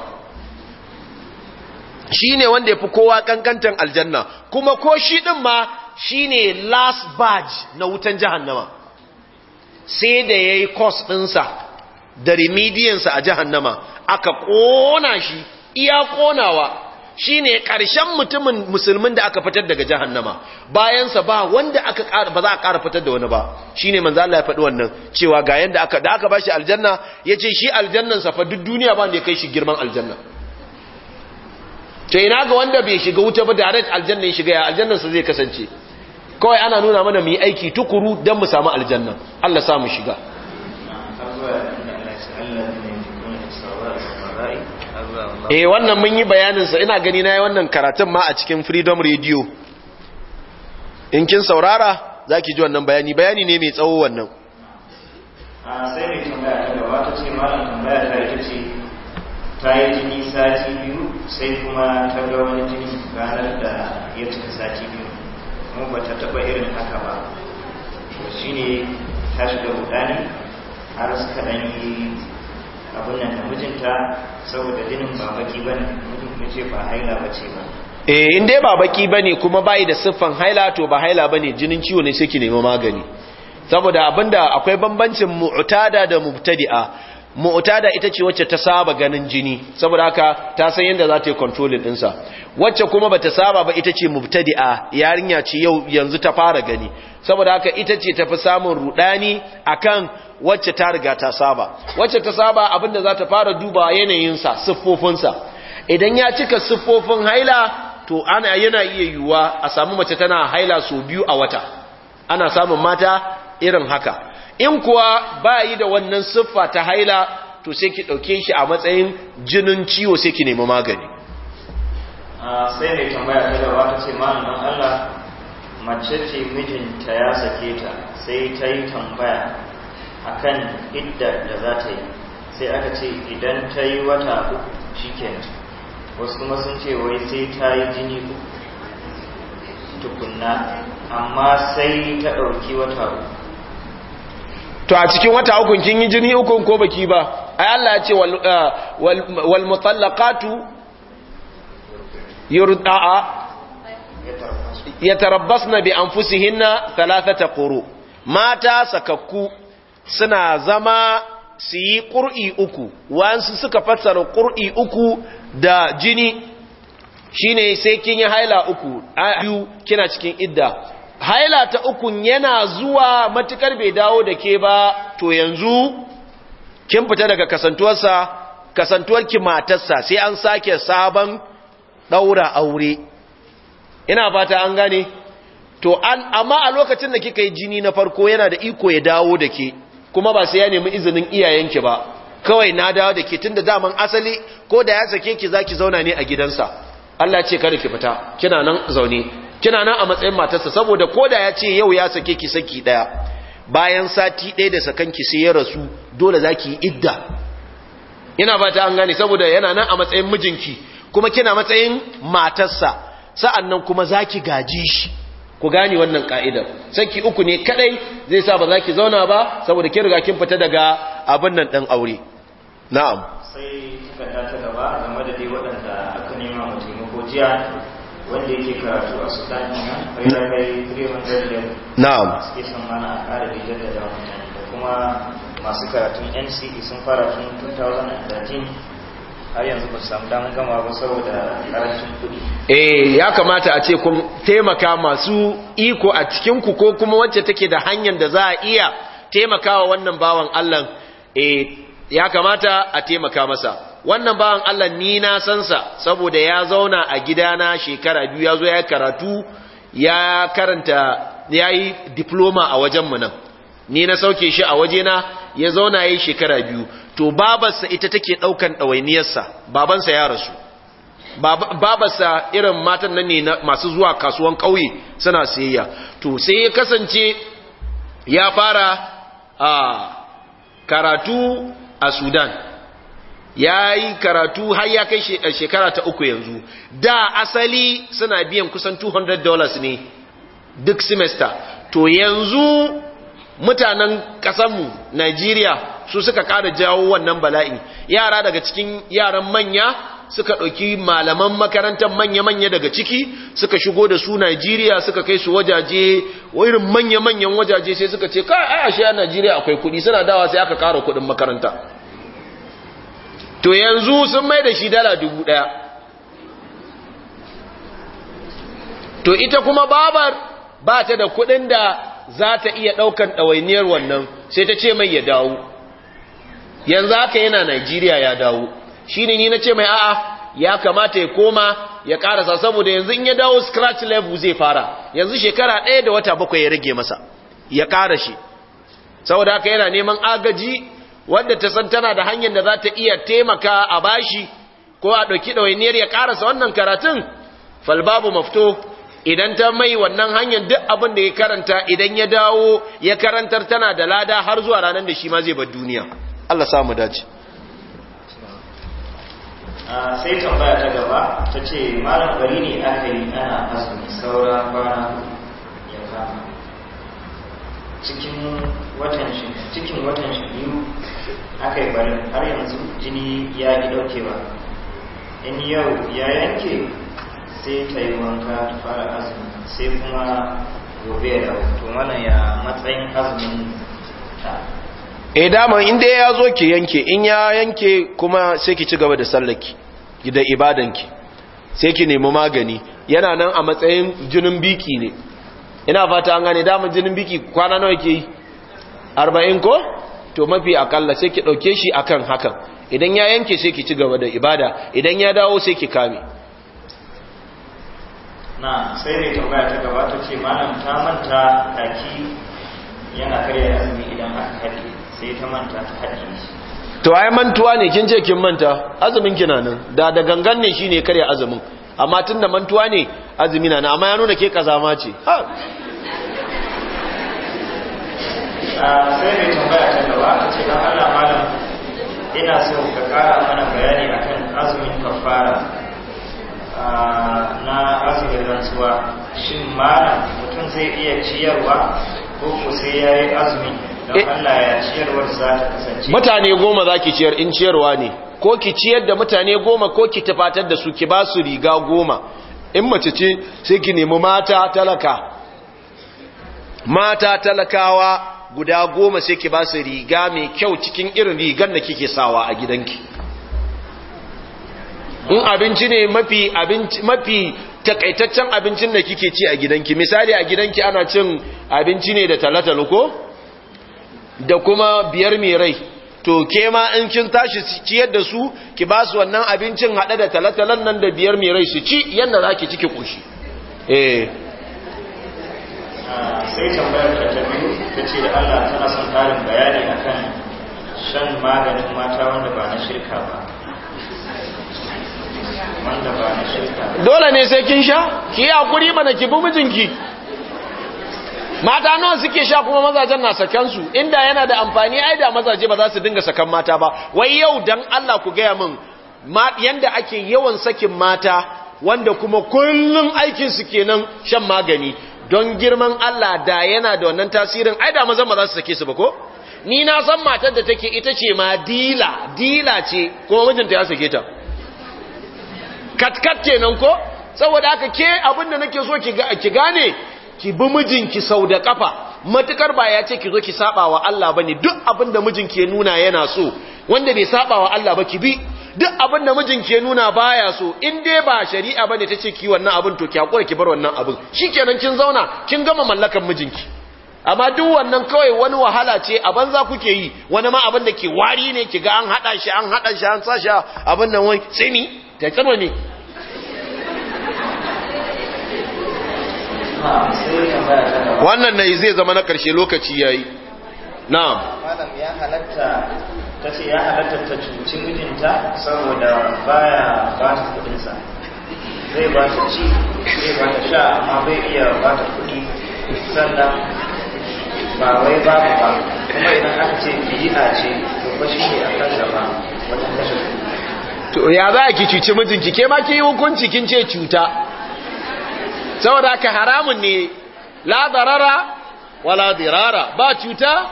shi ne wanda ya fi kowa kankantan aljanna kuma ko shi ɗin ma shi ne last badge na wutan jahannama sai da ya yi kos ɗinsa da remediyansa a jahannama aka ƙona shi iya ƙonawa shi ne ƙarshen mutumin musulmin da aka fitar daga jahannama bayansa ba wanda aka ba za a ƙara fitar da wani ba shi ne manzo Allah ya faɗi wannan cewa ga yanda aka da aka ba shi aljanna ya ce shi aljannansa fa duk duniya ba wanda ya kai shi girman aljanna to ina ga wanda bai shiga wuta ba direct aljanna ya shiga ya aljannan sa zai kasance kawai ana nuna mana mu yi aiki tukuru dan mu samu aljanna Allah sa mu shiga eh wannan mun yi bayanin sa ina gani nayi wannan karatun ma a cikin Freedom Radio in kin saurara zaki ji wannan bayani bayani ne mai tsawo wannan a ah, sai ne tambaya da wato ce malamin tambaya da ita ce ta yi jini sati biyu sai kuma ta ga wani jini ranar da ya cika sati biyu kuma ba ta taba irin haka ba shi ne ta shiga rudani har suka dan yi abin nan da mijinta saboda jinin ba baki ba ne mijin ce ba haila ba ce ba eh in dai ba baki ba ne kuma bayi da siffan haila to ba haila ba ne jinin ciwo ne sai ki nemi magani saboda abinda akwai bambancin mu'tada da mubtadi'a mu'tada ita ce wacce ta saba ganin jini saboda haka ta san yadda za ta yi controlling ɗinsa wacce kuma ba ta saba ba ita ce mubtadi'a yarinya ce yau yanzu ta fara gani saboda haka ita ce ta fi samun rudani akan wacce ta riga ta saba wacce ta saba abinda za ta fara duba yanayin yanayinsa siffofinsa idan ya cika siffofin haila to ana yana iya yiwuwa a samu mace tana haila sau biyu a wata ana samun mata irin haka in kuwa ba yi da wannan siffa ta haila to sai ki ɗauke shi a matsayin jinin ciwo sai ki nemi magani sai mai tambaya ta gaba ta ce ma'anin allah mace ce mijinta ya sake ta sai ta yi tambaya akan idda da za ta yi sai aka ce idan ta yi wata uku wasu kuma sun ce wai sai ta yi jini tukunna amma sai ta ɗauki wata to a cikin wata ukun kin yi jini uku ko baki ba ai Allah ya ce wal uh, mutallaqatu yurda'a yatarabbasna bi anfusihinna thalathata quru mata sakakku suna zama su yi ƙur'i uku wansu suka fassara ƙur'i uku da jini shine sai kin yi haila uku a kina cikin idda haila ta ukun yana zuwa matukar bai dawo da ke ba to yanzu kin fita daga kasantuwarsa ki matarsa sai an sake sabon daura aure ina fata an gane to an amma a lokacin da kika yi jini na farko yana da iko ya dawo da ke kuma ba sai ya nemi izinin iyayenki ba kawai na dawo da ke tunda daman asali ko da ya sake ki zaki zauna ne a gidansa Allah ce kada ki fita kina nan zaune kina nan a matsayin matarsa saboda koda ya ce yau ya sake ki saki daya bayan sati daya da sakanki sai ya rasu dole zaki idda ina fata an gane saboda yana nan a matsayin mijinki kuma kina matsayin matarsa sa'annan kuma zaki gaji shi ku gane wannan ka'idar saki uku ne kadai zai sa ba zaki zauna ba saboda kin riga kin fita daga abin nan dan aure na'am sai kika ta gaba game da dai waɗanda aka nema mutum ko jiya wanda yake karatu a sudan nan faira kai 300 level na'am suke son mana a kara da damu da kuma masu karatun nce sun fara tun 2013 har yanzu ba su samu damar gama ba saboda karancin kuɗi eh ya kamata a ce kun taimaka masu iko a cikinku ko kuma wacce take da hanyar da za a iya taimakawa wannan bawan allah eh ya kamata a taimaka masa wannan bawan Allah ni na sansa saboda ya zauna a gidana shekara biyu ya zo ya karatu ya karanta ya yi diploma a wajenmu nan ni na sauke shi a wajena ya zauna ya yi shekara biyu to babarsa ita take ɗaukan ɗawainiyarsa babansa ya rasu babarsa irin matan nan ne masu zuwa kasuwan ƙauye suna sayayya to sai ya kasance ya fara a ah, karatu a sudan ya yi karatu har ya kai eh, shekara ta uku yanzu da asali suna biyan kusan 200 dollars ne duk semester to yanzu mutanen kasanmu Najeriya su suka kada jawo wannan bala'i yara daga cikin yaran manya suka ɗauki malaman makarantar manya-manya daga ciki suka shigo da su Najeriya suka kai su wajaje irin manya-manyan wajaje sai suka ce kai a ashe a Najeriya akwai kuɗi suna dawa sai aka ƙara kuɗin makaranta to yanzu sun mai da shi dala dubu ɗaya to ita kuma babar ba ta da kuɗin da za ta iya ɗaukan ɗawainiyar wannan sai ta ce mai ya dawo yanzu haka yana Najeriya ya dawo shi ne ni na ce mai a'a ya kamata ya koma ya karasa saboda yanzu in ya dawo scratch level zai fara yanzu shekara ɗaya da wata bakwai ya rage masa ya kara shi saboda haka yana neman agaji wanda ta san tana da hanyar da za ta iya taimaka a bashi ko a ɗauki ɗawainiyar ya ƙarasa wannan karatun falbabu mafto idan ta mai wannan hanyar duk abin da ya karanta idan ya dawo ya karantar tana da lada har zuwa ranar da shi ma zai bar duniya Allah samu dace sai baya ta gaba ta ce malam bari ne aka yi ana azumi saura kwana ya kama cikin watan shi biyu aka yi bari har yanzu jini ya yi daukewa in yau ya yanke sai ta yi wanka ta fara azumi sai kuma gobe ya dawo to mana ya matsayin azumin ta e eh, dama in ya zo ki yanke in ya yanke kuma sai ki ci gaba da sallaki da ibadanki sai ki nemi magani yana nan a matsayin jinin biki ne ina fata an gane damun jinin biki kwana nawa ke yi arba'in ko to mafi akalla sai ki ɗauke shi akan hakan idan ya yanke sai ki ci gaba da ibada idan ya dawo sai ki kame na sai ne tambaya ta gaba ta ce malam ta manta taki yana karya azumi idan aka haɗe sai ta manta ta haɗe to ai mantuwa ne kin ce kin manta azumin kina nan da da gangan ne shine karya azumin amma tun da mantuwa ne azumi na amma ya nuna ke kazama ce ha ah, sai mai tambaya ta gaba ce don hala-hala ina so ka kara mana bayani akan azumin kafara ah, na azumin rantsuwa shin malam mutum zai iya ciyarwa ko ko sai ya yi azumin mutane goma za ki ciyar in ciyarwa ne ko ki ciyar da mutane goma ko ki tafatar da su ki ba su riga goma in mace ce sai ki nemi mata talaka mata talakawa guda goma sai ki ba su riga mai kyau cikin irin rigar da kike sawa a gidanki in abinci ne mafi mafi takaitaccen abincin da kike ci a gidanki misali a gidanki ana cin abinci ne da talatalo ko da kuma biyar mai rai to ke ma in kin tashi su ciyar da su ki ba su wannan abincin hada da talatalan nan da biyar mai rai su ci yadda za ki ci ki ƙoshi eh sai tambayar da ta biyu ta ce da Allah tana son tarin bayani akan shan maganin mata wanda ba na shirka ba wanda ba na shirka dole ne sai kin sha ki yi hakuri mana ki bi mijinki mata nawa suke sha kuma mazajen na sakan su inda yana da amfani ai da mazaje ba za su dinga sakan mata ba wai yau dan Allah ku gaya min yanda ake yawan sakin mata wanda kuma kullun aikin su kenan shan magani don girman Allah da yana da wannan tasirin ai da mazan ba za su sake su ba ko ni na san matar da take ita ce ma dila dila ce kuma mijinta ya sake ta katkat kenan ko saboda haka ke abin da nake so ki gane ki bi mijinki sau da kafa matukar ba ya ce ki zo ki saba wa Allah bane duk abin da mijinki ya nuna yana so wanda bai saba wa Allah ba ki bi duk abin da mijinki ya nuna baya so in dai ba shari'a bane ta ce ki wannan abin to ki hakura ki bar wannan abin shikenan kin zauna kin gama mallakan mijinki amma duk wannan kawai wani wahala ce a banza kuke yi wani ma abin da ke wari ne ki ga an hada shi an hada shi an sa abin nan wai tsini ta tsano ne wannan na zai zama na ƙarshe lokaci ya yi na malam ya halatta ta ce ya halatta ta cuci mijinta saboda baya ba ta kudinsa zai ba ta ci zai ba ta sha amma bai iya ba ta kudi sannan ba wai ba ba kuma idan aka ce biyi'a ce to ba shi ne a kan ba wata kashe to ya za ki cuci mijinki ke ma ki yi hukunci kin ce cuta saboda ka haramun ne la darara wala dirara ba cuta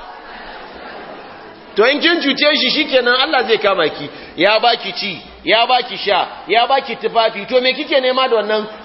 to in kin cuce shi shikenan Allah zai kama ki ya baki ci ya baki sha ya baki tufafi to me kike nema da wannan